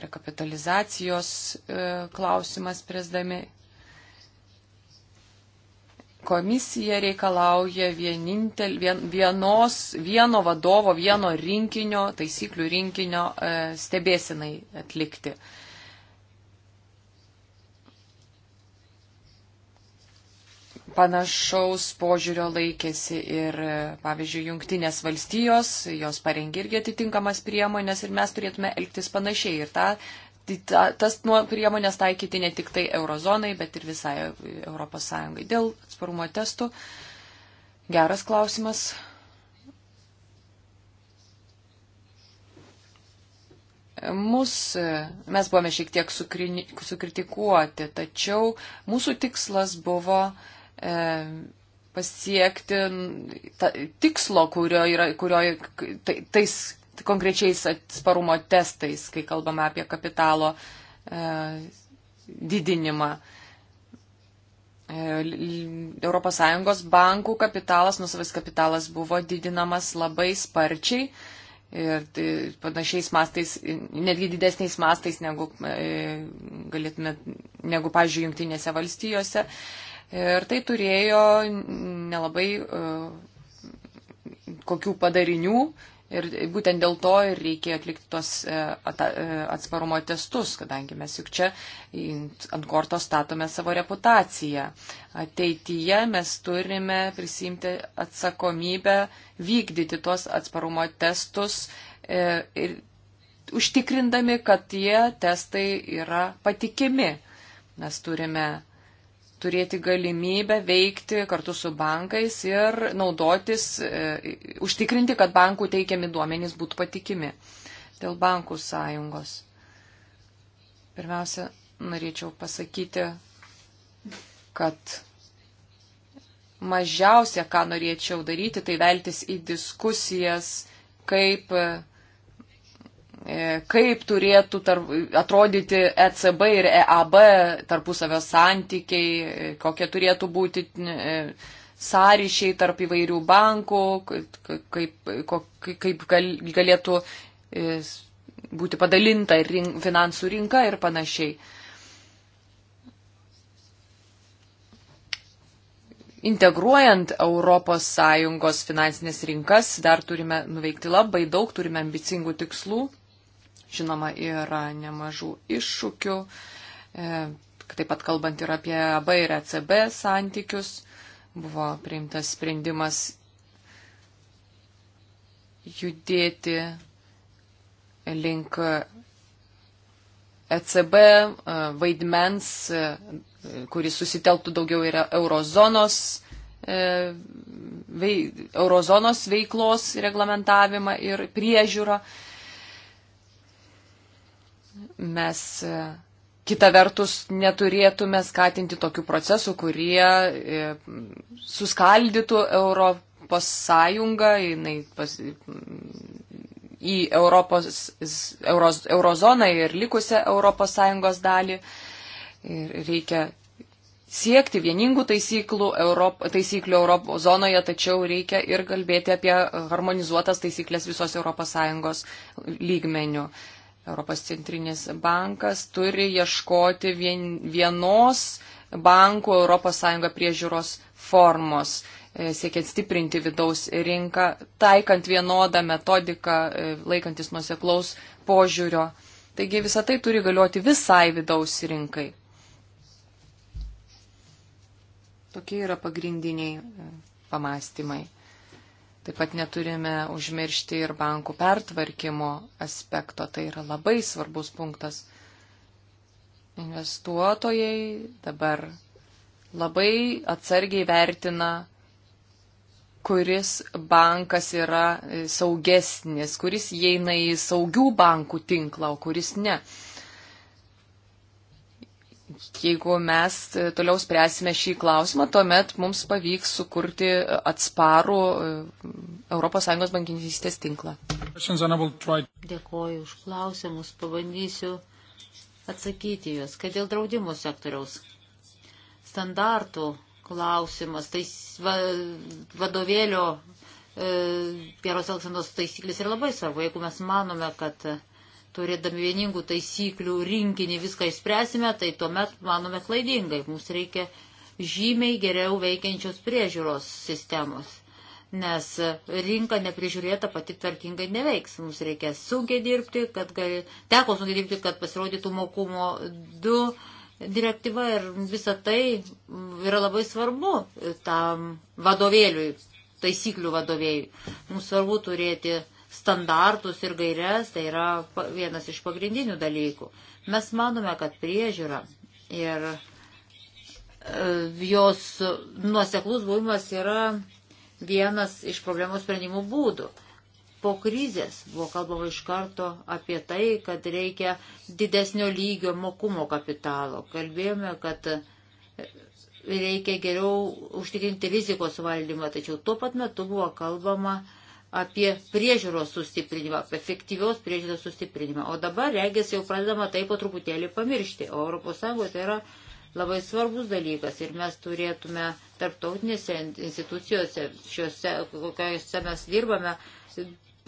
rekapitalizacijos e, klausimas priesdami. Komisija reikalauja vienintel, vien, vienos, vieno vadovo, vieno rinkinio, taisyklių rinkinio e, stebėsinai atlikti. E, panašaus požiūrio laikėsi ir, pavyzdžiui, jungtinės valstijos, jos parengė irgi atitinkamas priemonės ir mes turėtume elgtis panašiai. Ir ta, ta, tas nuo priemonės taikyti ne tik tai eurozonai, bet ir visai ES. Dėl atsparumo testų. Geras klausimas. mus, mes buvome šiek tiek sukrini, sukritikuoti, tačiau mūsų tikslas buvo e, pasiekti ta, tikslo, kurio yra, kurio tai, tais konkrečiais atsparumo testais, kai kalbame apie kapitalo e, didinimą. ES bankų kapitalas, nusavas kapitalas buvo didinamas labai sparčiai ir tai panašiais mastais, netgi didesniais mastais negu, e, galėtume, negu pažiūrėjau, jungtinėse valstijose. E, Ir tai turėjo nelabai e, kokių padarinių. Ir būtent dėl to ir reikėjo atlikti tos e, e, atsparumo testus, kadangi mes juk čia ant kortos statome savo reputaciją. Ateityje mes turime prisimti atsakomybę vykdyti tos atsparumo testus ir užtikrindami, kad tie testai yra patikimi. Mes turime turėti galimybę veikti kartu su bankais ir naudotis, e, užtikrinti, kad bankų teikiami duomenys būtų patikimi dėl bankų sąjungos. Pirmiausia, norėčiau pasakyti, kad mažiausia, ką norėčiau daryti, tai veltis į diskusijas, kaip E, kaip turėtų tarp, atrodyti ECB ir EAB tarpusavio santykiai, e, kokie turėtų būti e, sąryšiai tarp įvairių bankų, kaip, kaip galėtų būti padalinta rink, finansų rinka ir panašiai. Integruojant ES finansinės rinkas dar turime nuveikti labai daug, turime ambicingų tikslų. Žinoma, yra nemažų iššūkių, e, taip pat kalbant ir apie AB ir ECB santykius, buvo priimtas sprendimas judėti link ECB e, vaidmens, e, kuris susitelktų daugiau yra eurozonos, vei, eurozonos veiklos reglamentavimą ir priežiūrą mes e, Kita vertus, neturėtume skatinti tokių procesų, kurie e, suskaldytų Europos Sąjungą jinai, pas, į Europos, Euros, Eurozoną ir likusią Europos Sąjungos dalį. Ir reikia siekti vieningų taisyklių, Europ, taisyklių Europos zonoje, tačiau reikia ir kalbėti apie harmonizuotas taisyklės visos Europos Sąjungos lygmenių. Europos centrinis bankas turi ieškoti vien, vienos bankų ES priežiūros formos, e, siekiant stiprinti vidaus rinką, taikant vienodą metodiką, e, laikantis nuseklaus požiūrio. Taigi visa tai turi galioti visai vidaus rinkai. Tokie yra pagrindiniai e, pamastymai. Taip pat neturime užmiršti ir bankų pertvarkymo aspekto, tai yra labai svarbus punktas. Investuotojai dabar labai atsargiai vertina, kuris bankas yra saugesnis, kuris įeina į saugių bankų tinklą, o kuris ne. Uh, Jeigu mes e, toliau spręsime šį klausimą, tuomet mums pavyks sukurti e, atsparų ES bankininkystės tinklą. Dėkoju už klausimus, pabandysiu atsakyti juos, kad dėl draudimo sektoriaus standartų klausimas, tai va, vadovėlio e, Pieros Alksandos taisyklės yra labai svarbu, jeigu mes manome, kad e, turėdami vieningų taisyklių rinkinį viską išspręsime, tai tuomet manome klaidingai. Mums reikia žymiai geriau veikiančios priežiūros sistemos, nes rinka neprižiūrėta pati tvarkingai neveiks. Mums reikia sunkiai dirbti, kad gali, teko sunkiai dirbti, kad pasirodytų mokumo 2 direktyva ir visa tai yra labai svarbu tam vadovėliui, taisyklių vadovėjui. Mums svarbu turėti standartus ir gairias, tai yra vienas iš pagrindinių dalykų. Mes manome, kad priežiūra ir e, jos nuoseklus buvimas yra vienas iš problemų sprendimų būdų. Po krizės buvo kalbama iš karto apie tai, kad reikia didesnio lygio mokumo kapitalo. Kalbėjome, kad e, reikia geriau užtikrinti rizikos valdymą, tačiau tuo pat metu buvo kalbama apie priežiūros sustiprinimą, apie efektyvios priežiūros sustiprinimą. O dabar, regis, jau pradedama tai po truputėlį pamiršti. O ES tai yra labai svarbus dalykas ir mes turėtume tarptautinėse institucijose, šiuose, kokiuose mes dirbame,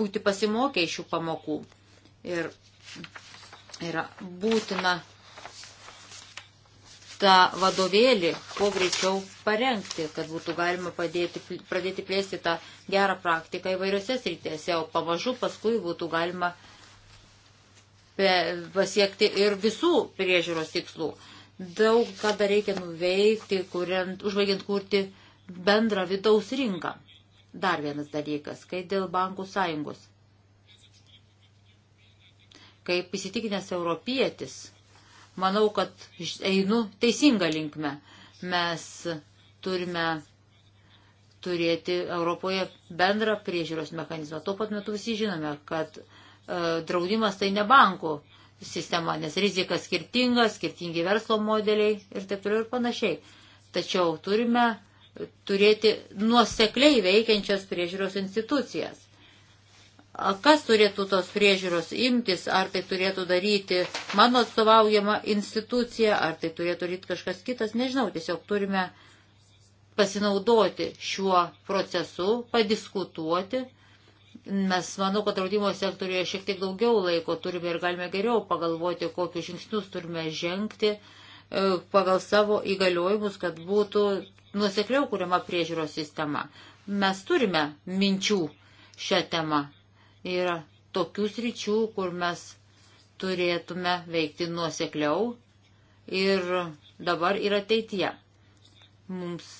būti pasimokę iš šių pamokų. Ir yra būtina tą vadovėlį kuo greičiau parengti, kad būtų galima padėti, pradėti plėsti tą gerą praktiką įvairiose srityse, o pamažu paskui būtų galima pasiekti ir visų priežiūros tikslų. Daug ką dar reikia nuveikti, kuriant, užbaigiant kurti bendrą vidaus rinką. Dar vienas dalykas, kai dėl bankų sąjungos. Kaip įsitikinęs europietis, Manau, kad einu teisinga linkme. Mes turime turėti Europoje bendrą priežiūros mechanizmą. Tuo pat metu visi žinome, kad e, draudimas tai ne bankų sistema, nes rizika skirtinga, skirtingi verslo modeliai ir taip toliau ir panašiai. Tačiau turime turėti nuosekliai veikiančias priežiūros institucijas. Kas turėtų tos priežiūros imtis, ar tai turėtų daryti mano atstovaujama institucija, ar tai turėtų daryti kažkas kitas, nežinau, tiesiog turime pasinaudoti šiuo procesu, padiskutuoti. Mes manau, kad draudimo sektoriuje šiek tiek daugiau laiko turime ir galime geriau pagalvoti, kokius žingsnius turime žengti e, pagal savo įgaliojimus, kad būtų nusekliau kuriama priežiūros sistema. Mes turime minčių šią temą yra tokių sričių, kur mes turėtume veikti nuosekliau ir dabar ir ateityje. Mums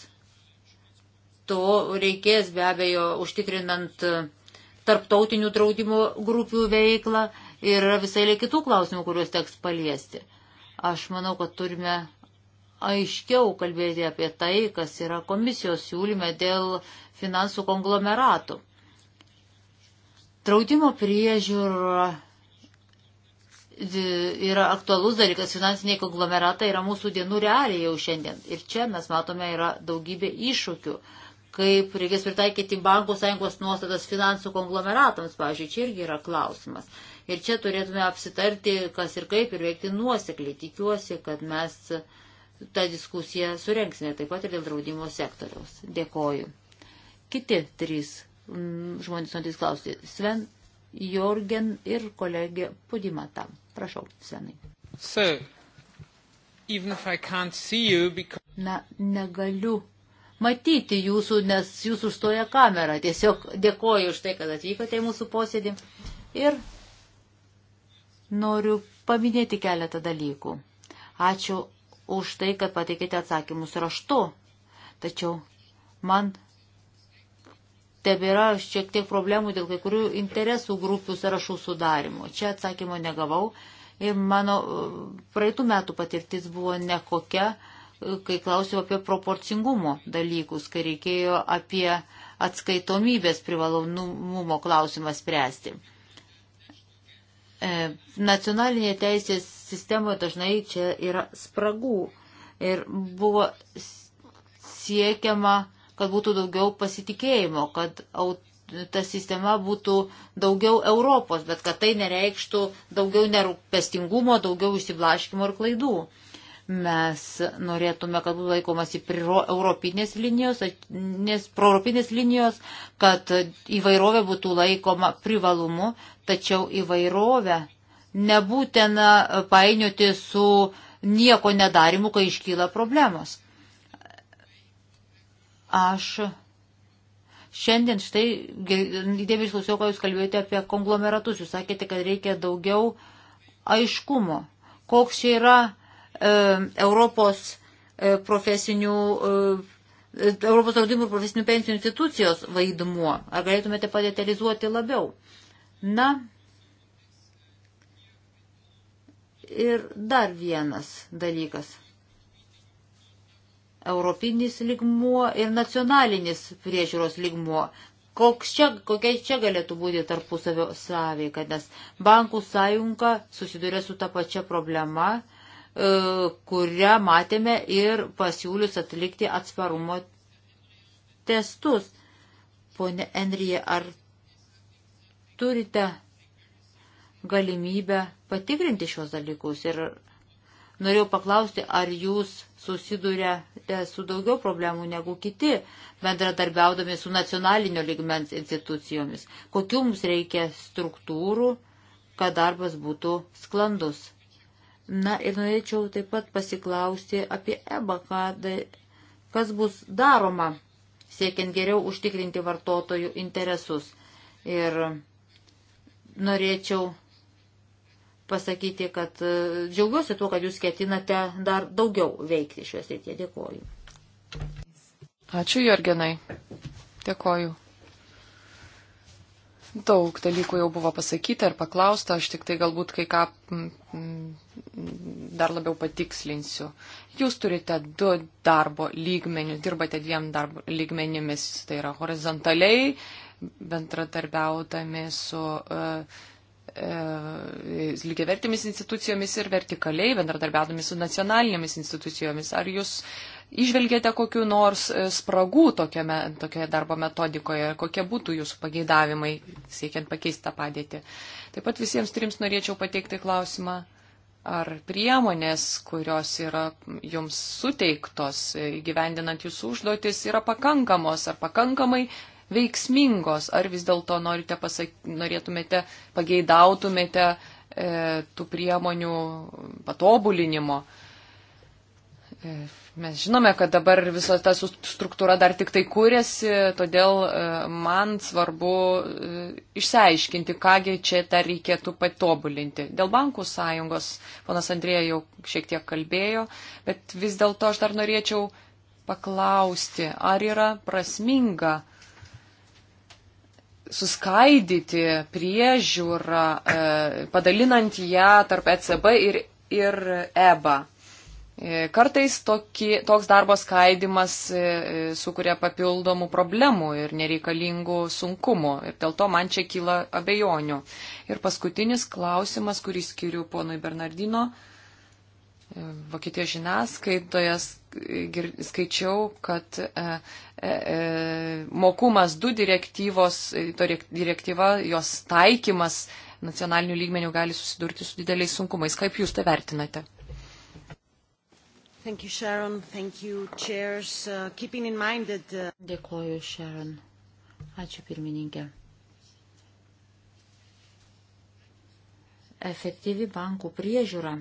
to reikės be abejo užtikrinant tarptautinių draudimo grupių veiklą ir visai lė kitų klausimų, kuriuos teks paliesti. Aš manau, kad turime aiškiau kalbėti apie tai, kas yra komisijos siūlyme dėl finansų konglomeratų. Draudimo priežiūra e, yra aktualus dalykas, finansiniai konglomeratai yra mūsų dienų realiai jau šiandien. Ir čia mes matome yra daugybė iššūkių, kaip reikės pritaikyti bankų sąjungos nuostatas finansų konglomeratams, pavyzdžiui, čia irgi yra klausimas. Ir čia turėtume apsitarti, kas ir kaip ir veikti nuosekliai. Tikiuosi, kad mes tą diskusiją surenksime taip pat ir dėl draudimo sektoriaus. Dėkoju. Kiti trys Mm, žmonės norintys klausyti. Sven, Jorgen ir kolegė Pudimata. Prašau, Svenai. So, you, because... Na, negaliu matyti jūsų, nes jūs užstoja kamerą. Tiesiog dėkoju už tai, kad atvykote į mūsų posėdį. Ir noriu paminėti keletą dalykų. Ačiū už tai, kad pateikėte atsakymus raštu. Tačiau man tebėra šiek tiek problemų dėl kai kurių interesų grupių sąrašų sudarimo. Čia atsakymo negavau ir mano praeitų metų patirtis buvo nekokia, kai klausiau apie proporcingumo dalykus, kai reikėjo apie atskaitomybės privalomumo klausimą spręsti. E, nacionalinėje teisės sistemoje dažnai čia yra spragų ir buvo siekiama kad būtų daugiau pasitikėjimo, kad ta sistema būtų daugiau Europos, bet kad tai nereikštų daugiau nerūpestingumo, daugiau išsiblaškimo ir klaidų. Mes norėtume, kad būtų laikomasi europinės linijos, nes proeuropinės linijos, kad įvairovė būtų laikoma privalumu, tačiau įvairovę nebūtina painioti su nieko nedarimu, kai iškyla problemos. Aš šiandien štai, dėmesį klausiau, ką jūs kalbėjote apie konglomeratus. Jūs sakėte, kad reikia daugiau aiškumo. Koks čia yra e, Europos e, profesinių. E, Europos draudimų ir profesinių pensijų institucijos vaidmuo. Ar galėtumėte padetalizuoti labiau? Na, ir dar vienas dalykas europinis ligmuo ir nacionalinis priežiūros ligmuo. Koks čia, kokia čia galėtų būti tarpusavio sąveika, nes bankų sąjunga susiduria su ta pačia problema, e, kurią matėme ir pasiūlius atlikti atsparumo testus. Pone Enrije, ar turite galimybę patikrinti šios dalykus ir Norėjau paklausti, ar jūs susidurėte su daugiau problemų negu kiti, bendradarbiaudami su nacionalinio ligmens institucijomis. Kokiu mums reikia struktūrų, kad darbas būtų sklandus. Na ir norėčiau taip pat pasiklausti apie EBA, kad, kas bus daroma, siekiant geriau užtikrinti vartotojų interesus. Ir norėčiau pasakyti, kad e, džiaugiuosi tuo, kad jūs ketinate dar daugiau veikti šioje srityje. Dėkuoju. Ačiū, Jorgenai. Dėkuoju. Daug dalykų jau buvo pasakyta ir paklausta, aš tik tai galbūt kai ką dar labiau patikslinsiu. Jūs turite du darbo lygmenius, dirbate dviem darbo lygmenimis, tai yra horizontaliai, bendradarbiaudami su uh, E, lygiavertėmis institucijomis ir vertikaliai bendradarbiaudami su nacionalinėmis institucijomis. Ar jūs išvelgėte kokiu nors e, spragų tokiame, tokioje darbo metodikoje, kokie būtų jūsų pageidavimai siekiant pakeisti tą padėtį? Taip pat visiems trims norėčiau pateikti klausimą, ar priemonės, kurios yra jums suteiktos e, gyvendinant jūsų užduotis, yra pakankamos, ar pakankamai veiksmingos, ar vis dėlto norite pasak... norėtumėte, pageidautumėte e, tų priemonių patobulinimo. E, mes žinome, kad dabar visa ta struktūra dar tik tai kūrėsi, todėl e, man svarbu e, išsiaiškinti, kągi čia dar reikėtų patobulinti. Dėl bankų sąjungos, ponas Andrėja jau šiek tiek kalbėjo, bet vis dėlto aš dar norėčiau paklausti, ar yra prasminga suskaidyti priežiūrą, e, padalinant ją tarp ECB ir, ir EBA. E, kartais toki, toks darbo skaidimas e, sukuria papildomų problemų ir nereikalingų sunkumų ir dėl to man čia kyla abejonių. Ir paskutinis klausimas, kurį skiriu ponui Bernardino, Vokietijos žiniasklaidojas skaičiau, kad e, e, e, mokumas 2 direktyvos, to direktyva, jos taikymas nacionalinių lygmenių gali susidurti su dideliais sunkumais. Kaip Jūs tai vertinate? Thank you, Sharon. Thank you, chairs. Uh, keeping in mind that... Uh... Dėkoju, Sharon. Ačiū pirmininkė. Efektyvi bankų priežiūra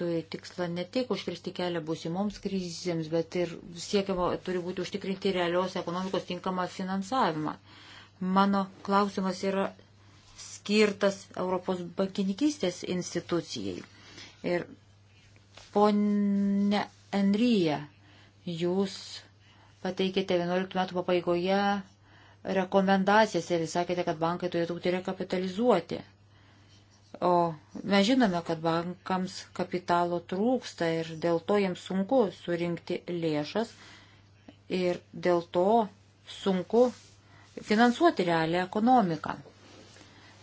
turi tikslą ne tik užkirsti kelią būsimoms krizėms, bet ir siekiama turi būti užtikrinti realios ekonomikos tinkamą finansavimą. Mano klausimas yra skirtas Europos bankininkystės institucijai. Ir ponė Enryje, jūs pateikėte 11 metų pabaigoje rekomendacijas ir sakėte, kad bankai turėtų būti rekapitalizuoti. O mes žinome, kad bankams kapitalo trūksta ir dėl to jiems sunku surinkti lėšas ir dėl to sunku finansuoti realią ekonomiką.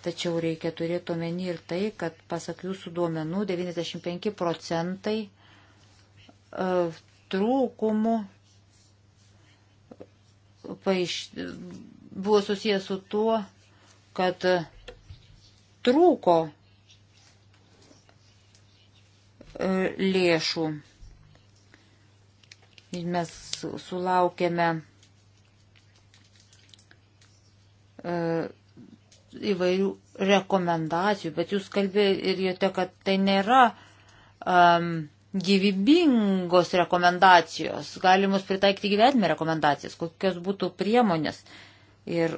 Tačiau reikia turėti omeny ir tai, kad pasak jūsų duomenų 95 procentai e, trūkumų paaiš, buvo susijęs su tuo, kad trūko E, lėšų. Ir mes sulaukėme e, įvairių rekomendacijų, bet jūs kalbėjote, kad tai nėra um, gyvybingos rekomendacijos, galimus pritaikyti gyvenime rekomendacijas, kokios būtų priemonės ir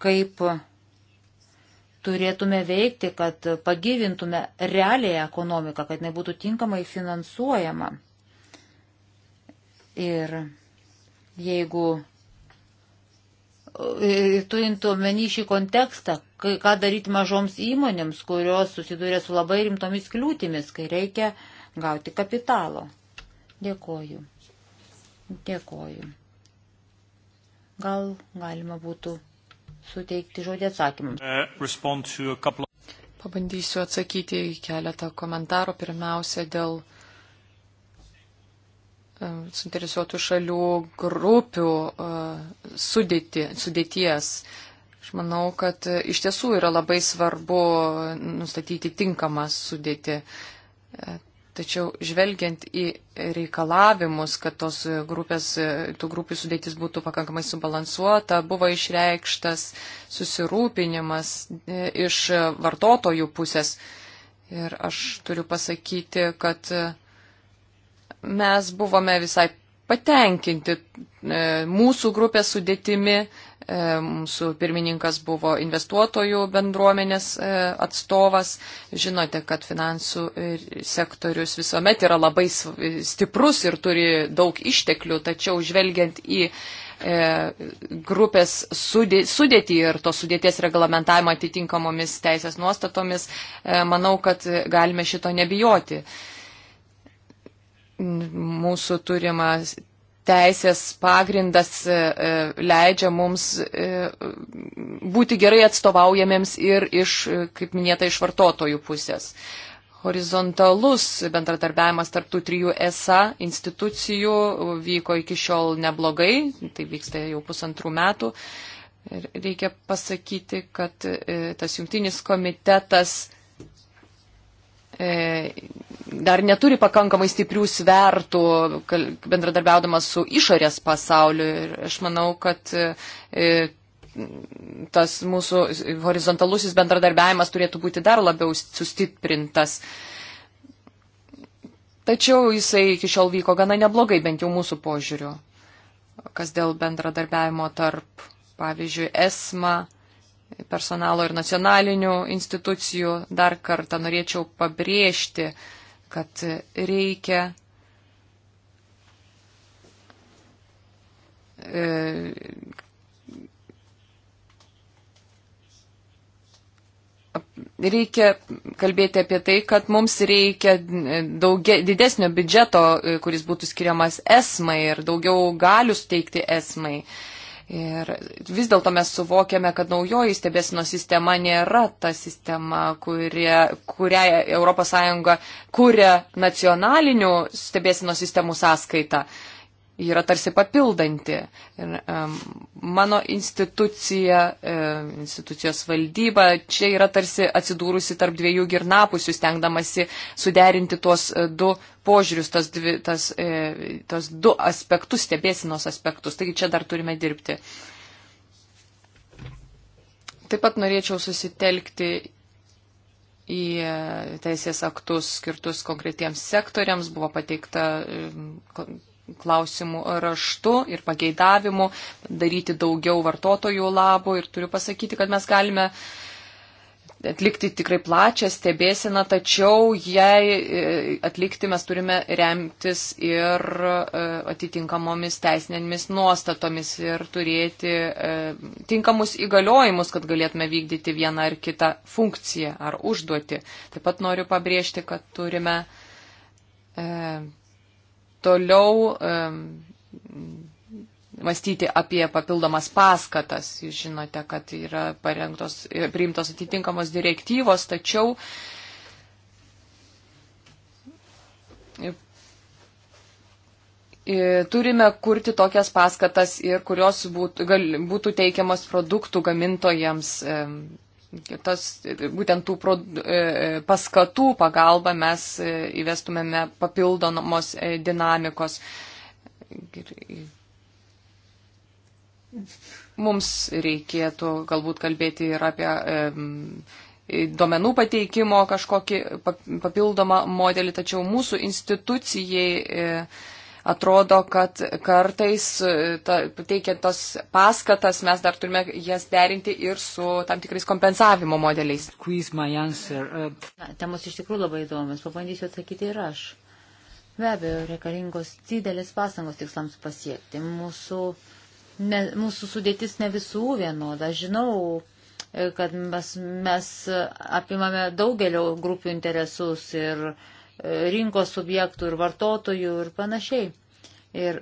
kaip uh, turėtume veikti, kad pagyvintume realiąją ekonomiką, kad nebūtų tinkamai finansuojama. Ir jeigu turint omeny šį kontekstą, ką daryti mažoms įmonėms, kurios susiduria su labai rimtomis kliūtimis, kai reikia gauti kapitalo. Dėkoju. Dėkoju. Gal galima būtų suteikti žodį atsakymams. Uh, Pabandysiu atsakyti į keletą komentarų. Pirmiausia, dėl uh, suinteresuotų šalių grupių uh, sudėti, sudėties. Aš manau, kad iš tiesų yra labai svarbu nustatyti tinkamą sudėtį. Tačiau žvelgiant į reikalavimus, kad tos grupės, tų grupių sudėtis būtų pakankamai subalansuota, buvo išreikštas susirūpinimas e, iš vartotojų pusės. Ir aš turiu pasakyti, kad e, mes buvome visai patenkinti e, mūsų grupės sudėtimi, E, mūsų pirmininkas buvo investuotojų bendruomenės e, atstovas. Žinote, kad finansų e, sektorius visuomet yra labai stiprus ir turi daug išteklių, tačiau žvelgiant į grupės sudėtį ir tos sudėties reglamentavimą atitinkamomis teisės nuostatomis, manau, kad galime šito nebijoti. Mūsų turimas teisės pagrindas e, e, leidžia mums e, būti gerai atstovaujamiems ir iš, kaip minėta, iš vartotojų pusės. Horizontalus bendradarbiavimas tarptų trijų ESA institucijų vyko iki šiol neblogai, tai vyksta jau pusantrų metų. Reikia pasakyti, kad tas jungtinis komitetas E, dar neturi pakankamai stiprių svertų, bendradarbiaudamas su išorės pasauliu. Ir aš manau, kad e, tas mūsų horizontalusis bendradarbiavimas turėtų būti dar labiau sustiprintas. Tačiau jisai iki šiol vyko gana neblogai, bent jau mūsų požiūriu. Kas dėl bendradarbiavimo tarp, pavyzdžiui, ESMA personalo ir nacionalinių institucijų. Dar kartą norėčiau pabrėžti, kad reikia e, reikia kalbėti apie tai, kad mums reikia daugia, didesnio biudžeto, e, kuris būtų skiriamas esmai ir daugiau galių suteikti esmai. Uh, Ir vis dėlto mes suvokiame, kad naujoji stebėsino sistema nėra ta sistema, kurie, kurią ES kuria nacionalinių stebėsino sistemų sąskaitą yra tarsi papildanti. Ir um, mano institucija, um, institucijos valdyba čia yra tarsi atsidūrusi tarp dviejų girnapusių, stengdamasi suderinti tuos e, du požiūrius, tas, dvi, tas, e, tas du aspektus, stebėsinos aspektus. Taigi čia dar turime dirbti. Taip pat norėčiau susitelkti į e, teisės aktus skirtus konkretiems sektoriams, buvo pateikta klausimų raštu ir pageidavimu, daryti daugiau vartotojų labo ir turiu pasakyti, kad mes galime atlikti tikrai plačią stebėsiną, tačiau jai e, atlikti mes turime remtis ir e, atitinkamomis teisinėmis nuostatomis ir turėti e, tinkamus įgaliojimus, kad galėtume vykdyti vieną ar kitą funkciją ar užduoti. Taip pat noriu pabrėžti, kad turime toliau mąstyti apie papildomas paskatas. Jūs žinote, kad yra parengtos, e, priimtos atitinkamos direktyvos, tačiau e, e, turime kurti tokias paskatas ir kurios būtų, gal, būtų teikiamas produktų gamintojams tas, būtent tų pro, e, paskatų pagalba mes e, įvestumėme papildomos e, dinamikos. Mums reikėtų galbūt kalbėti ir apie duomenų pateikimo kažkokį papildomą modelį, tačiau mūsų institucijai atrodo, kad kartais, e, ta, teikiant tos paskatas, mes dar turime jas derinti ir su tam tikrais kompensavimo modeliais. Uh, Na, temos iš tikrųjų labai įdomios, pabandysiu atsakyti ir aš. Be abejo, reikalingos didelės pastangos tikslams pasiekti. Mūsų, ne, mūsų sudėtis ne visų vienoda. Žinau, e, kad mes, mes apimame daugelio grupių interesus ir uh, rinkos subjektų ir vartotojų ir panašiai. Ir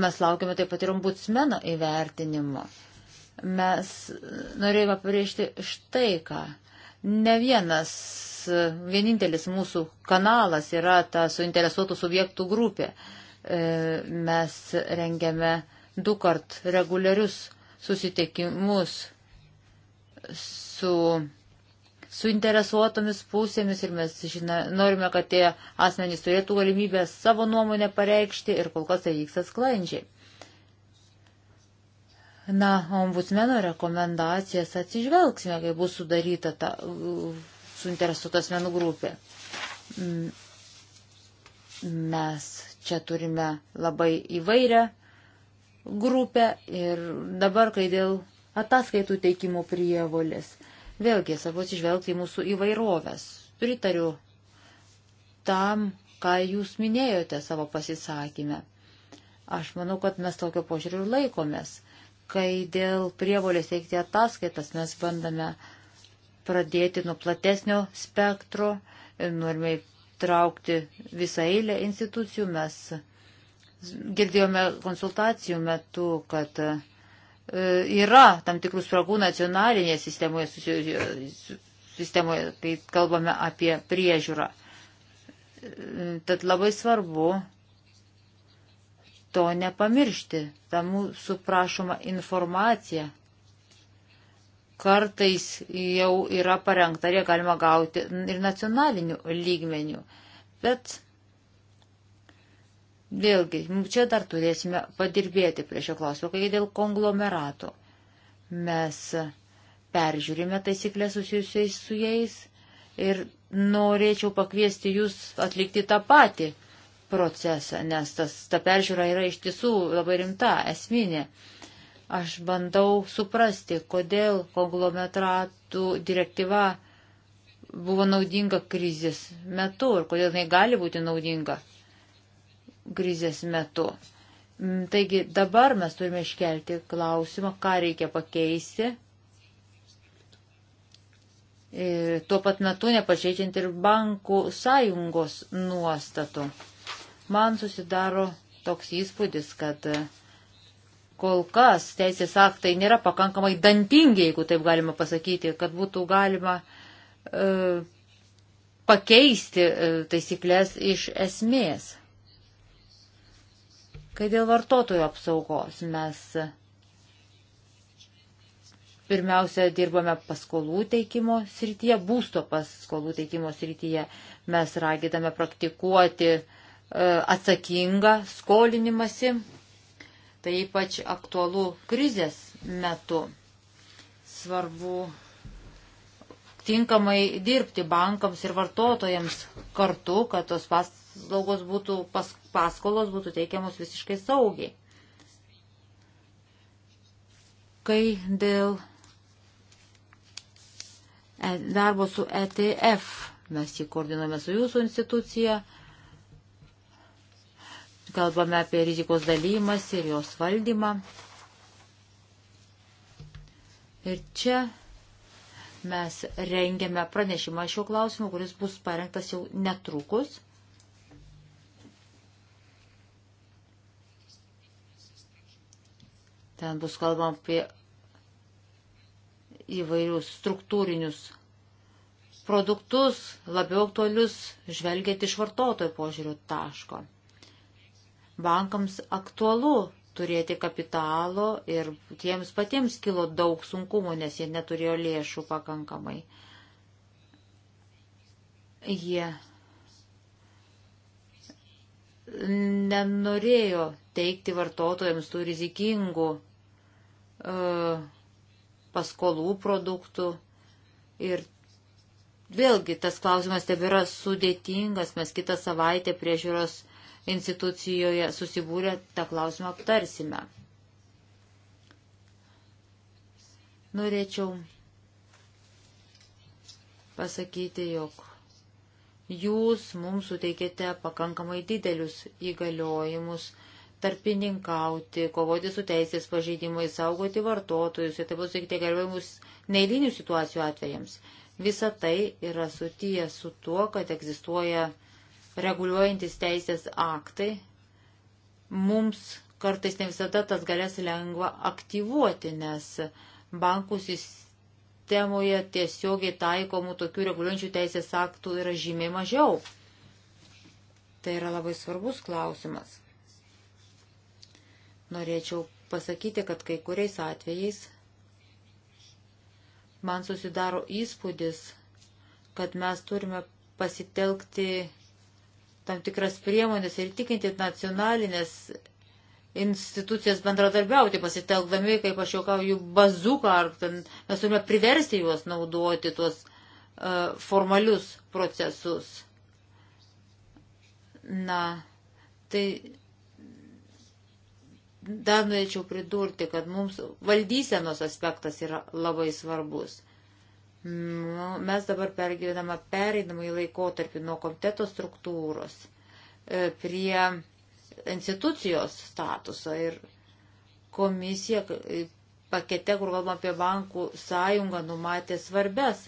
mes laukiame taip pat ir ombudsmeno įvertinimo. Mes norėjome pabrėžti štai ką. Ne vienas, vienintelis mūsų kanalas yra ta suinteresuotų subjektų grupė. E, mes rengiame du kart reguliarius susitikimus su suinteresuotomis pusėmis ir mes žina, norime, kad tie asmenys turėtų galimybę savo nuomonę pareikšti ir kol kas tai vyksta sklandžiai. Na, ombudsmeno rekomendacijas atsižvelgsime, kai bus sudaryta ta suinteresuota asmenų grupė. Mes čia turime labai įvairią grupę ir dabar, kai dėl ataskaitų teikimo prievolės vėlgi savo atsižvelgti į mūsų įvairovės. Pritariu tam, ką jūs minėjote savo pasisakymę. Aš manau, kad mes tokio požiūrį ir laikomės, kai dėl prievolės teikti ataskaitas mes bandame pradėti nuo platesnio spektro, norime traukti visą eilę institucijų. Mes girdėjome konsultacijų metu, kad uh, E, yra tam tikrų spragų nacionalinėje sistemoje, sistemoje, kai kalbame apie priežiūrą. E, tad labai svarbu to nepamiršti, ta mūsų prašoma informacija. Kartais jau yra parengta, jie galima gauti ir nacionalinių lygmenių. Bet Vėlgi, čia dar turėsime padirbėti prie šio klausimo, kai dėl konglomerato. Mes peržiūrime taisyklės susijusiais su jais ir norėčiau pakviesti jūs atlikti tą patį procesą, nes tas, ta peržiūra yra iš tiesų labai rimta, esminė. Aš bandau suprasti, kodėl konglomeratų direktyva buvo naudinga krizės metu ir kodėl jinai gali būti naudinga krizės metu. Mm, taigi dabar mes turime iškelti klausimą, ką reikia pakeisti. Ir tuo pat metu nepažeidžiant ir bankų sąjungos nuostatų. Man susidaro toks įspūdis, kad kol kas teisės aktai nėra pakankamai dantingi, jeigu taip galima pasakyti, kad būtų galima e, pakeisti e, taisyklės iš esmės. Kai dėl vartotojų apsaugos mes pirmiausia dirbame paskolų teikimo srityje, būsto paskolų teikimo srityje. Mes ragidame praktikuoti e, atsakingą skolinimasi. Tai ypač aktualu krizės metu. Svarbu tinkamai dirbti bankams ir vartotojams kartu, kad tos paslaugos paslaugos būtų, pas, paskolos būtų teikiamos visiškai saugiai. Kai dėl e, darbo su ETF mes jį koordinuojame su jūsų institucija, kalbame apie rizikos dalymas ir jos valdymą. Ir čia mes rengiame pranešimą šiuo klausimu, kuris bus parengtas jau netrukus. Ten bus kalbama apie įvairius struktūrinius produktus, labiau aktualius, žvelgiant iš vartotojo požiūrio taško. Bankams aktualu turėti kapitalo ir tiems patiems kilo daug sunkumų, nes jie neturėjo lėšų pakankamai. Jie nenorėjo teikti vartotojams tų rizikingų e, paskolų produktų. Ir vėlgi tas klausimas tebėra sudėtingas, mes kitą savaitę priežiūros institucijoje susibūrę tą klausimą aptarsime. Norėčiau pasakyti, jog jūs mums suteikėte pakankamai didelius įgaliojimus tarpininkauti, kovoti su teisės pažeidimais, saugoti vartotojus ir taip bus tik gerbiamus neįlinių situacijų atvejams. Visa tai yra susiję su tuo, kad egzistuoja reguliuojantis teisės aktai. Mums kartais ne visada tas galės lengva aktyvuoti, nes bankų sistemoje tiesiogiai taikomų tokių reguliuojančių teisės aktų yra žymiai mažiau. Tai yra labai svarbus klausimas norėčiau pasakyti, kad kai kuriais atvejais man susidaro įspūdis, kad mes turime pasitelkti tam tikras priemonės ir tikinti nacionalinės institucijas bendradarbiauti, pasitelkdami, kaip aš juokauju, bazuką, ar ten mes turime priversti juos naudoti tuos uh, formalius procesus. Na, tai dar norėčiau pridurti, kad mums valdysenos aspektas yra labai svarbus. Nu, mes dabar pergyvename pereinamąjį laikotarpį nuo komiteto struktūros e, prie institucijos statuso ir komisija e, pakete, kur kalbam apie bankų sąjungą, numatė svarbes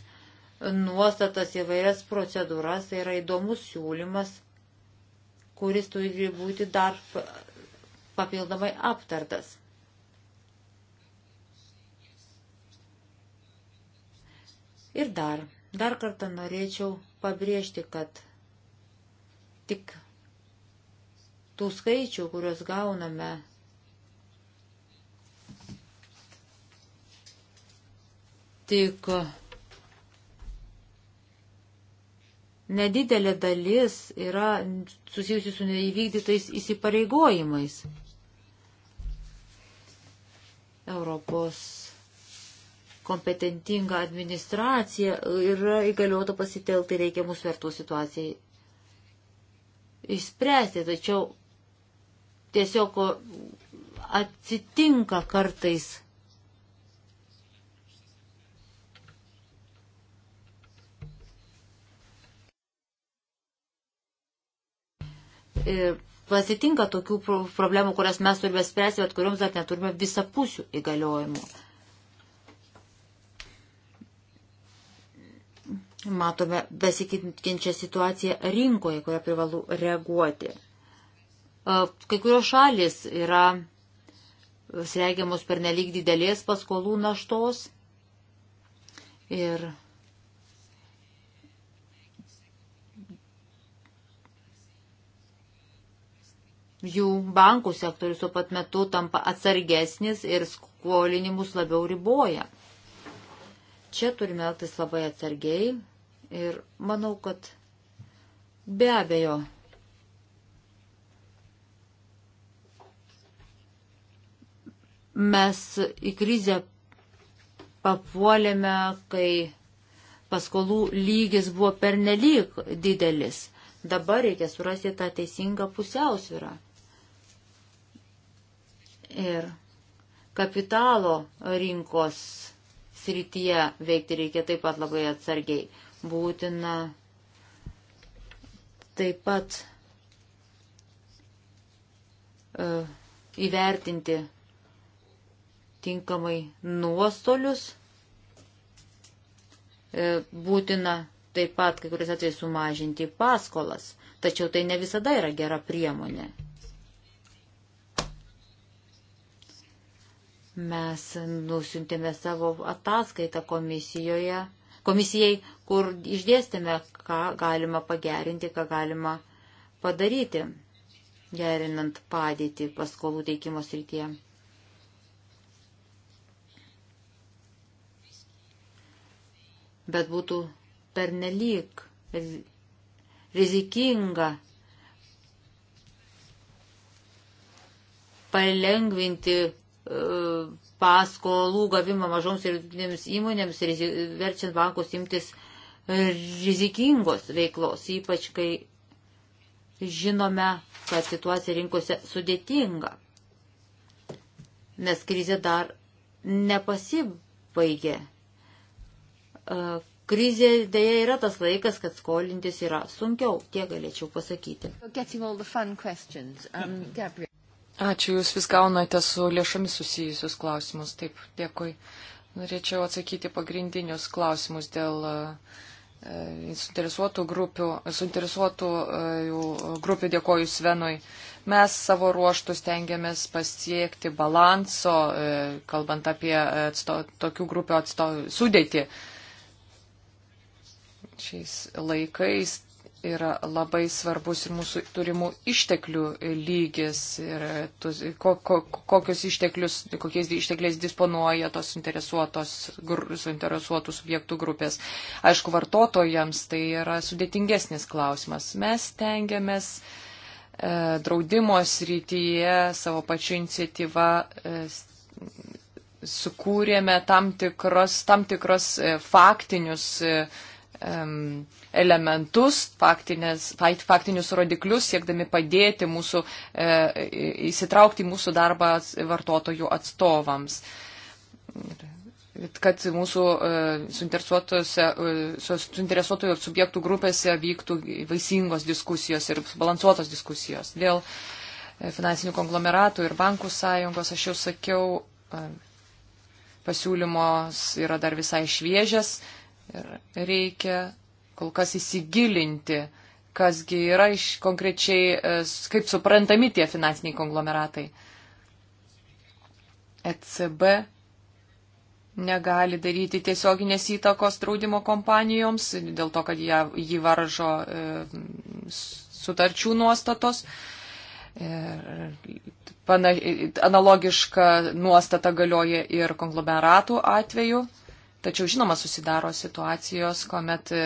nuostatas įvairias procedūras. Tai yra įdomus siūlymas, kuris turi būti dar papildomai aptartas. Ir dar, dar kartą norėčiau pabrėžti, kad tik tų skaičių, kuriuos gauname, tik nedidelė dalis yra susijusi su neįvykdytais įsipareigojimais. Europos kompetentinga administracija yra įgaliota pasitelkti reikiamus vertų situacijai išspręsti, tačiau tiesiog atsitinka kartais Ir pasitinka tokių problemų, kurias mes turime spręsti, bet kuriuoms dar neturime visapusių įgaliojimų. Matome besikinčią situaciją rinkoje, kurią privalu reaguoti. Kai kurios šalis yra slegiamos per nelik didelės paskolų naštos ir jų bankų sektorius tuo pat metu tampa atsargesnis ir skolinimus labiau riboja. Čia turime elgtis labai atsargiai ir manau, kad be abejo. Mes į krizę papuolėme, kai paskolų lygis buvo pernelyg didelis. Dabar reikia surasti tą teisingą pusiausvyrą. Ir kapitalo rinkos srityje veikti reikia taip pat labai atsargiai. Būtina taip pat uh, įvertinti tinkamai nuostolius. Uh, būtina taip pat kai kuriais atvejais sumažinti paskolas, tačiau tai ne visada yra gera priemonė. Mes nusintėme savo ataskaitą komisijoje, komisijai, kur išdėstėme, ką galima pagerinti, ką galima padaryti, gerinant padėtį paskolų teikimo srityje. Bet būtų pernelyg rizikinga palengvinti paskolų gavimą mažoms ir vidutinėms įmonėms ir verčiant bankus imtis rizikingos veiklos, ypač kai žinome, kad situacija rinkose sudėtinga, nes krizė dar nepasibaigė. E, krizė dėja yra tas laikas, kad skolintis yra sunkiau, tie galėčiau pasakyti. Um, Ačiū, jūs vis gaunate su lėšomis susijusius klausimus. Taip, dėkui. Norėčiau atsakyti pagrindinius klausimus dėl e, suinteresuotų grupių. Suinteresuotų grupių dėkoju Svenui. Mes savo ruoštus tengiamės pasiekti balanso, e, kalbant apie atsto, tokių grupių atsto, sudėti. Šiais laikais yra labai svarbus ir mūsų turimų išteklių lygis ir tos, ko, ko, kokios išteklius, kokiais ištekliais disponuoja tos suinteresuotos, suinteresuotų subjektų grupės. Aišku, vartotojams tai yra sudėtingesnis klausimas. Mes tengiamės e, draudimo srityje savo pačių iniciatyvą. E, sukūrėme tam tikros, tam tikros e, faktinius e, elementus, faktinės, faktinius rodiklius, siekdami padėti mūsų, e, įsitraukti mūsų darbą vartotojų atstovams. Kad mūsų e, suinteresuotojų e, subjektų grupėse vyktų vaisingos diskusijos ir subalansuotos diskusijos. Dėl finansinių konglomeratų ir bankų sąjungos, aš jau sakiau, pasiūlymos yra dar visai šviežias Ir reikia kol kas įsigilinti, kasgi yra iš konkrečiai, e, kaip suprantami tie finansiniai konglomeratai. ECB negali daryti tiesioginės įtakos draudimo kompanijoms, dėl to, kad ją, jį varžo e, sutarčių nuostatos. Ir pana, analogiška nuostata galioja ir konglomeratų atveju. E, Tačiau, žinoma, susidaro situacijos, kuomet e,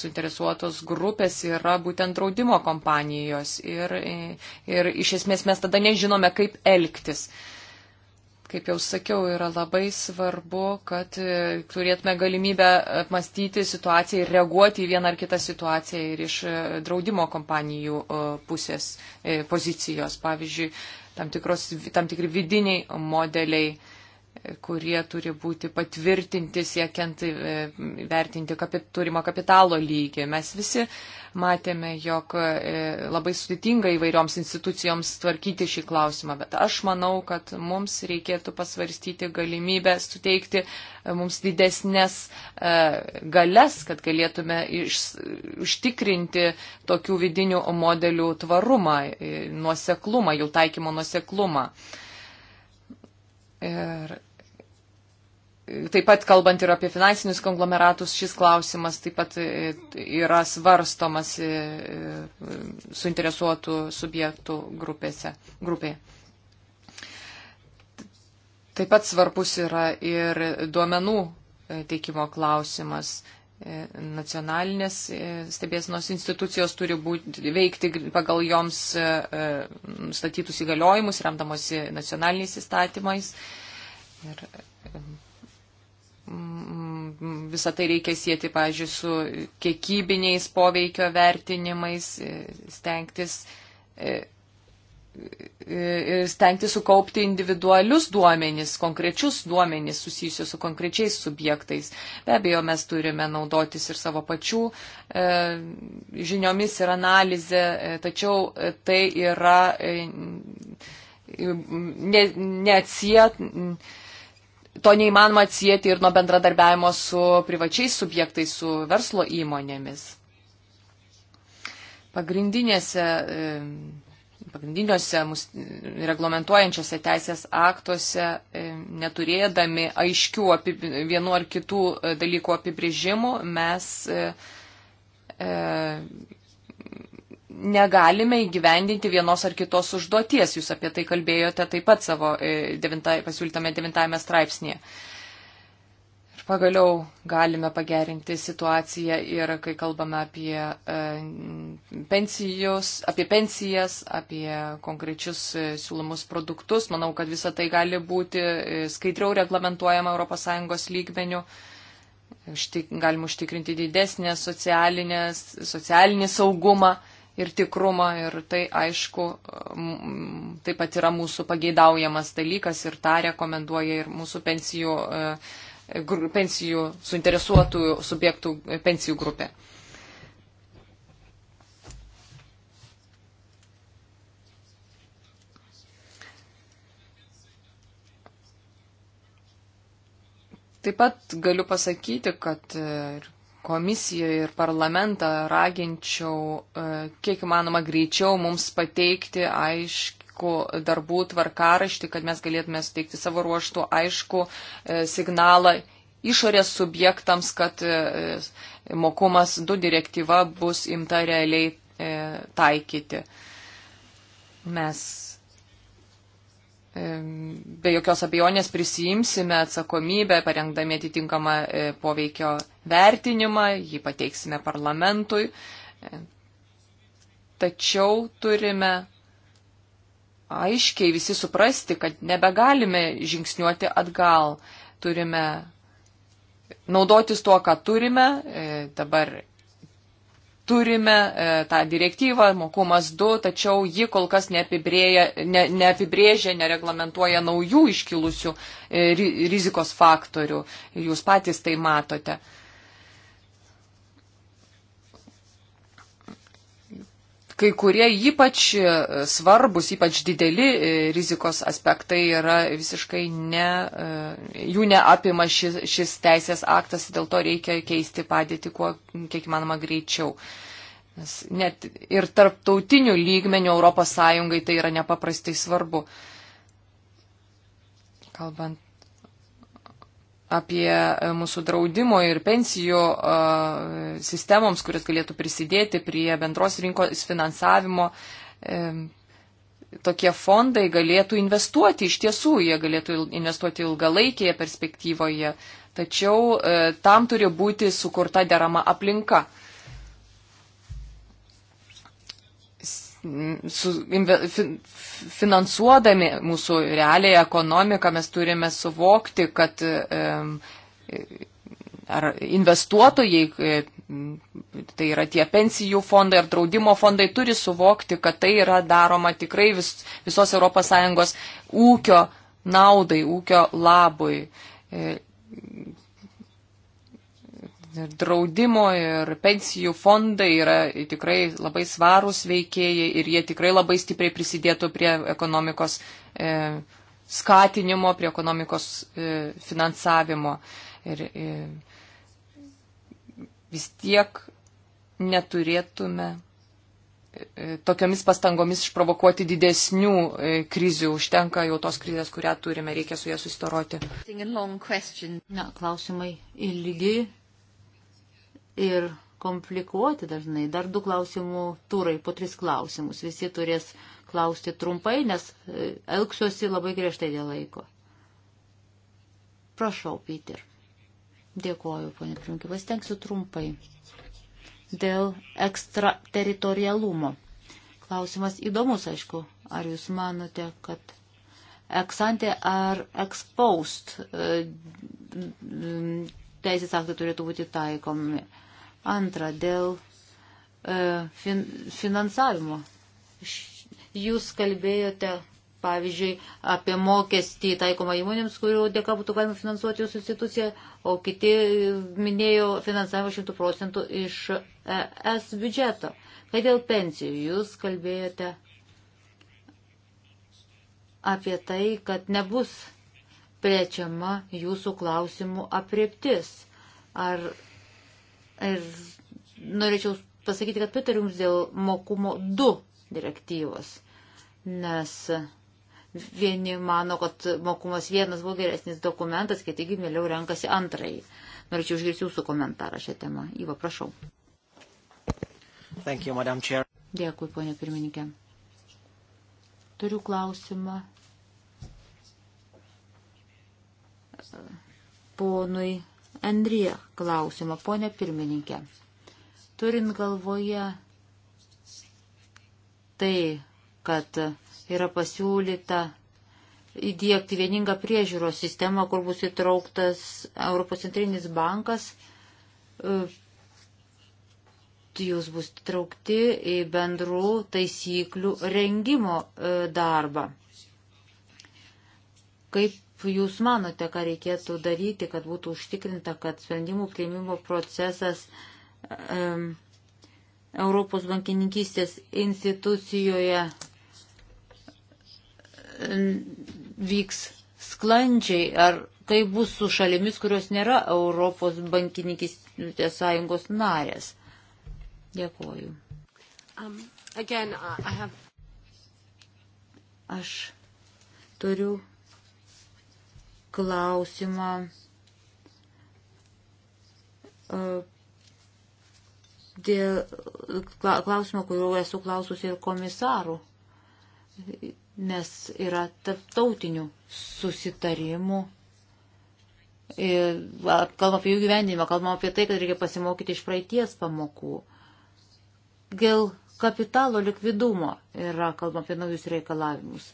suinteresuotos grupės yra būtent draudimo kompanijos ir, e, ir iš esmės mes tada nežinome, kaip elgtis. Kaip jau sakiau, yra labai svarbu, kad e, turėtume galimybę apmastyti situaciją ir reaguoti į vieną ar kitą situaciją ir iš draudimo kompanijų pusės pozicijos. Pavyzdžiui, tam, tikros, tam tikri vidiniai modeliai kurie turi būti patvirtinti siekiant e, vertinti kapi, turimo kapitalo lygį. Mes visi matėme, jog e, labai sudėtinga įvairioms institucijoms tvarkyti šį klausimą, bet aš manau, kad mums reikėtų pasvarstyti galimybę suteikti e, mums didesnės galias, kad galėtume iš, užtikrinti tokių vidinių modelių tvarumą, nuoseklumą, jų taikymo nuoseklumą. Ir Taip pat kalbant ir apie finansinius konglomeratus, šis klausimas taip pat e, yra svarstomas e, e, suinteresuotų subjektų grupėse, grupėje. Taip pat svarbus yra ir duomenų teikimo klausimas. Nacionalinės stebėsinos institucijos turi būti, veikti pagal joms statytus įgaliojimus, remdamosi nacionaliniais įstatymais. Ir Mm, mm, visą tai reikia sieti, pažiūrėjau, su kiekybiniais poveikio vertinimais, e, stengtis, e, e, stengtis sukaupti individualius duomenis, konkrečius duomenis susijusius su konkrečiais subjektais. Be abejo, mes turime naudotis ir savo pačių žiniomis ir analizę, tačiau tai yra ne, neatsiet to neįmanoma atsijėti ir nuo bendradarbiavimo su privačiais subjektais, su verslo įmonėmis. Pagrindinėse, e, pagrindiniuose reglamentuojančiose teisės aktuose, e, neturėdami aiškių apib... vienu ar kitų e, dalykų apibrėžimų, mes negalime įgyvendinti vienos ar kitos užduoties. Jūs apie tai kalbėjote taip pat savo e, devintai, pasiūlytame devintajame straipsnėje. Ir pagaliau galime pagerinti situaciją ir kai kalbame apie, e, pensijos, apie pensijas, apie konkrečius e, siūlomus produktus, manau, kad visa tai gali būti skaidriau reglamentuojama ES lygmenių galima užtikrinti didesnį socialinį saugumą ir tikrumą ir tai aišku taip pat yra mūsų pageidaujamas dalykas ir tą rekomenduoja ir mūsų pensijų, e, pensijų suinteresuotų subjektų e, pensijų grupė. Taip pat galiu pasakyti, kad e, komisiją ir parlamentą raginčiau, e, kiek įmanoma greičiau mums pateikti aišku darbų tvarkaraštį, kad mes galėtume suteikti savo ruoštų aišku e, signalą išorės subjektams, kad e, mokumas 2 direktyva bus imta realiai taikyti. Mes be jokios abejonės prisijimsime atsakomybę, parengdami atitinkamą poveikio vertinimą, jį pateiksime parlamentui. Tačiau turime aiškiai visi suprasti, kad nebegalime žingsniuoti atgal. Turime naudotis tuo, ką turime. E, dabar turime e, tą direktyvą, mokumas 2, tačiau ji kol kas neapibrėja, ne, neapibrėžia, nereglamentuoja naujų iškilusių e, rizikos faktorių. Jūs patys tai matote. kai kurie ypač e, svarbus, ypač dideli e, rizikos aspektai yra visiškai ne, e, jų neapima šis, šis teisės aktas, dėl to reikia keisti padėtį kuo, kiek manoma, greičiau. Nes net ir tarptautinių lygmenių ES tai yra nepaprastai svarbu. Kalbant apie e, mūsų draudimo ir pensijų e, sistemoms, kurios galėtų prisidėti prie bendros rinkos finansavimo. E, tokie fondai galėtų investuoti iš tiesų, jie galėtų investuoti ilgalaikėje perspektyvoje, tačiau tam turi būti sukurta derama aplinka su, inve, fin, finansuodami mūsų realiai ekonomiką mes turime suvokti, kad ar investuotojai, tai yra tie pensijų fondai ar draudimo fondai, turi suvokti, kad tai yra daroma tikrai vis, visos ES ūkio naudai, ūkio labui. E, ir draudimo, ir pensijų fondai yra tikrai labai svarūs veikėjai ir jie tikrai labai stipriai prisidėtų prie ekonomikos e, skatinimo, prie ekonomikos e, finansavimo. Ir e, vis tiek neturėtume e, e, tokiamis pastangomis išprovokuoti didesnių e, krizių. Užtenka jau tos krizės, kurią turime, reikia su ją susidoroti. Na, klausimai ilgi, ir komplikuoti dažnai. Dar du klausimų turai, po tris klausimus. Visi turės klausti trumpai, nes e, elgsiuosi labai griežtai dėl laiko. Prašau, Peter. Dėkoju, ponė Primkė, pasitengsiu trumpai. Dėl ekstrateritorialumo. Klausimas įdomus, aišku. Ar jūs manote, kad eksante ar ekspost e, teisės aktai turėtų būti taikomi? Antra, dėl e, fin, finansavimo. Jūs kalbėjote, pavyzdžiui, apie mokestį taikomą įmonėms, kurių dėka būtų galima finansuoti jūsų instituciją, o kiti minėjo finansavimą 100 procentų iš ES biudžeto. Kai dėl pensijų jūs kalbėjote apie tai, kad nebus plečiama jūsų klausimų apriptis. Ar Ir norėčiau pasakyti, kad pritariu Jums dėl mokumo 2 direktyvos, nes vieni mano, kad mokumas vienas buvo geresnis dokumentas, kiti gimėliau renkasi antrąjį. Norėčiau išgirsti Jūsų komentarą šią temą. Įva, prašau. Thank you, Madam Chair. Dėkui, ponė pirmininkė. Turiu klausimą ponui Andrija klausimą, ponė pirmininkė. Turint galvoje tai, kad yra pasiūlyta įdėkti vieningą priežiūros sistemą, kur bus įtrauktas Europos centrinis bankas, e, tai jūs bus įtraukti į bendrų taisyklių rengimo e, darbą. Kaip jūs manote, ką reikėtų daryti, kad būtų užtikrinta, kad sprendimų prieimimo procesas um, Europos bankininkystės institucijoje vyks sklandžiai, ar tai bus su šalimis, kurios nėra Europos bankininkistės sąjungos narės. Dėkuoju. Um, again, have... Aš turiu klausimą e, dėl klausimo, kuriuo esu klaususi ir komisarų, nes yra tarptautinių susitarimų. Kalbam apie jų gyvenimą, kalbam apie tai, kad reikia pasimokyti iš praeities pamokų. Dėl kapitalo likvidumo yra kalbam apie naujus reikalavimus.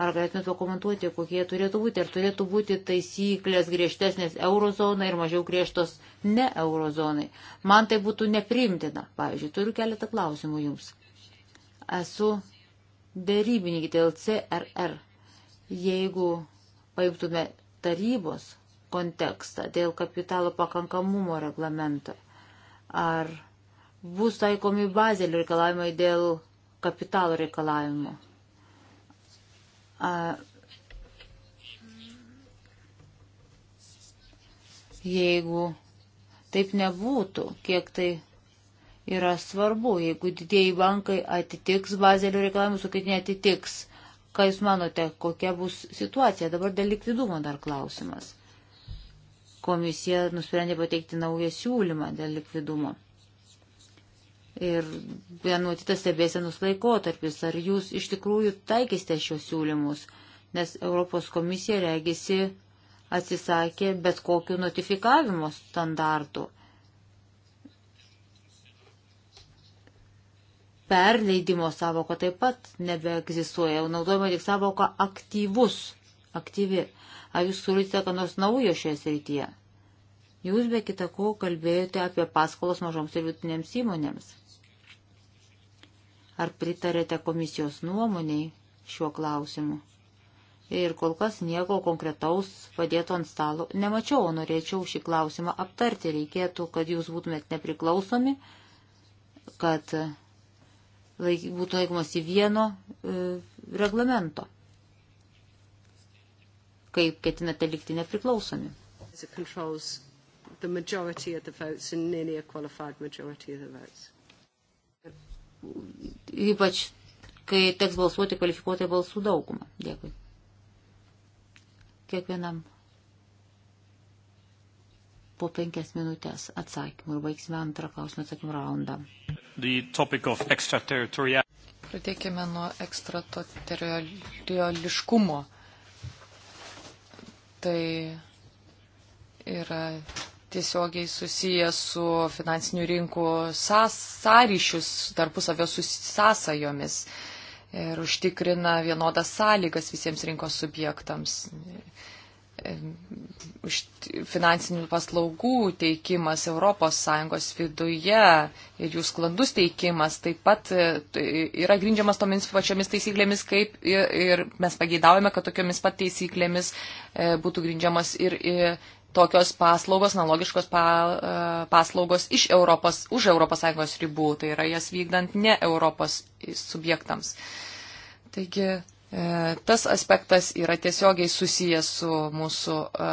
Ar galėtumėte pakomentuoti, kokie turėtų būti? Ar turėtų būti taisyklės griežtesnės eurozonai ir mažiau griežtos ne eurozonai? Man tai būtų neprimtina. Pavyzdžiui, turiu keletą klausimų jums. Esu dėrybininkė dėl CRR. Jeigu paimtume tarybos kontekstą dėl kapitalo pakankamumo reglamento, ar bus taikomi bazelio reikalavimai dėl kapitalo reikalavimo? Jeigu taip nebūtų, kiek tai yra svarbu, jeigu didieji bankai atitiks bazelių reikalavimus, o kiti netitiks. Ką Jūs manote, kokia bus situacija? Dabar dėl likvidumo dar klausimas. Komisija nusprendė pateikti naują siūlymą dėl likvidumo ir vienuotytas stebėsenus laikotarpis. Ar jūs iš tikrųjų taikysite šios siūlymus? Nes Europos komisija regisi atsisakė bet kokiu notifikavimo standartu. Perleidimo savoka taip pat nebeegzistuoja, jau naudojama tik savoka aktyvus, aktyvi. Ar jūs turite ką nors naujo šioje srityje? Jūs be kita ko kalbėjote apie paskolas mažoms ir vidutinėms įmonėms. Ar pritarėte komisijos nuomoniai šiuo klausimu? Ir kol kas nieko konkretaus padėto ant stalo nemačiau, o norėčiau šį klausimą aptarti. Reikėtų, kad jūs būtumėt nepriklausomi, kad laik, būtų laikomasi vieno e, reglamento. Kaip ketinate likti nepriklausomi? It controls the majority of the votes and nearly a qualified majority of the votes ypač kai teks balsuoti kvalifikuotai balsų daugumą. Dėkui. Kiekvienam po penkias minutės atsakymų ir baigsime antrą klausimą atsakymų raundą. Pradėkime nuo ekstraterritoriališkumo. Tai yra tiesiogiai susijęs su finansinių rinkų sąryšius tarpusavio sąsajomis ir užtikrina vienodas sąlygas visiems rinkos subjektams. Finansinių paslaugų teikimas ES viduje ir jų sklandus teikimas taip pat e, yra grindžiamas tomis pačiomis taisyklėmis, kaip ir mes pageidaujame, kad tokiomis pat taisyklėmis e, būtų grindžiamas ir tokios paslaugos, analogiškos pa, e, paslaugos iš Europos, už ES ribų, tai yra jas vykdant ne Europos subjektams. Taigi e, tas aspektas yra tiesiogiai susijęs su mūsų e,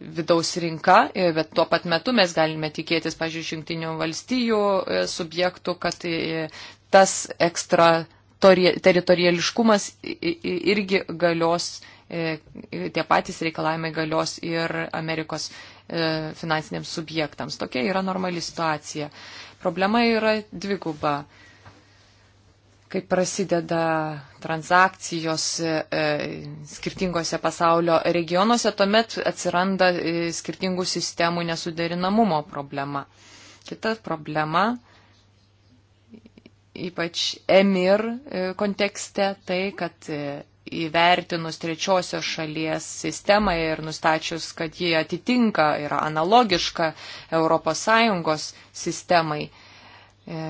vidaus rinka, bet tuo pat metu mes galime tikėtis, pažiūrėjau, jungtinių valstijų subjektų, kad tas ekstra teritoriališkumas irgi galios E, tie patys reikalavimai galios ir Amerikos e, finansiniams subjektams. Tokia yra normali situacija. Problema yra dviguba kai prasideda transakcijos e, skirtingose pasaulio regionuose, tuomet atsiranda skirtingų sistemų nesuderinamumo problema. Kita problema, ypač EMIR kontekste, tai, kad įvertinus trečiosios šalies sistemą ir nustačius, kad ji atitinka, yra analogiška ES sistemai, e,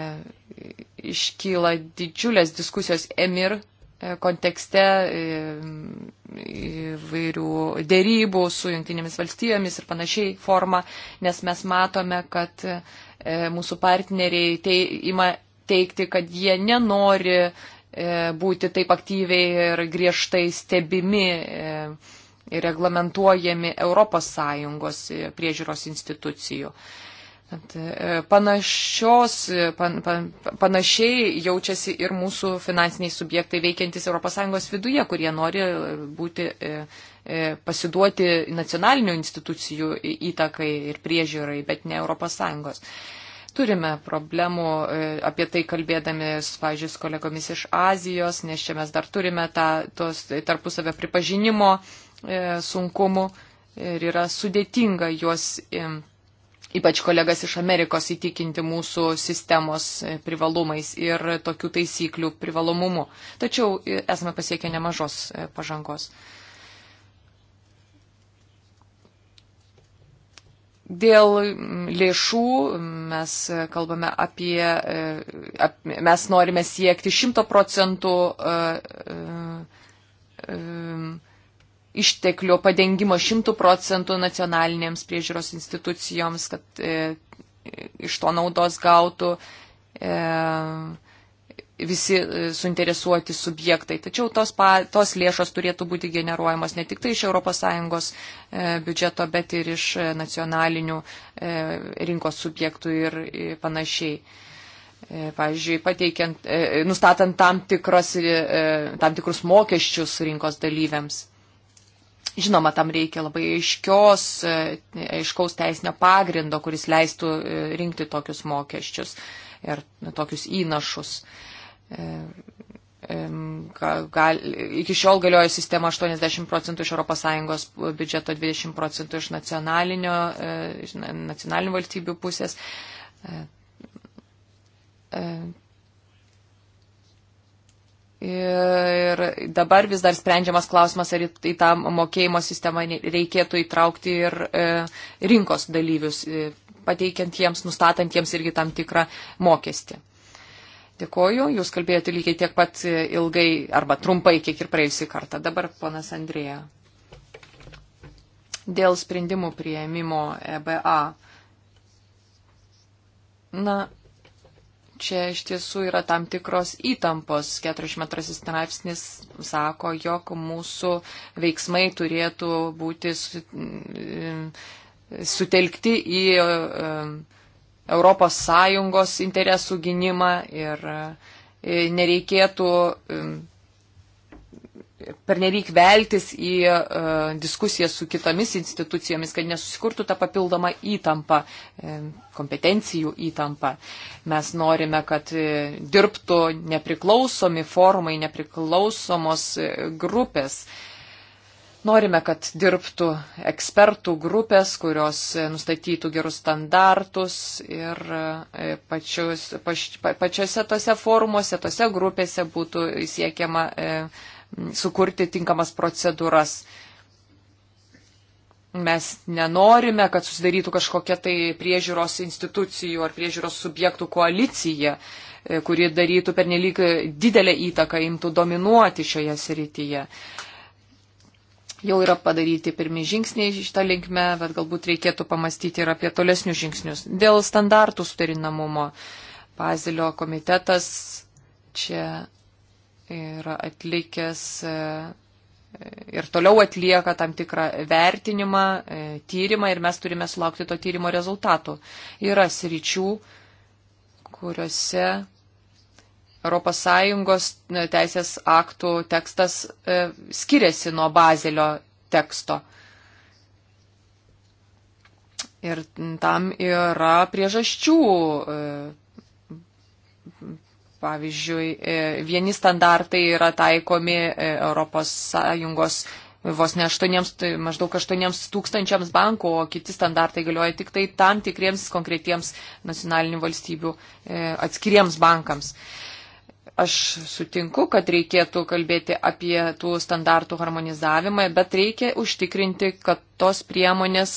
iškyla didžiulės diskusijos emir e, kontekste e, įvairių dėrybų su jungtinėmis valstijomis ir panašiai forma, nes mes matome, kad mūsų partneriai tai ima teikti, kad jie nenori E, būti taip aktyviai ir griežtai stebimi e, ir reglamentuojami ES priežiūros institucijų. E, panašios, pan, pan, panašiai jaučiasi ir mūsų finansiniai subjektai veikiantis ES viduje, kurie nori būti, pasiduoti nacionalinių institucijų įtakai ir priežiūrai, bet ne ES turime problemų e, apie tai kalbėdami, pavyzdžiui, su kolegomis iš Azijos, nes čia mes dar turime tą, tos tarpusavio pripažinimo e, sunkumų ir yra sudėtinga juos, e, ypač kolegas iš Amerikos, įtikinti mūsų sistemos privalumais ir tokių taisyklių privalomumu. Tačiau esame pasiekę nemažos pažangos. Dėl lėšų mes kalbame apie, e, ap, mes norime siekti 100 procentų e, e, išteklių padengimo 100 procentų nacionalinėms priežiūros institucijoms, kad iš to naudos gautų. E, visi e, suinteresuoti subjektai. Tačiau tos, pa, tos lėšos turėtų būti generuojamos ne tik tai iš ES e, biudžeto, bet ir iš e, nacionalinių rinkos subjektų ir panašiai. Pavyzdžiui, pateikiant, nustatant tam, tikros, tam tikrus mokesčius rinkos dalyviams. Žinoma, tam reikia labai aiškios, aiškaus teisinio pagrindo, kuris leistų rinkti tokius mokesčius ir tokius įnašus. Uh, Gal, iki šiol galioja sistema 80 procentų iš ES biudžeto, 20 procentų iš nacionalinio, e, iš nacionalinių valstybių pusės. E, e, ir dabar vis dar sprendžiamas klausimas, ar į tą mokėjimo sistemą reikėtų įtraukti ir rinkos dalyvius, pateikiant jiems, nustatant jiems irgi tam tikrą mokestį. Dėkoju, jūs kalbėjote lygiai tiek pat ilgai arba trumpai, kiek ir praėjusį kartą. Dabar ponas Andrėja. Dėl sprendimų prieimimo EBA. Na, čia iš tiesų yra tam tikros įtampos. 42 straipsnis sako, jog mūsų veiksmai turėtų būti mm, sutelkti į. Um, ES interesų gynimą ir e, nereikėtų pernelyg veltis į e, diskusiją su kitomis institucijomis, kad nesusikurtų tą papildomą įtampą, e, kompetencijų įtampą. Mes norime, kad dirbtų nepriklausomi formai, nepriklausomos grupės Norime, kad dirbtų ekspertų grupės, kurios e, nustatytų gerus standartus ir e, pačios, pač, pačiose tose forumuose, tose grupėse būtų siekiama e, sukurti tinkamas procedūras. Mes nenorime, kad susidarytų kažkokia tai priežiūros institucijų ar priežiūros subjektų koalicija, kuri darytų pernelyg didelę įtaką, imtų dominuoti šioje srityje jau yra padaryti pirmi žingsniai šitą linkmę, bet galbūt reikėtų pamastyti ir apie tolesnius žingsnius. Dėl standartų sutarinamumo Bazilio komitetas čia yra atlikęs e, e, ir toliau atlieka tam tikrą vertinimą, e, tyrimą ir mes turime sulaukti to tyrimo rezultatų. Yra sričių, kuriuose ES e, teisės aktų tekstas e, skiriasi nuo Bazelio teksto. Ir tam yra priežasčių. E, pavyzdžiui, vieni standartai yra taikomi ES vos ne 8, tai maždaug 8 tūkstančiams bankų, o kiti standartai galioja tik tai tam tikriems konkretiems nacionalinių valstybių atskiriems bankams. E, Aš sutinku, kad reikėtų kalbėti apie tų standartų harmonizavimą, bet reikia užtikrinti, kad tos priemonės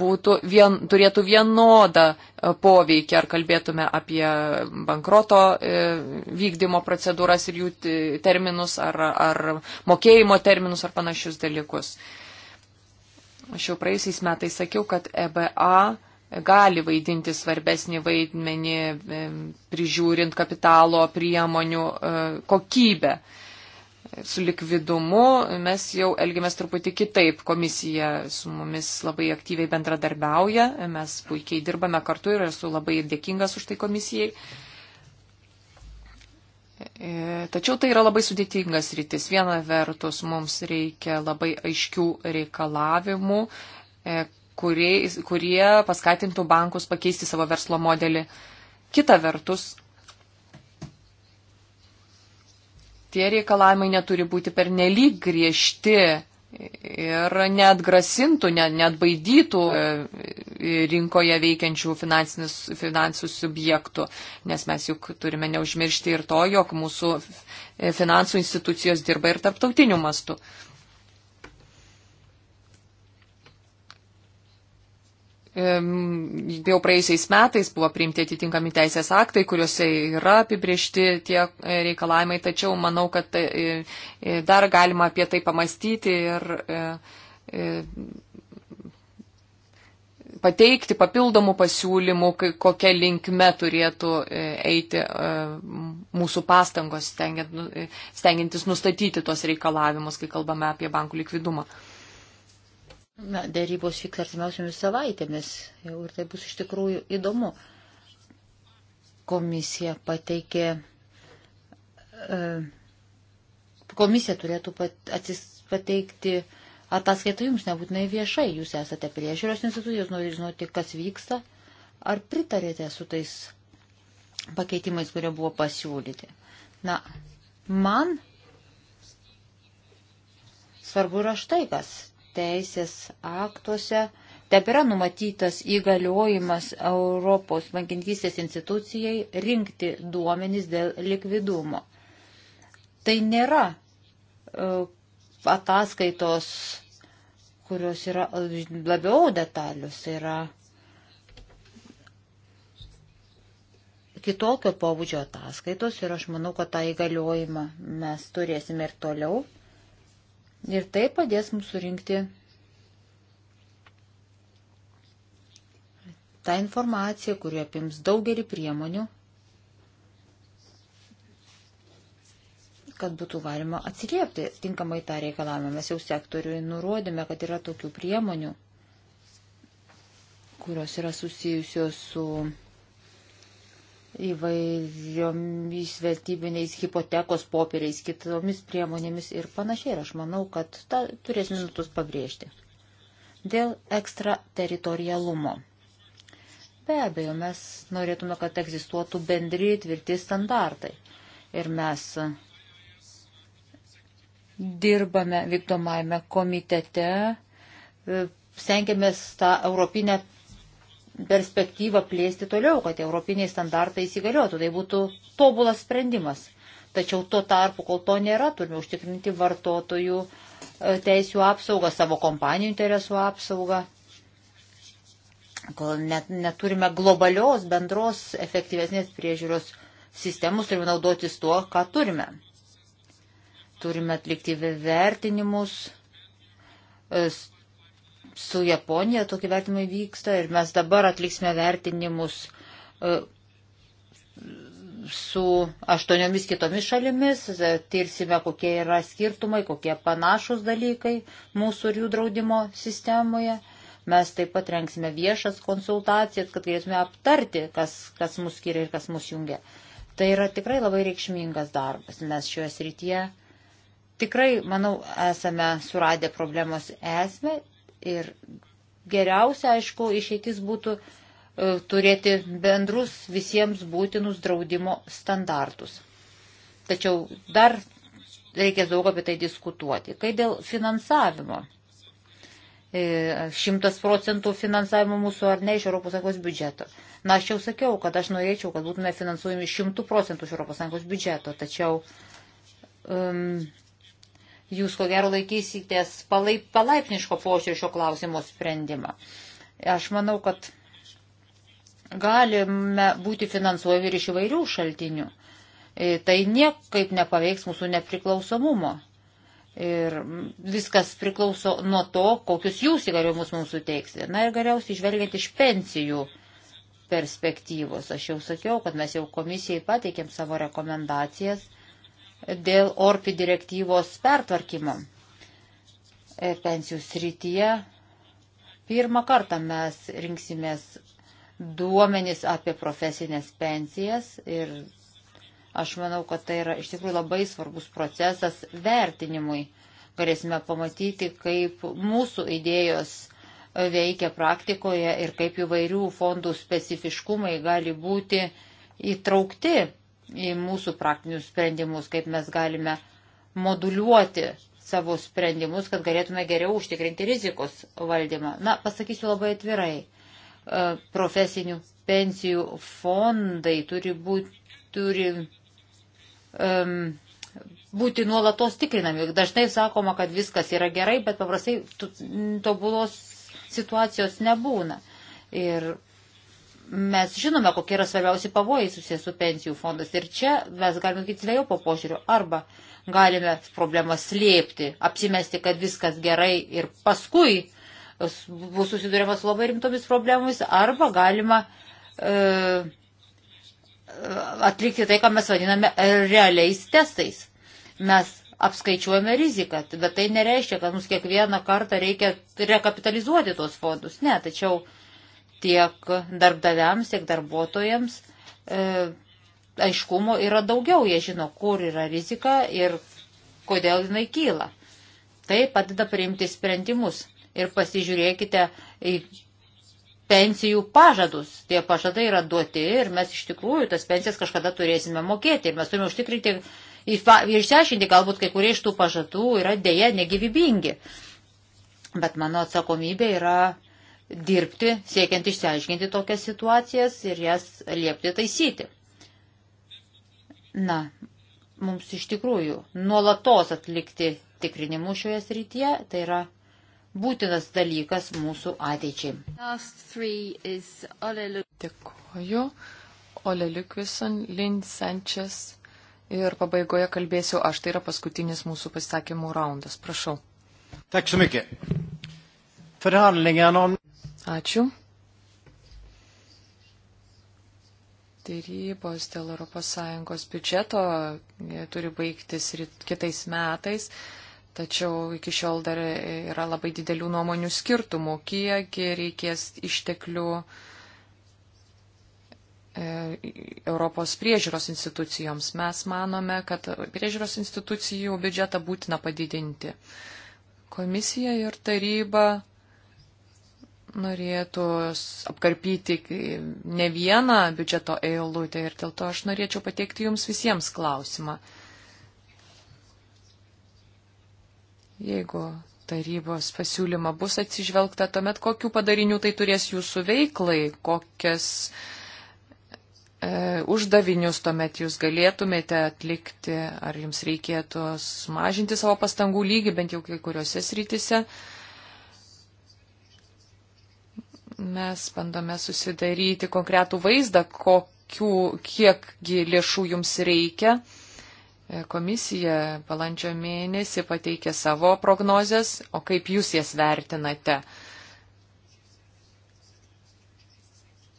būtų vien, turėtų vienodą e, poveikį, ar kalbėtume apie bankroto e, vykdymo procedūras ir jų e, terminus, ar, ar mokėjimo terminus, ar panašius dalykus. Aš jau praeisiais metais sakiau, kad EBA gali vaidinti svarbesnį vaidmenį e, prižiūrint kapitalo priemonių e, kokybę. Su likvidumu mes jau elgiamės truputį kitaip. Komisija su mumis labai aktyviai bendradarbiauja, mes puikiai dirbame kartu ir esu labai dėkingas už tai komisijai. E, tačiau tai yra labai sudėtingas rytis. Viena vertus mums reikia labai aiškių reikalavimų, kurie, kurie paskatintų bankus pakeisti savo verslo modelį. Kita vertus, tie reikalavimai neturi būti pernelyg griežti ir neatgrasintų, net, neatbaidytų e, rinkoje veikiančių finansų subjektų, nes mes juk turime neužmiršti ir to, jog mūsų finansų institucijos dirba ir tarptautiniu mastu. jau praėjusiais metais buvo priimti atitinkami teisės aktai, kuriuose yra apibriešti tie e, reikalavimai, tačiau manau, kad tai, e, e, dar galima apie tai pamastyti ir pateikti papildomų pasiūlymų, kokia linkme turėtų eiti mūsų pastangos, nu, stengiantis nustatyti tos reikalavimus, kai kalbame apie bankų likvidumą. Na, dėrybos vyks artimiausiomis savaitėmis jau ir tai bus iš tikrųjų įdomu. Komisija pateikė, e, komisija turėtų pat, atsis, pateikti ataskaitą jums, nebūtinai viešai, jūs esate priežiūros institucijos, norite žinoti, kas vyksta, ar pritarėte su tais pakeitimais, kurie buvo pasiūlyti. Na, man svarbu yra štai kas teisės aktuose tebėra numatytas įgaliojimas Europos bankininkystės institucijai rinkti duomenys dėl likvidumo. Tai nėra uh, ataskaitos, kurios yra labiau detalius, tai yra kitokio pobūdžio ataskaitos ir aš manau, kad tą įgaliojimą mes turėsime ir toliau. Ir tai padės mums surinkti tą informaciją, kuri apims daugelį priemonių, kad būtų galima atsiliepti tinkamai tą reikalavimą. Mes jau sektoriui nurodėme, kad yra tokių priemonių, kurios yra susijusios su įvairiomis vertybiniais hipotekos popieriais, kitomis priemonėmis ir panašiai. Ir aš manau, kad tą turėsime nutus pabrėžti. Dėl ekstrateritorialumo. Be abejo, mes norėtume, kad egzistuotų bendri tvirti standartai. Ir mes dirbame vykdomajame komitete, e, stengiamės tą europinę perspektyvą plėsti toliau, kad europiniai standartai įsigaliotų. Tai būtų tobulas sprendimas. Tačiau tuo tarpu, kol to nėra, turime užtikrinti vartotojų e, teisų apsaugą, savo kompanijų interesų apsaugą. Kol net, neturime globalios, bendros, efektyvesnės priežiūros sistemus, turime naudotis tuo, ką turime. Turime atlikti vertinimus, e, su Japonija tokie vertinimai vyksta ir mes dabar atliksime vertinimus e, su aštuoniomis kitomis šalimis, e, tirsime, kokie yra skirtumai, kokie panašus dalykai mūsų ir jų draudimo sistemoje. Mes taip pat renksime viešas konsultacijas, kad galėsime aptarti, kas, kas mus skiria ir kas mus jungia. Tai yra tikrai labai reikšmingas darbas. Mes šioje srityje tikrai, manau, esame suradę problemos esmę Ir geriausia, aišku, išeitis būtų e, turėti bendrus visiems būtinus draudimo standartus. Tačiau dar reikės daug apie tai diskutuoti. Kai dėl finansavimo, e, šimtas procentų finansavimo mūsų ar ne iš ES biudžeto. Na, aš jau sakiau, kad aš norėčiau, kad būtume finansuojami šimtų procentų iš ES biudžeto, tačiau um, Jūs ko gero laikysitės palaip, palaipniško požiūrį šio klausimo sprendimą. Aš manau, kad galime būti finansuojami ir iš įvairių šaltinių. E, tai niekaip nepaveiks mūsų nepriklausomumo. Ir viskas priklauso nuo to, kokius jūs įgaliojimus mums suteiksite. Na ir galiausiai žvelgiant iš pensijų perspektyvos. Aš jau sakiau, kad mes jau komisijai pateikėm savo rekomendacijas dėl ORPI direktyvos pertvarkymo e, pensijų srityje. Pirmą kartą mes rinksimės duomenys apie profesinės pensijas ir aš manau, kad tai yra iš tikrųjų labai svarbus procesas vertinimui. Galėsime pamatyti, kaip mūsų idėjos veikia praktikoje ir kaip įvairių fondų specifiškumai gali būti įtraukti į mūsų praktinius sprendimus, kaip mes galime moduliuoti savo sprendimus, kad galėtume geriau užtikrinti rizikos valdymą. Na, pasakysiu labai atvirai, e, profesinių pensijų fondai turi būti, turi, um, būti nuolatos tikrinami. Dažnai sakoma, kad viskas yra gerai, bet paprastai tobulos situacijos nebūna. Ir mes žinome, kokie yra svarbiausi pavojai susijęs su pensijų fondas. Ir čia mes galime sakyti dviejų po požiūrių. Arba galime problemą slėpti, apsimesti, kad viskas gerai ir paskui bus susidurima su labai rimtomis problemomis. Arba galima e, e, atlikti tai, ką mes vadiname realiais testais. Mes apskaičiuojame riziką, bet tai nereiškia, kad mums kiekvieną kartą reikia rekapitalizuoti tuos fondus. Ne, tačiau tiek darbdaviams, tiek darbuotojams e, aiškumo yra daugiau, jie žino, kur yra rizika ir kodėl jinai kyla. Tai padeda priimti sprendimus. Ir pasižiūrėkite į pensijų pažadus. Tie pažadai yra duoti ir mes iš tikrųjų tas pensijas kažkada turėsime mokėti. Ir mes turime užtikrinti ir išsiaiškinti, galbūt kai kurie iš tų pažadų yra dėja negyvybingi. Bet mano atsakomybė yra dirbti, siekiant išsiaiškinti tokias situacijas ir jas liepti taisyti. Na, mums iš tikrųjų nuolatos atlikti tikrinimų šioje srityje, tai yra būtinas dalykas mūsų ateičiai. Dėkoju. Ole Liukvison, Lynn Sanchez ir pabaigoje kalbėsiu aš, tai yra paskutinis mūsų pasisakymų raundas. Prašau. Tak så mycket. Förhandlingarna om Ačiū. Dėrybos dėl ES biudžeto turi baigtis kitais metais, tačiau iki šiol dar yra labai didelių nuomonių skirtumų, kiek reikės išteklių e, Europos priežiūros institucijoms. Mes manome, kad priežiūros institucijų biudžetą būtina padidinti. Komisija ir taryba norėtų apkarpyti ne vieną biudžeto eilutę ir dėl to aš norėčiau pateikti jums visiems klausimą. Jeigu tarybos pasiūlymą bus atsižvelgta, tuomet kokių padarinių tai turės jūsų veiklai, kokias e, uždavinius tuomet jūs galėtumėte atlikti, ar jums reikėtų mažinti savo pastangų lygį bent jau kai kuriuose srityse. E, mes bandome susidaryti konkretų vaizdą, kokių, kiekgi lėšų jums reikia. E, Komisija balandžio mėnesį pateikė savo prognozes, o kaip jūs jas vertinate?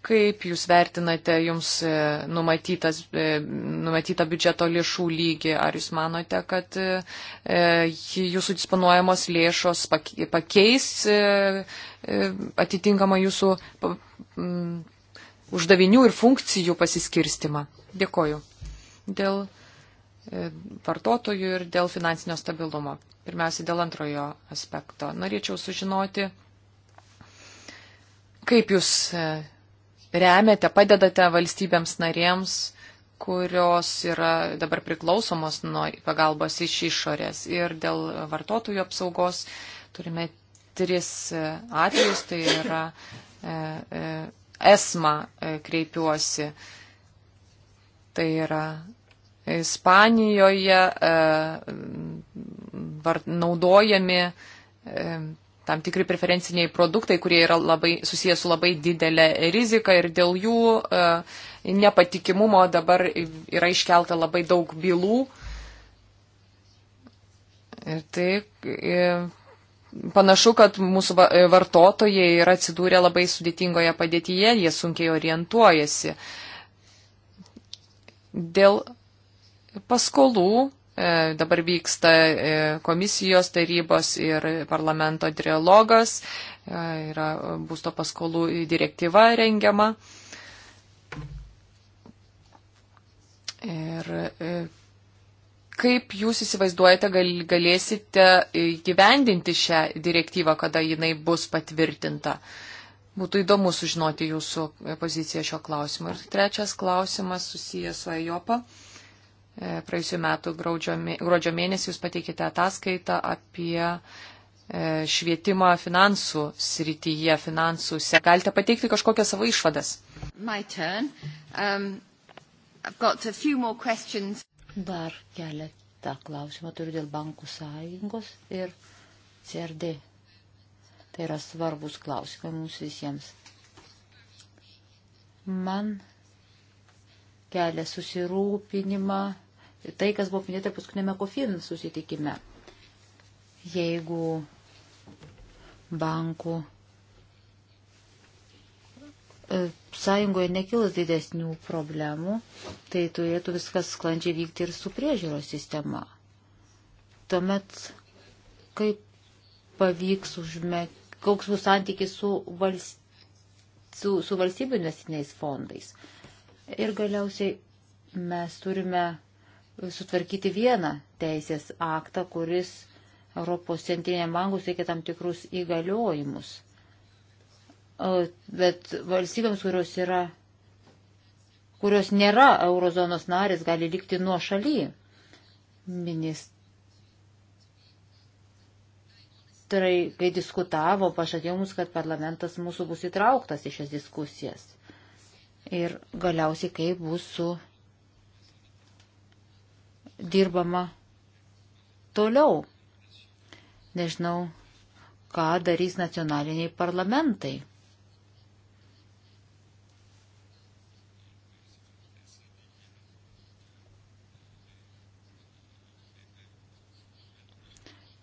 Kaip Jūs vertinate Jums e, e, numatytą biudžeto lėšų lygį? Ar Jūs manote, kad e, Jūsų disponuojamos lėšos pakeis atitinkamą Jūsų uždavinių ir funkcijų pasiskirstimą? Dėkoju. Dėl vartotojų ir dėl finansinio stabilumo. Pirmiausia, dėl antrojo aspekto. Norėčiau sužinoti, kaip Jūs remiate, padedate valstybėms narėms, kurios yra dabar priklausomos nuo pagalbos iš išorės. Ir dėl vartotojų apsaugos turime tris e, atvejus, tai yra e, e, esma kreipiuosi. Tai yra Ispanijoje naudojami tam tikri preferenciniai produktai, kurie yra labai susijęs su labai didelė rizika ir dėl jų e, nepatikimumo dabar yra iškelta labai daug bylų. Ir tai e, panašu, kad mūsų e, vartotojai yra atsidūrę labai sudėtingoje padėtyje, jie sunkiai orientuojasi. Dėl paskolų E, dabar vyksta e, komisijos tarybos ir parlamento dialogas, e, yra būsto paskolų direktyva rengiama. Ir kaip jūs įsivaizduojate, gal, galėsite gyvendinti šią direktyvą, kada jinai bus patvirtinta? Būtų įdomu sužinoti jūsų poziciją šio klausimu. Ir trečias klausimas susijęs su EJOPA. Uh, E, praėjusiu metu gruodžio mėnesį jūs pateikite ataskaitą apie e, švietimą finansų srityje, finansų. Galite pateikti kažkokią savo išvadas? Um, Dar keletą klausimą turiu dėl bankų sąjungos ir CRD. Tai yra svarbus klausimai mums visiems. Man kelia susirūpinimą tai, kas buvo minėta paskutinėme kofin susitikime. Jeigu bankų e, sąjungoje nekilas didesnių problemų, tai turėtų viskas sklandžiai vykti ir su priežiūros sistema. Tuomet, kaip pavyks užmėgti, koks bus santykis su, valst, su, su valstybių investiciniais fondais. Ir galiausiai mes turime sutvarkyti vieną teisės aktą, kuris Europos centriniam bankui suteikia tam tikrus įgaliojimus. Bet valstybėms, kurios, yra, kurios nėra eurozonos narės, gali likti nuo šaly. Ministrai, kai diskutavo, pažadėjo mums, kad parlamentas mūsų bus įtrauktas į šias diskusijas. Ir galiausiai, kaip bus su dirbama toliau. Nežinau, ką darys nacionaliniai parlamentai.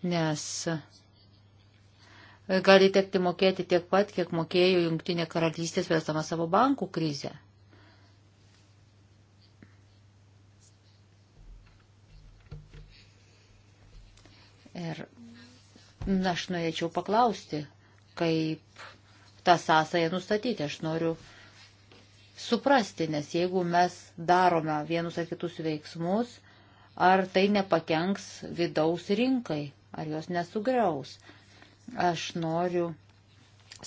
Nes gali tekti mokėti tiek pat, kiek mokėjo Junktinė karalystė spręsdama savo bankų krizę. Ir na, aš norėčiau paklausti, kaip tą sąsąją nustatyti. Aš noriu suprasti, nes jeigu mes darome vienus ar kitus veiksmus, ar tai nepakenks vidaus rinkai, ar jos nesugriaus. Aš noriu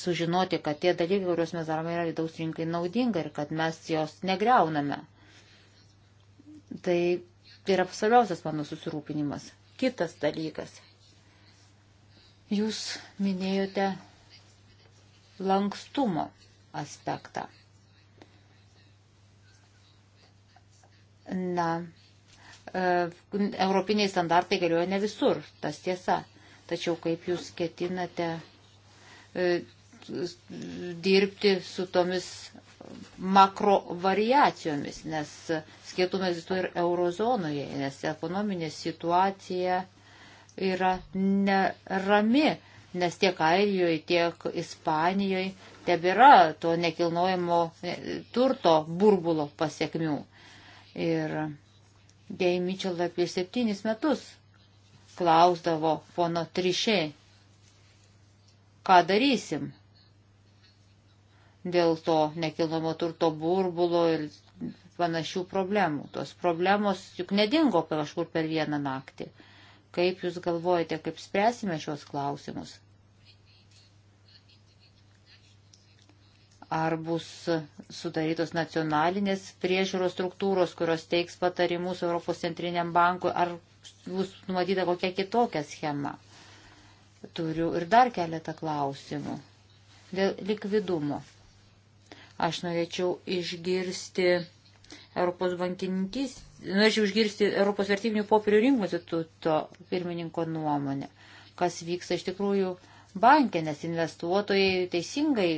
sužinoti, kad tie dalykai, kuriuos mes darome, yra vidaus rinkai naudinga ir kad mes jos negreuname. Tai yra svarbiausias mano susirūpinimas. Kitas dalykas. Jūs minėjote lankstumo aspektą. Na, e, europiniai standartai galioja ne visur, tas tiesa. Tačiau kaip jūs ketinate e, dirbti su tomis makro variacijomis, nes skirtumai egzistuoja ir eurozonoje, nes ekonominė situacija yra nerami, nes tiek Airijoje, tiek Ispanijoje tebėra to nekilnojimo e, turto burbulo pasiekmių. Ir Dei Mitchell apie septynis metus klausdavo pono Trišė, ką darysim dėl to nekilnojamo turto burbulo ir panašių problemų. Tos problemos juk nedingo kažkur per vieną naktį. Kaip Jūs galvojate, kaip spręsime šios klausimus? Ar bus sudarytos nacionalinės priežiūros struktūros, kurios teiks patarimus Europos centriniam bankui, ar bus numatyta kokia kitokia schema? Turiu ir dar keletą klausimų dėl likvidumo. Aš norėčiau išgirsti Europos bankininkys, norėčiau išgirsti Europos vertybinių popierių rinkų instituto pirmininko nuomonę, kas vyksta iš tikrųjų bankė, nes investuotojai teisingai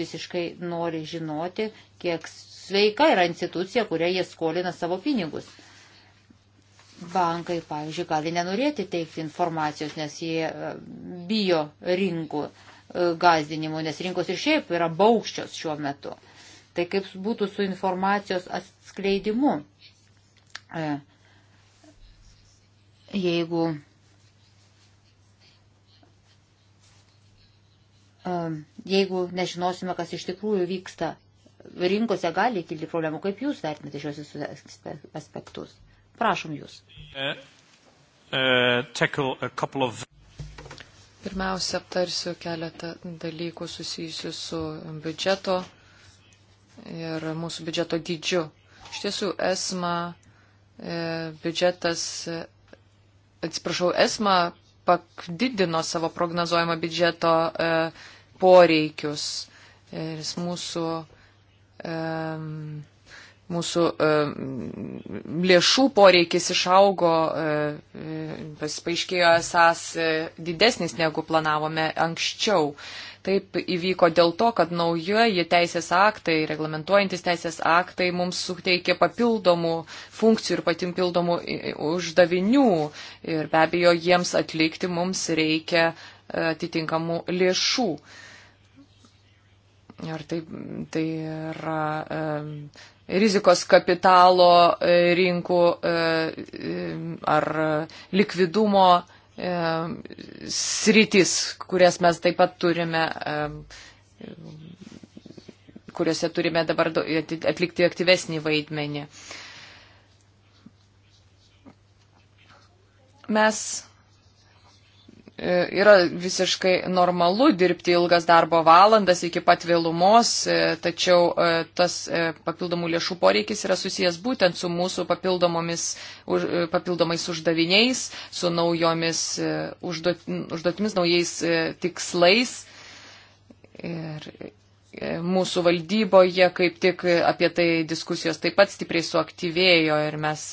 visiškai nori žinoti, kiek sveika yra institucija, kuria jie skolina savo pinigus. Bankai, pavyzdžiui, gali nenorėti teikti informacijos, nes jie e, bijo rinkų E, gazdinimu, nes rinkos ir šiaip yra baukščios šiuo metu. Tai kaip būtų su informacijos atskleidimu. E, jeigu e, jeigu nežinosime, kas iš tikrųjų vyksta rinkose, gali kilti problemų. Kaip jūs vertinate šios aspektus? Prašom jūs. Uh, uh, of... Pirmiausia, aptarsiu keletą dalykų susijusių su biudžeto ir mūsų biudžeto dydžiu. Iš tiesų, esma e, biudžetas, e, atsiprašau, esma pakdidino savo prognozuojamą biudžeto e, poreikius. Ir mūsų e, mūsų e, lėšų poreikis išaugo, e, e, paaiškėjo esas didesnis negu planavome anksčiau. Taip įvyko dėl to, kad naujoji teisės aktai, reglamentuojantis teisės aktai mums suteikė papildomų funkcijų ir papildomų uždavinių. Ir be abejo, jiems atlikti mums reikia atitinkamų lėšų. Ir tai, tai yra. E, rizikos kapitalo e, rinkų e, e, ar likvidumo sritis, kurias mes taip pat turime, kuriuose turime dabar atlikti aktyvesnį vaidmenį. Mes E, yra visiškai normalu dirbti ilgas darbo valandas iki pat vėlumos, e, tačiau e, tas papildomų lėšų poreikis yra susijęs būtent su mūsų papildomais uždaviniais, su naujomis užduotimis, naujais tikslais. Ir mūsų valdyboje kaip tik apie tai diskusijos taip pat stipriai suaktyvėjo ir mes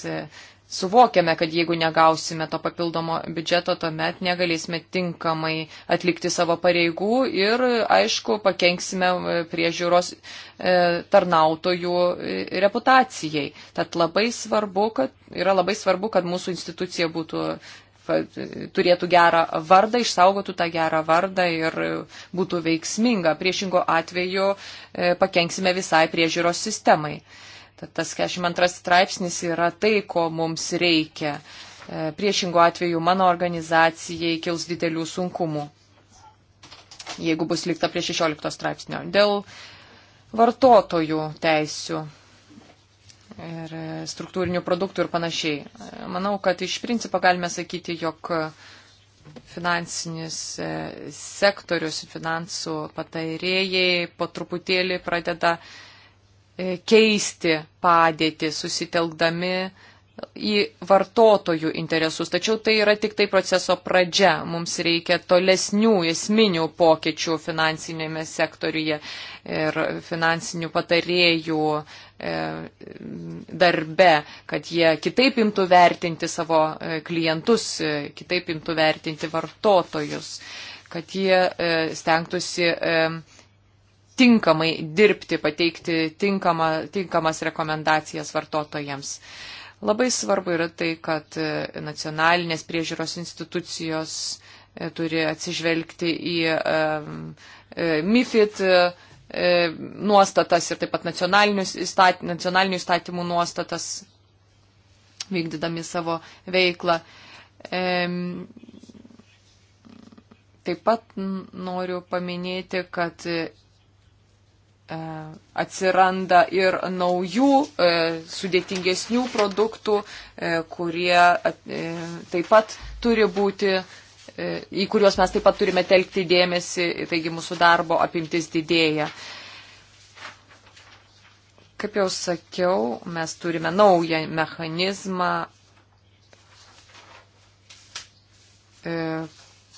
suvokiame, kad jeigu negausime to papildomo biudžeto, tuomet negalėsime tinkamai atlikti savo pareigų ir, aišku, pakenksime e, priežiūros e, tarnautojų e, reputacijai. Tad labai svarbu, kad, yra labai svarbu, kad mūsų institucija būtų turėtų gerą vardą, išsaugotų tą gerą vardą ir būtų veiksminga. Priešingo atveju pakenksime visai priežiūros sistemai. Tad tas 42 straipsnis yra tai, ko mums reikia. E, Priešingų atveju mano organizacijai kils didelių sunkumų, jeigu bus likta prie 16 straipsnio. Dėl vartotojų teisių ir struktūrinių produktų ir panašiai. Manau, kad iš principo galime sakyti, jog finansinis e, sektorius, finansų patarėjai po truputėlį pradeda uh, E, keisti padėtį, susitelkdami į vartotojų interesus. Tačiau tai yra tik tai proceso pradžia. Mums reikia tolesnių esminių pokyčių finansinėme sektoriuje ir finansinių patarėjų e, darbe, kad jie kitaip imtų vertinti savo e, klientus, kitaip imtų vertinti vartotojus, kad jie stengtųsi tinkamai dirbti, pateikti tinkama, tinkamas rekomendacijas vartotojams. Labai svarbu yra tai, kad e, nacionalinės priežiūros institucijos e, turi atsižvelgti į e, MIFID nuostatas ir taip pat nacionalinių įstatymų nuostatas vykdydami savo veiklą. Taip pat noriu paminėti, kad E, atsiranda ir naujų e, sudėtingesnių produktų, e, kurie taip pat turi būti, į kuriuos mes taip pat turime telkti dėmesį, taigi mūsų darbo apimtis didėja. Kaip jau sakiau, mes turime naują mechanizmą,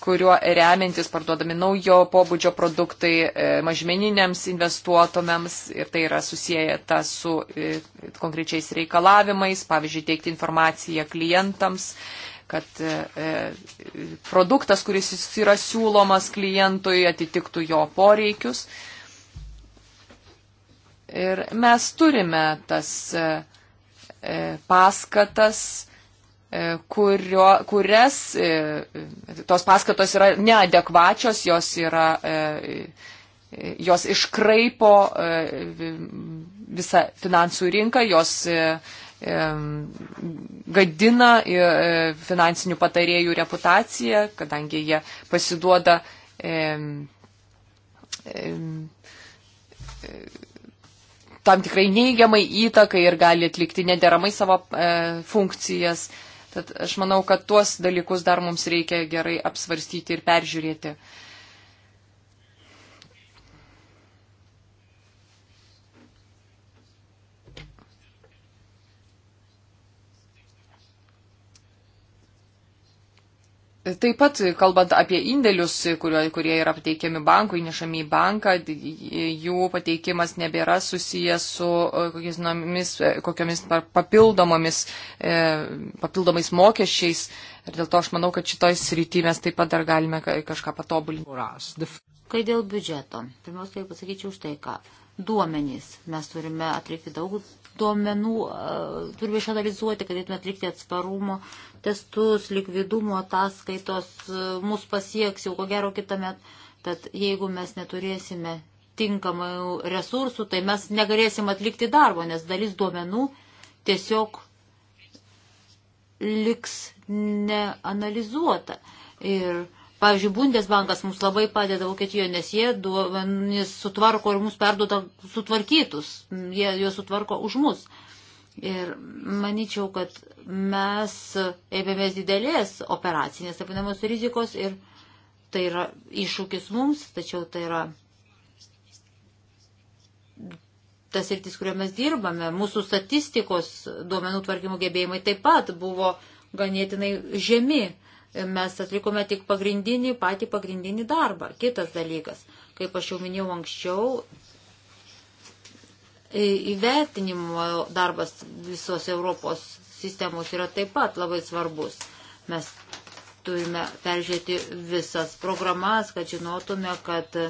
kuriuo remiantis parduodami naujo pobūdžio produktai e, mažmeniniams investuotomėms ir tai yra susiję ta su e, konkrečiais reikalavimais, pavyzdžiui, teikti informaciją klientams kad e, produktas, kuris yra siūlomas klientui, atitiktų jo poreikius. Ir mes turime tas paskatas E, kurio, kurias e, tos paskatos yra neadekvačios, jos, yra, e, jos iškraipo visą finansų rinką, jos gadina finansinių patarėjų reputaciją, kadangi jie pasiduoda tam tikrai neigiamai įtakai ir gali atlikti nederamai savo funkcijas. Tad aš manau, kad tuos dalykus dar mums reikia gerai apsvarstyti ir peržiūrėti. Uh, Taip pat, kalbant apie indėlius, kurio, kurie yra pateikiami bankų, įnešami į banką, jų pateikimas nebėra susijęs su kokiamis, e, kokiamis e, papildomomis, e, papildomais mokesčiais. Ir dėl to aš manau, kad šitoj srity mes taip pat dar galime kažką patobulinti. Kai dėl biudžeto, pirmiausia, tai pasakyčiau štai ką. Duomenys. Mes turime atlikti daug duomenų e, turime išanalizuoti, kad galėtume atlikti atsparumo testus, likvidumo ataskaitos, e, mus pasieks jau ko gero kitą metą. Tad jeigu mes neturėsime tinkamų resursų, tai mes negalėsim atlikti darbo, nes dalis duomenų tiesiog liks neanalizuota. Ir Pavyzdžiui, Bundesbankas mums labai padeda Vokietijoje, nes jie duomenys sutvarko ir mums perduoda sutvarkytus, jie juos sutvarko už mus. Ir manyčiau, kad mes ėmėmės didelės operacinės apinamos rizikos ir tai yra iššūkis mums, tačiau tai yra tas rytis, kurio mes dirbame. Mūsų statistikos duomenų tvarkymo gebėjimai taip pat buvo ganėtinai žemi. Mes atlikome tik pagrindinį, patį pagrindinį darbą. Kitas dalykas, kaip aš jau minėjau anksčiau, įvertinimo darbas visos Europos sistemos yra taip pat labai svarbus. Mes turime peržiūrėti visas programas, kad žinotume, kad e,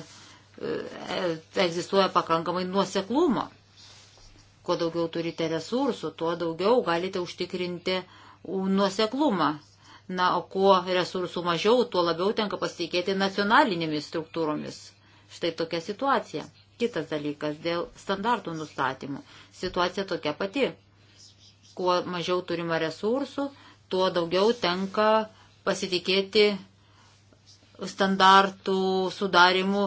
egzistuoja pakankamai nuoseklumo. Kuo daugiau turite resursų, tuo daugiau galite užtikrinti nuoseklumą Na, o kuo resursų mažiau, tuo labiau tenka pasitikėti nacionalinėmis struktūromis. Štai tokia situacija. Kitas dalykas dėl standartų nustatymų. Situacija tokia pati. Kuo mažiau turima resursų, tuo daugiau tenka pasitikėti standartų sudarimu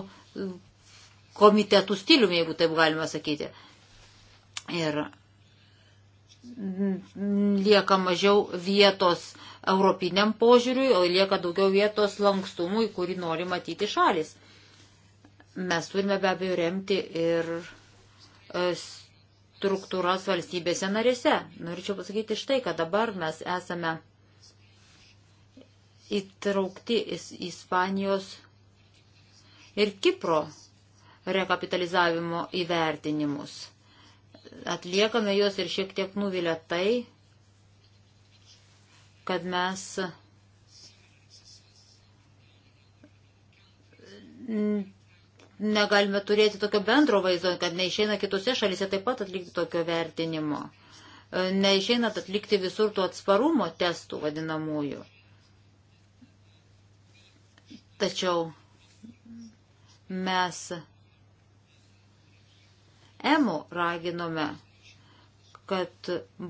komitetų stiliumi, jeigu taip galima sakyti. Ir lieka mažiau vietos europiniam požiūriui, o lieka daugiau vietos lankstumui, kurį nori matyti šalis. Mes turime be abejo remti ir e, struktūras valstybėse narėse. Norėčiau pasakyti štai, kad dabar mes esame įtraukti į Ispanijos ir Kipro rekapitalizavimo įvertinimus atliekame juos ir šiek tiek nuvilia tai, kad mes negalime turėti tokio bendro vaizdo, kad neišeina kitose šalise taip pat atlikti tokio vertinimo. Neišeina atlikti visur tų atsparumo testų vadinamųjų. Tačiau mes EMO raginome, kad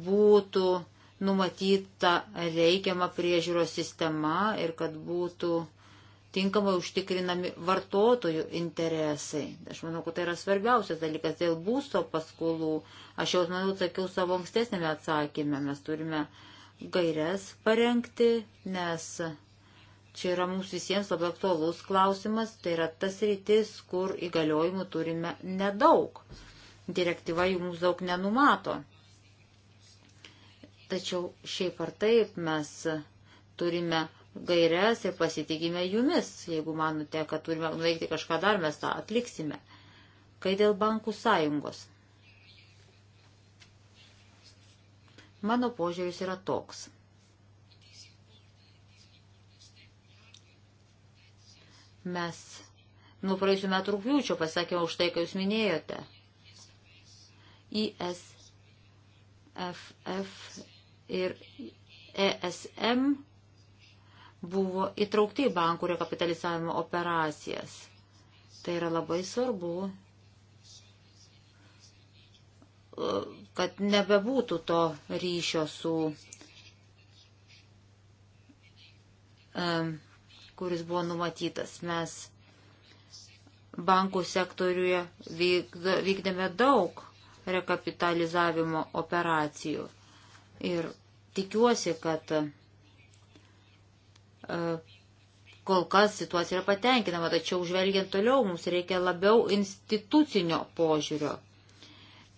būtų numatyta reikiama priežiūros sistema ir kad būtų tinkamai užtikrinami vartotojų interesai. Aš manau, kad tai yra svarbiausias dalykas dėl būsto paskolų. Aš jau, manau, sakiau savo ankstesnėme atsakymė. Mes turime gairias parengti, nes čia yra mums visiems labai aktualus klausimas. Tai yra tas rytis, kur įgaliojimų turime nedaug direktyva jų mums daug nenumato. Tačiau šiaip ar taip mes turime gairias ir pasitikime jumis. Jeigu manote, kad turime nuveikti kažką dar, mes tą atliksime. Kai dėl bankų sąjungos. Mano požiūris yra toks. Mes nuo praėjusiu metu rūpjūčio pasakėme už tai, ką jūs minėjote. ISFF ir ESM buvo įtraukti į bankų rekapitalizavimo operacijas. Tai yra labai svarbu, kad nebebūtų to ryšio su, kuris buvo numatytas. Mes bankų sektoriuje vykdėme daug rekapitalizavimo operacijų. Ir tikiuosi, kad e, kol kas situacija yra patenkinama, tačiau žvelgiant toliau mums reikia labiau institucinio požiūrio.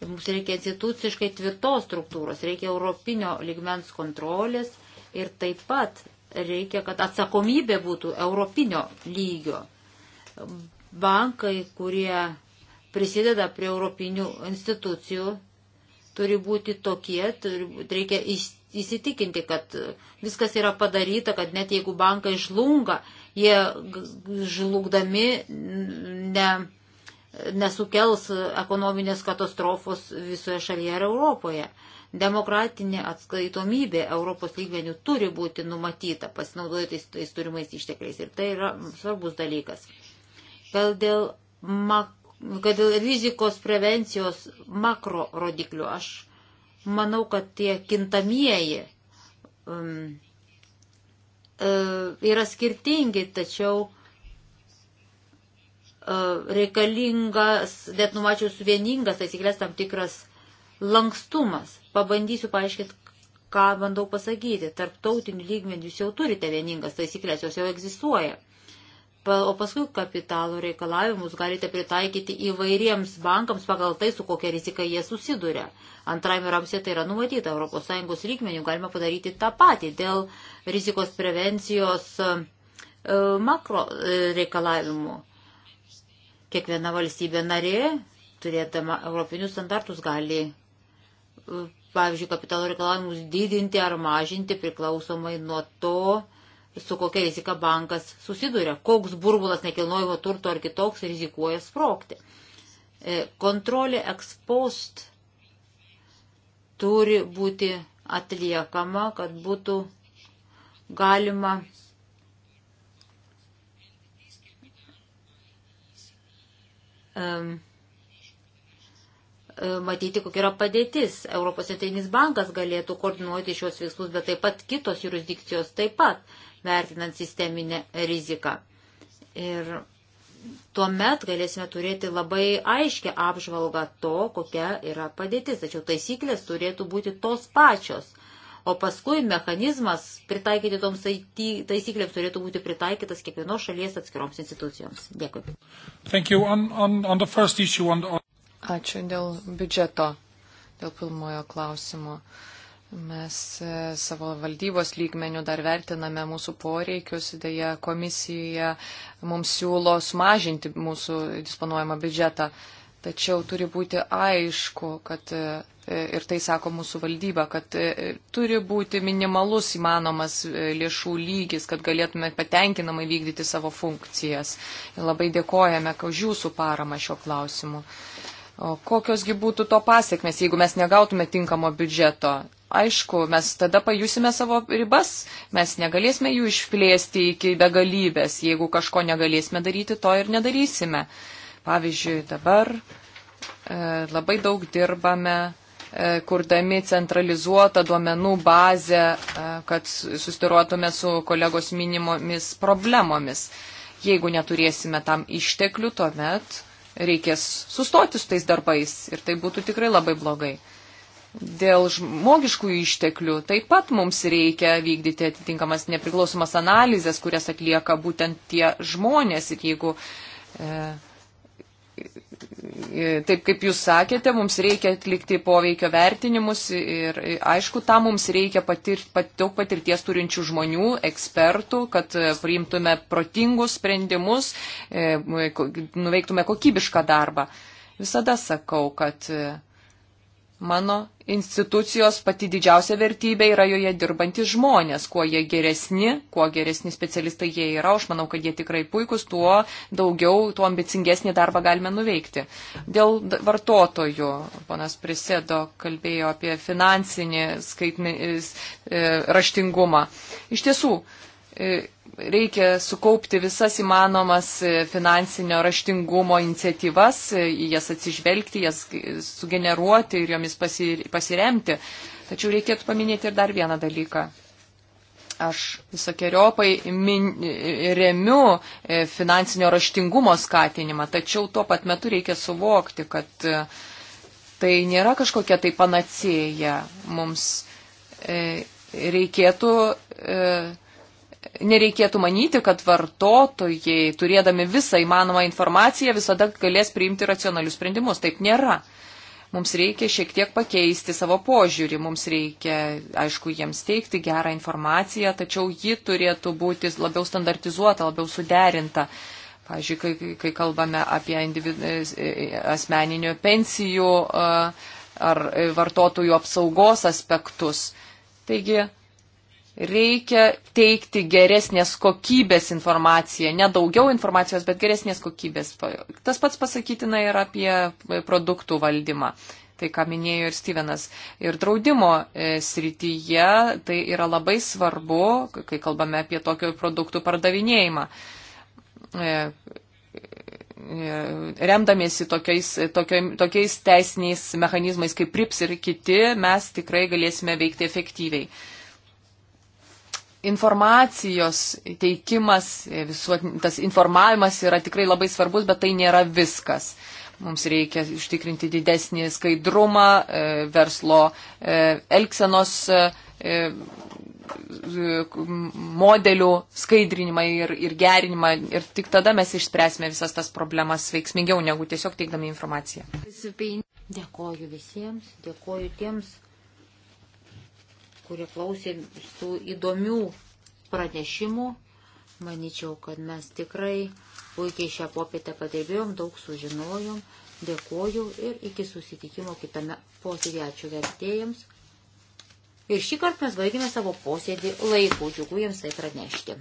Mums reikia instituciškai tvirtos struktūros, reikia europinio ligmens kontrolės ir taip pat reikia, kad atsakomybė būtų europinio lygio. Bankai, kurie prisideda prie europinių institucijų, turi būti tokie, turi, reikia įsitikinti, kad viskas yra padaryta, kad net jeigu bankai žlunga, jie žlugdami ne, nesukels ekonominės katastrofos visoje šalyje ir Europoje. Demokratinė atskaitomybė Europos lygmenių turi būti numatyta, pasinaudojotais tais turimais ištekliais. Ir tai yra svarbus dalykas. Gal dėl mak kad dėl rizikos prevencijos makro rodiklių aš manau, kad tie kintamieji um, e, yra skirtingi, tačiau uh, reikalingas, net numačius vieningas taisyklės tam tikras lankstumas. Pabandysiu paaiškinti, ką bandau pasakyti. Tarptautinių lygmenių jūs jau turite vieningas taisyklės, jos jau egzistuoja o paskui kapitalo reikalavimus galite pritaikyti įvairiems bankams pagal tai, su kokia rizika jie susiduria. Antrajame ramsė tai yra numatyta, ES lygmenių galima padaryti tą patį dėl rizikos prevencijos e, e, makro e, reikalavimų. Kiekviena valstybė narė, turėdama europinius standartus, gali, pavyzdžiui, kapitalo reikalavimus didinti ar mažinti priklausomai nuo to, su kokia rizika bankas susiduria, koks burbulas nekilnojimo turto ar kitoks rizikuoja sprokti. E, kontrolė ekspost turi būti atliekama, kad būtų galima um, matyti, kokia yra padėtis. Europos centrinis bankas galėtų koordinuoti šios veiksmus, bet taip pat kitos jurisdikcijos taip pat vertinant sisteminę riziką. Ir tuomet galėsime turėti labai aiškę apžvalgą to, kokia yra padėtis. Tačiau taisyklės turėtų būti tos pačios. O paskui mechanizmas pritaikyti toms taisyklėms turėtų būti pritaikytas kiekvienos šalies atskiroms institucijoms. Dėkui. On, on, on issue, on the... Ačiū dėl biudžeto, dėl pilmojo klausimo. Uh, Mes e, savo valdybos lygmenių dar vertiname mūsų poreikius, dėja komisija mums siūlo sumažinti mūsų disponuojamą biudžetą. Tačiau turi būti aišku, kad e, e, ir tai sako mūsų valdyba, kad turi būti minimalus įmanomas lėšų lygis, kad galėtume patenkinamai vykdyti savo funkcijas. Labai dėkojame už jūsų paramą šio klausimu. O kokiosgi būtų to pasiekmes, jeigu mes negautume tinkamo biudžeto? aišku, mes tada pajusime savo ribas, mes negalėsime jų išplėsti iki begalybės, jeigu kažko negalėsime daryti, to ir nedarysime. Pavyzdžiui, dabar e, labai daug dirbame e, kurdami centralizuotą duomenų bazę, e, kad susidurotume su kolegos minimomis problemomis. Jeigu neturėsime tam išteklių, tuomet reikės sustoti su tais darbais ir tai būtų tikrai labai blogai dėl žmogiškų išteklių taip pat mums reikia vykdyti atitinkamas nepriklausomas analizės, kurias atlieka būtent tie žmonės. Ir jeigu, e, e taip kaip jūs sakėte, mums reikia atlikti poveikio vertinimus ir e, aišku, tam mums reikia patir, pat, daug patirties turinčių žmonių, ekspertų, kad e, priimtume protingus sprendimus, e, nuveiktume kokybišką darbą. Visada sakau, kad e, Mano institucijos pati didžiausia vertybė yra joje dirbantys žmonės. Kuo jie geresni, kuo geresni specialistai jie yra, aš manau, kad jie tikrai puikus, tuo daugiau, tuo ambicingesnį darbą galime nuveikti. Dėl vartotojų, ponas Prisėdo kalbėjo apie finansinį skaitmenį e, raštingumą. Iš tiesų, E, reikia sukaupti visas įmanomas e, finansinio raštingumo iniciatyvas, e, jas atsižvelgti, jas sugeneruoti ir jomis pasiremti. Tačiau reikėtų paminėti ir dar vieną dalyką. Aš visokiojopai remiu finansinio raštingumo skatinimą, tačiau tuo pat metu reikia suvokti, kad tai nėra kažkokia tai panacėja. Mums reikėtų nereikėtų manyti, kad vartotojai, turėdami visą įmanomą informaciją, visada galės priimti racionalius sprendimus. Taip nėra. Mums reikia šiek tiek pakeisti savo požiūrį, mums reikia, aišku, jiems teikti gerą informaciją, tačiau ji turėtų būti labiau standartizuota, labiau suderinta. Pavyzdžiui, kai, kai kalbame apie individu, asmeninio pensijų ar vartotojų apsaugos aspektus. Taigi, Reikia teikti geresnės kokybės informaciją, ne daugiau informacijos, bet geresnės kokybės. Tas pats pasakytina ir apie e, produktų valdymą tai ką minėjo ir Stevenas. Ir draudimo e, srityje tai yra labai svarbu, kai kalbame apie tokių produktų pardavinėjimą. E, remdamiesi tokiais, tokiais, tokiais teisiniais mechanizmais kaip PRIPS ir kiti, mes tikrai galėsime veikti efektyviai informacijos teikimas, visuotintas informavimas yra tikrai labai svarbus, bet tai nėra viskas. Mums reikia ištikrinti didesnį skaidrumą, e, verslo e, elksenos e, modelių skaidrinimą ir, ir gerinimą ir tik tada mes išspręsime visas tas problemas veiksmingiau negu tiesiog teikdami informaciją. Dėkoju visiems, dėkoju tiems kurie klausė tų įdomių pranešimų. Maničiau, kad mes tikrai puikiai šią popietę padirbėjom, daug sužinojom. Dėkoju ir iki susitikimo kitame posėdėje. Ačiū vertėjams. Ir šį kartą mes baigėme savo posėdį laiku, džiugu jiems tai pranešti.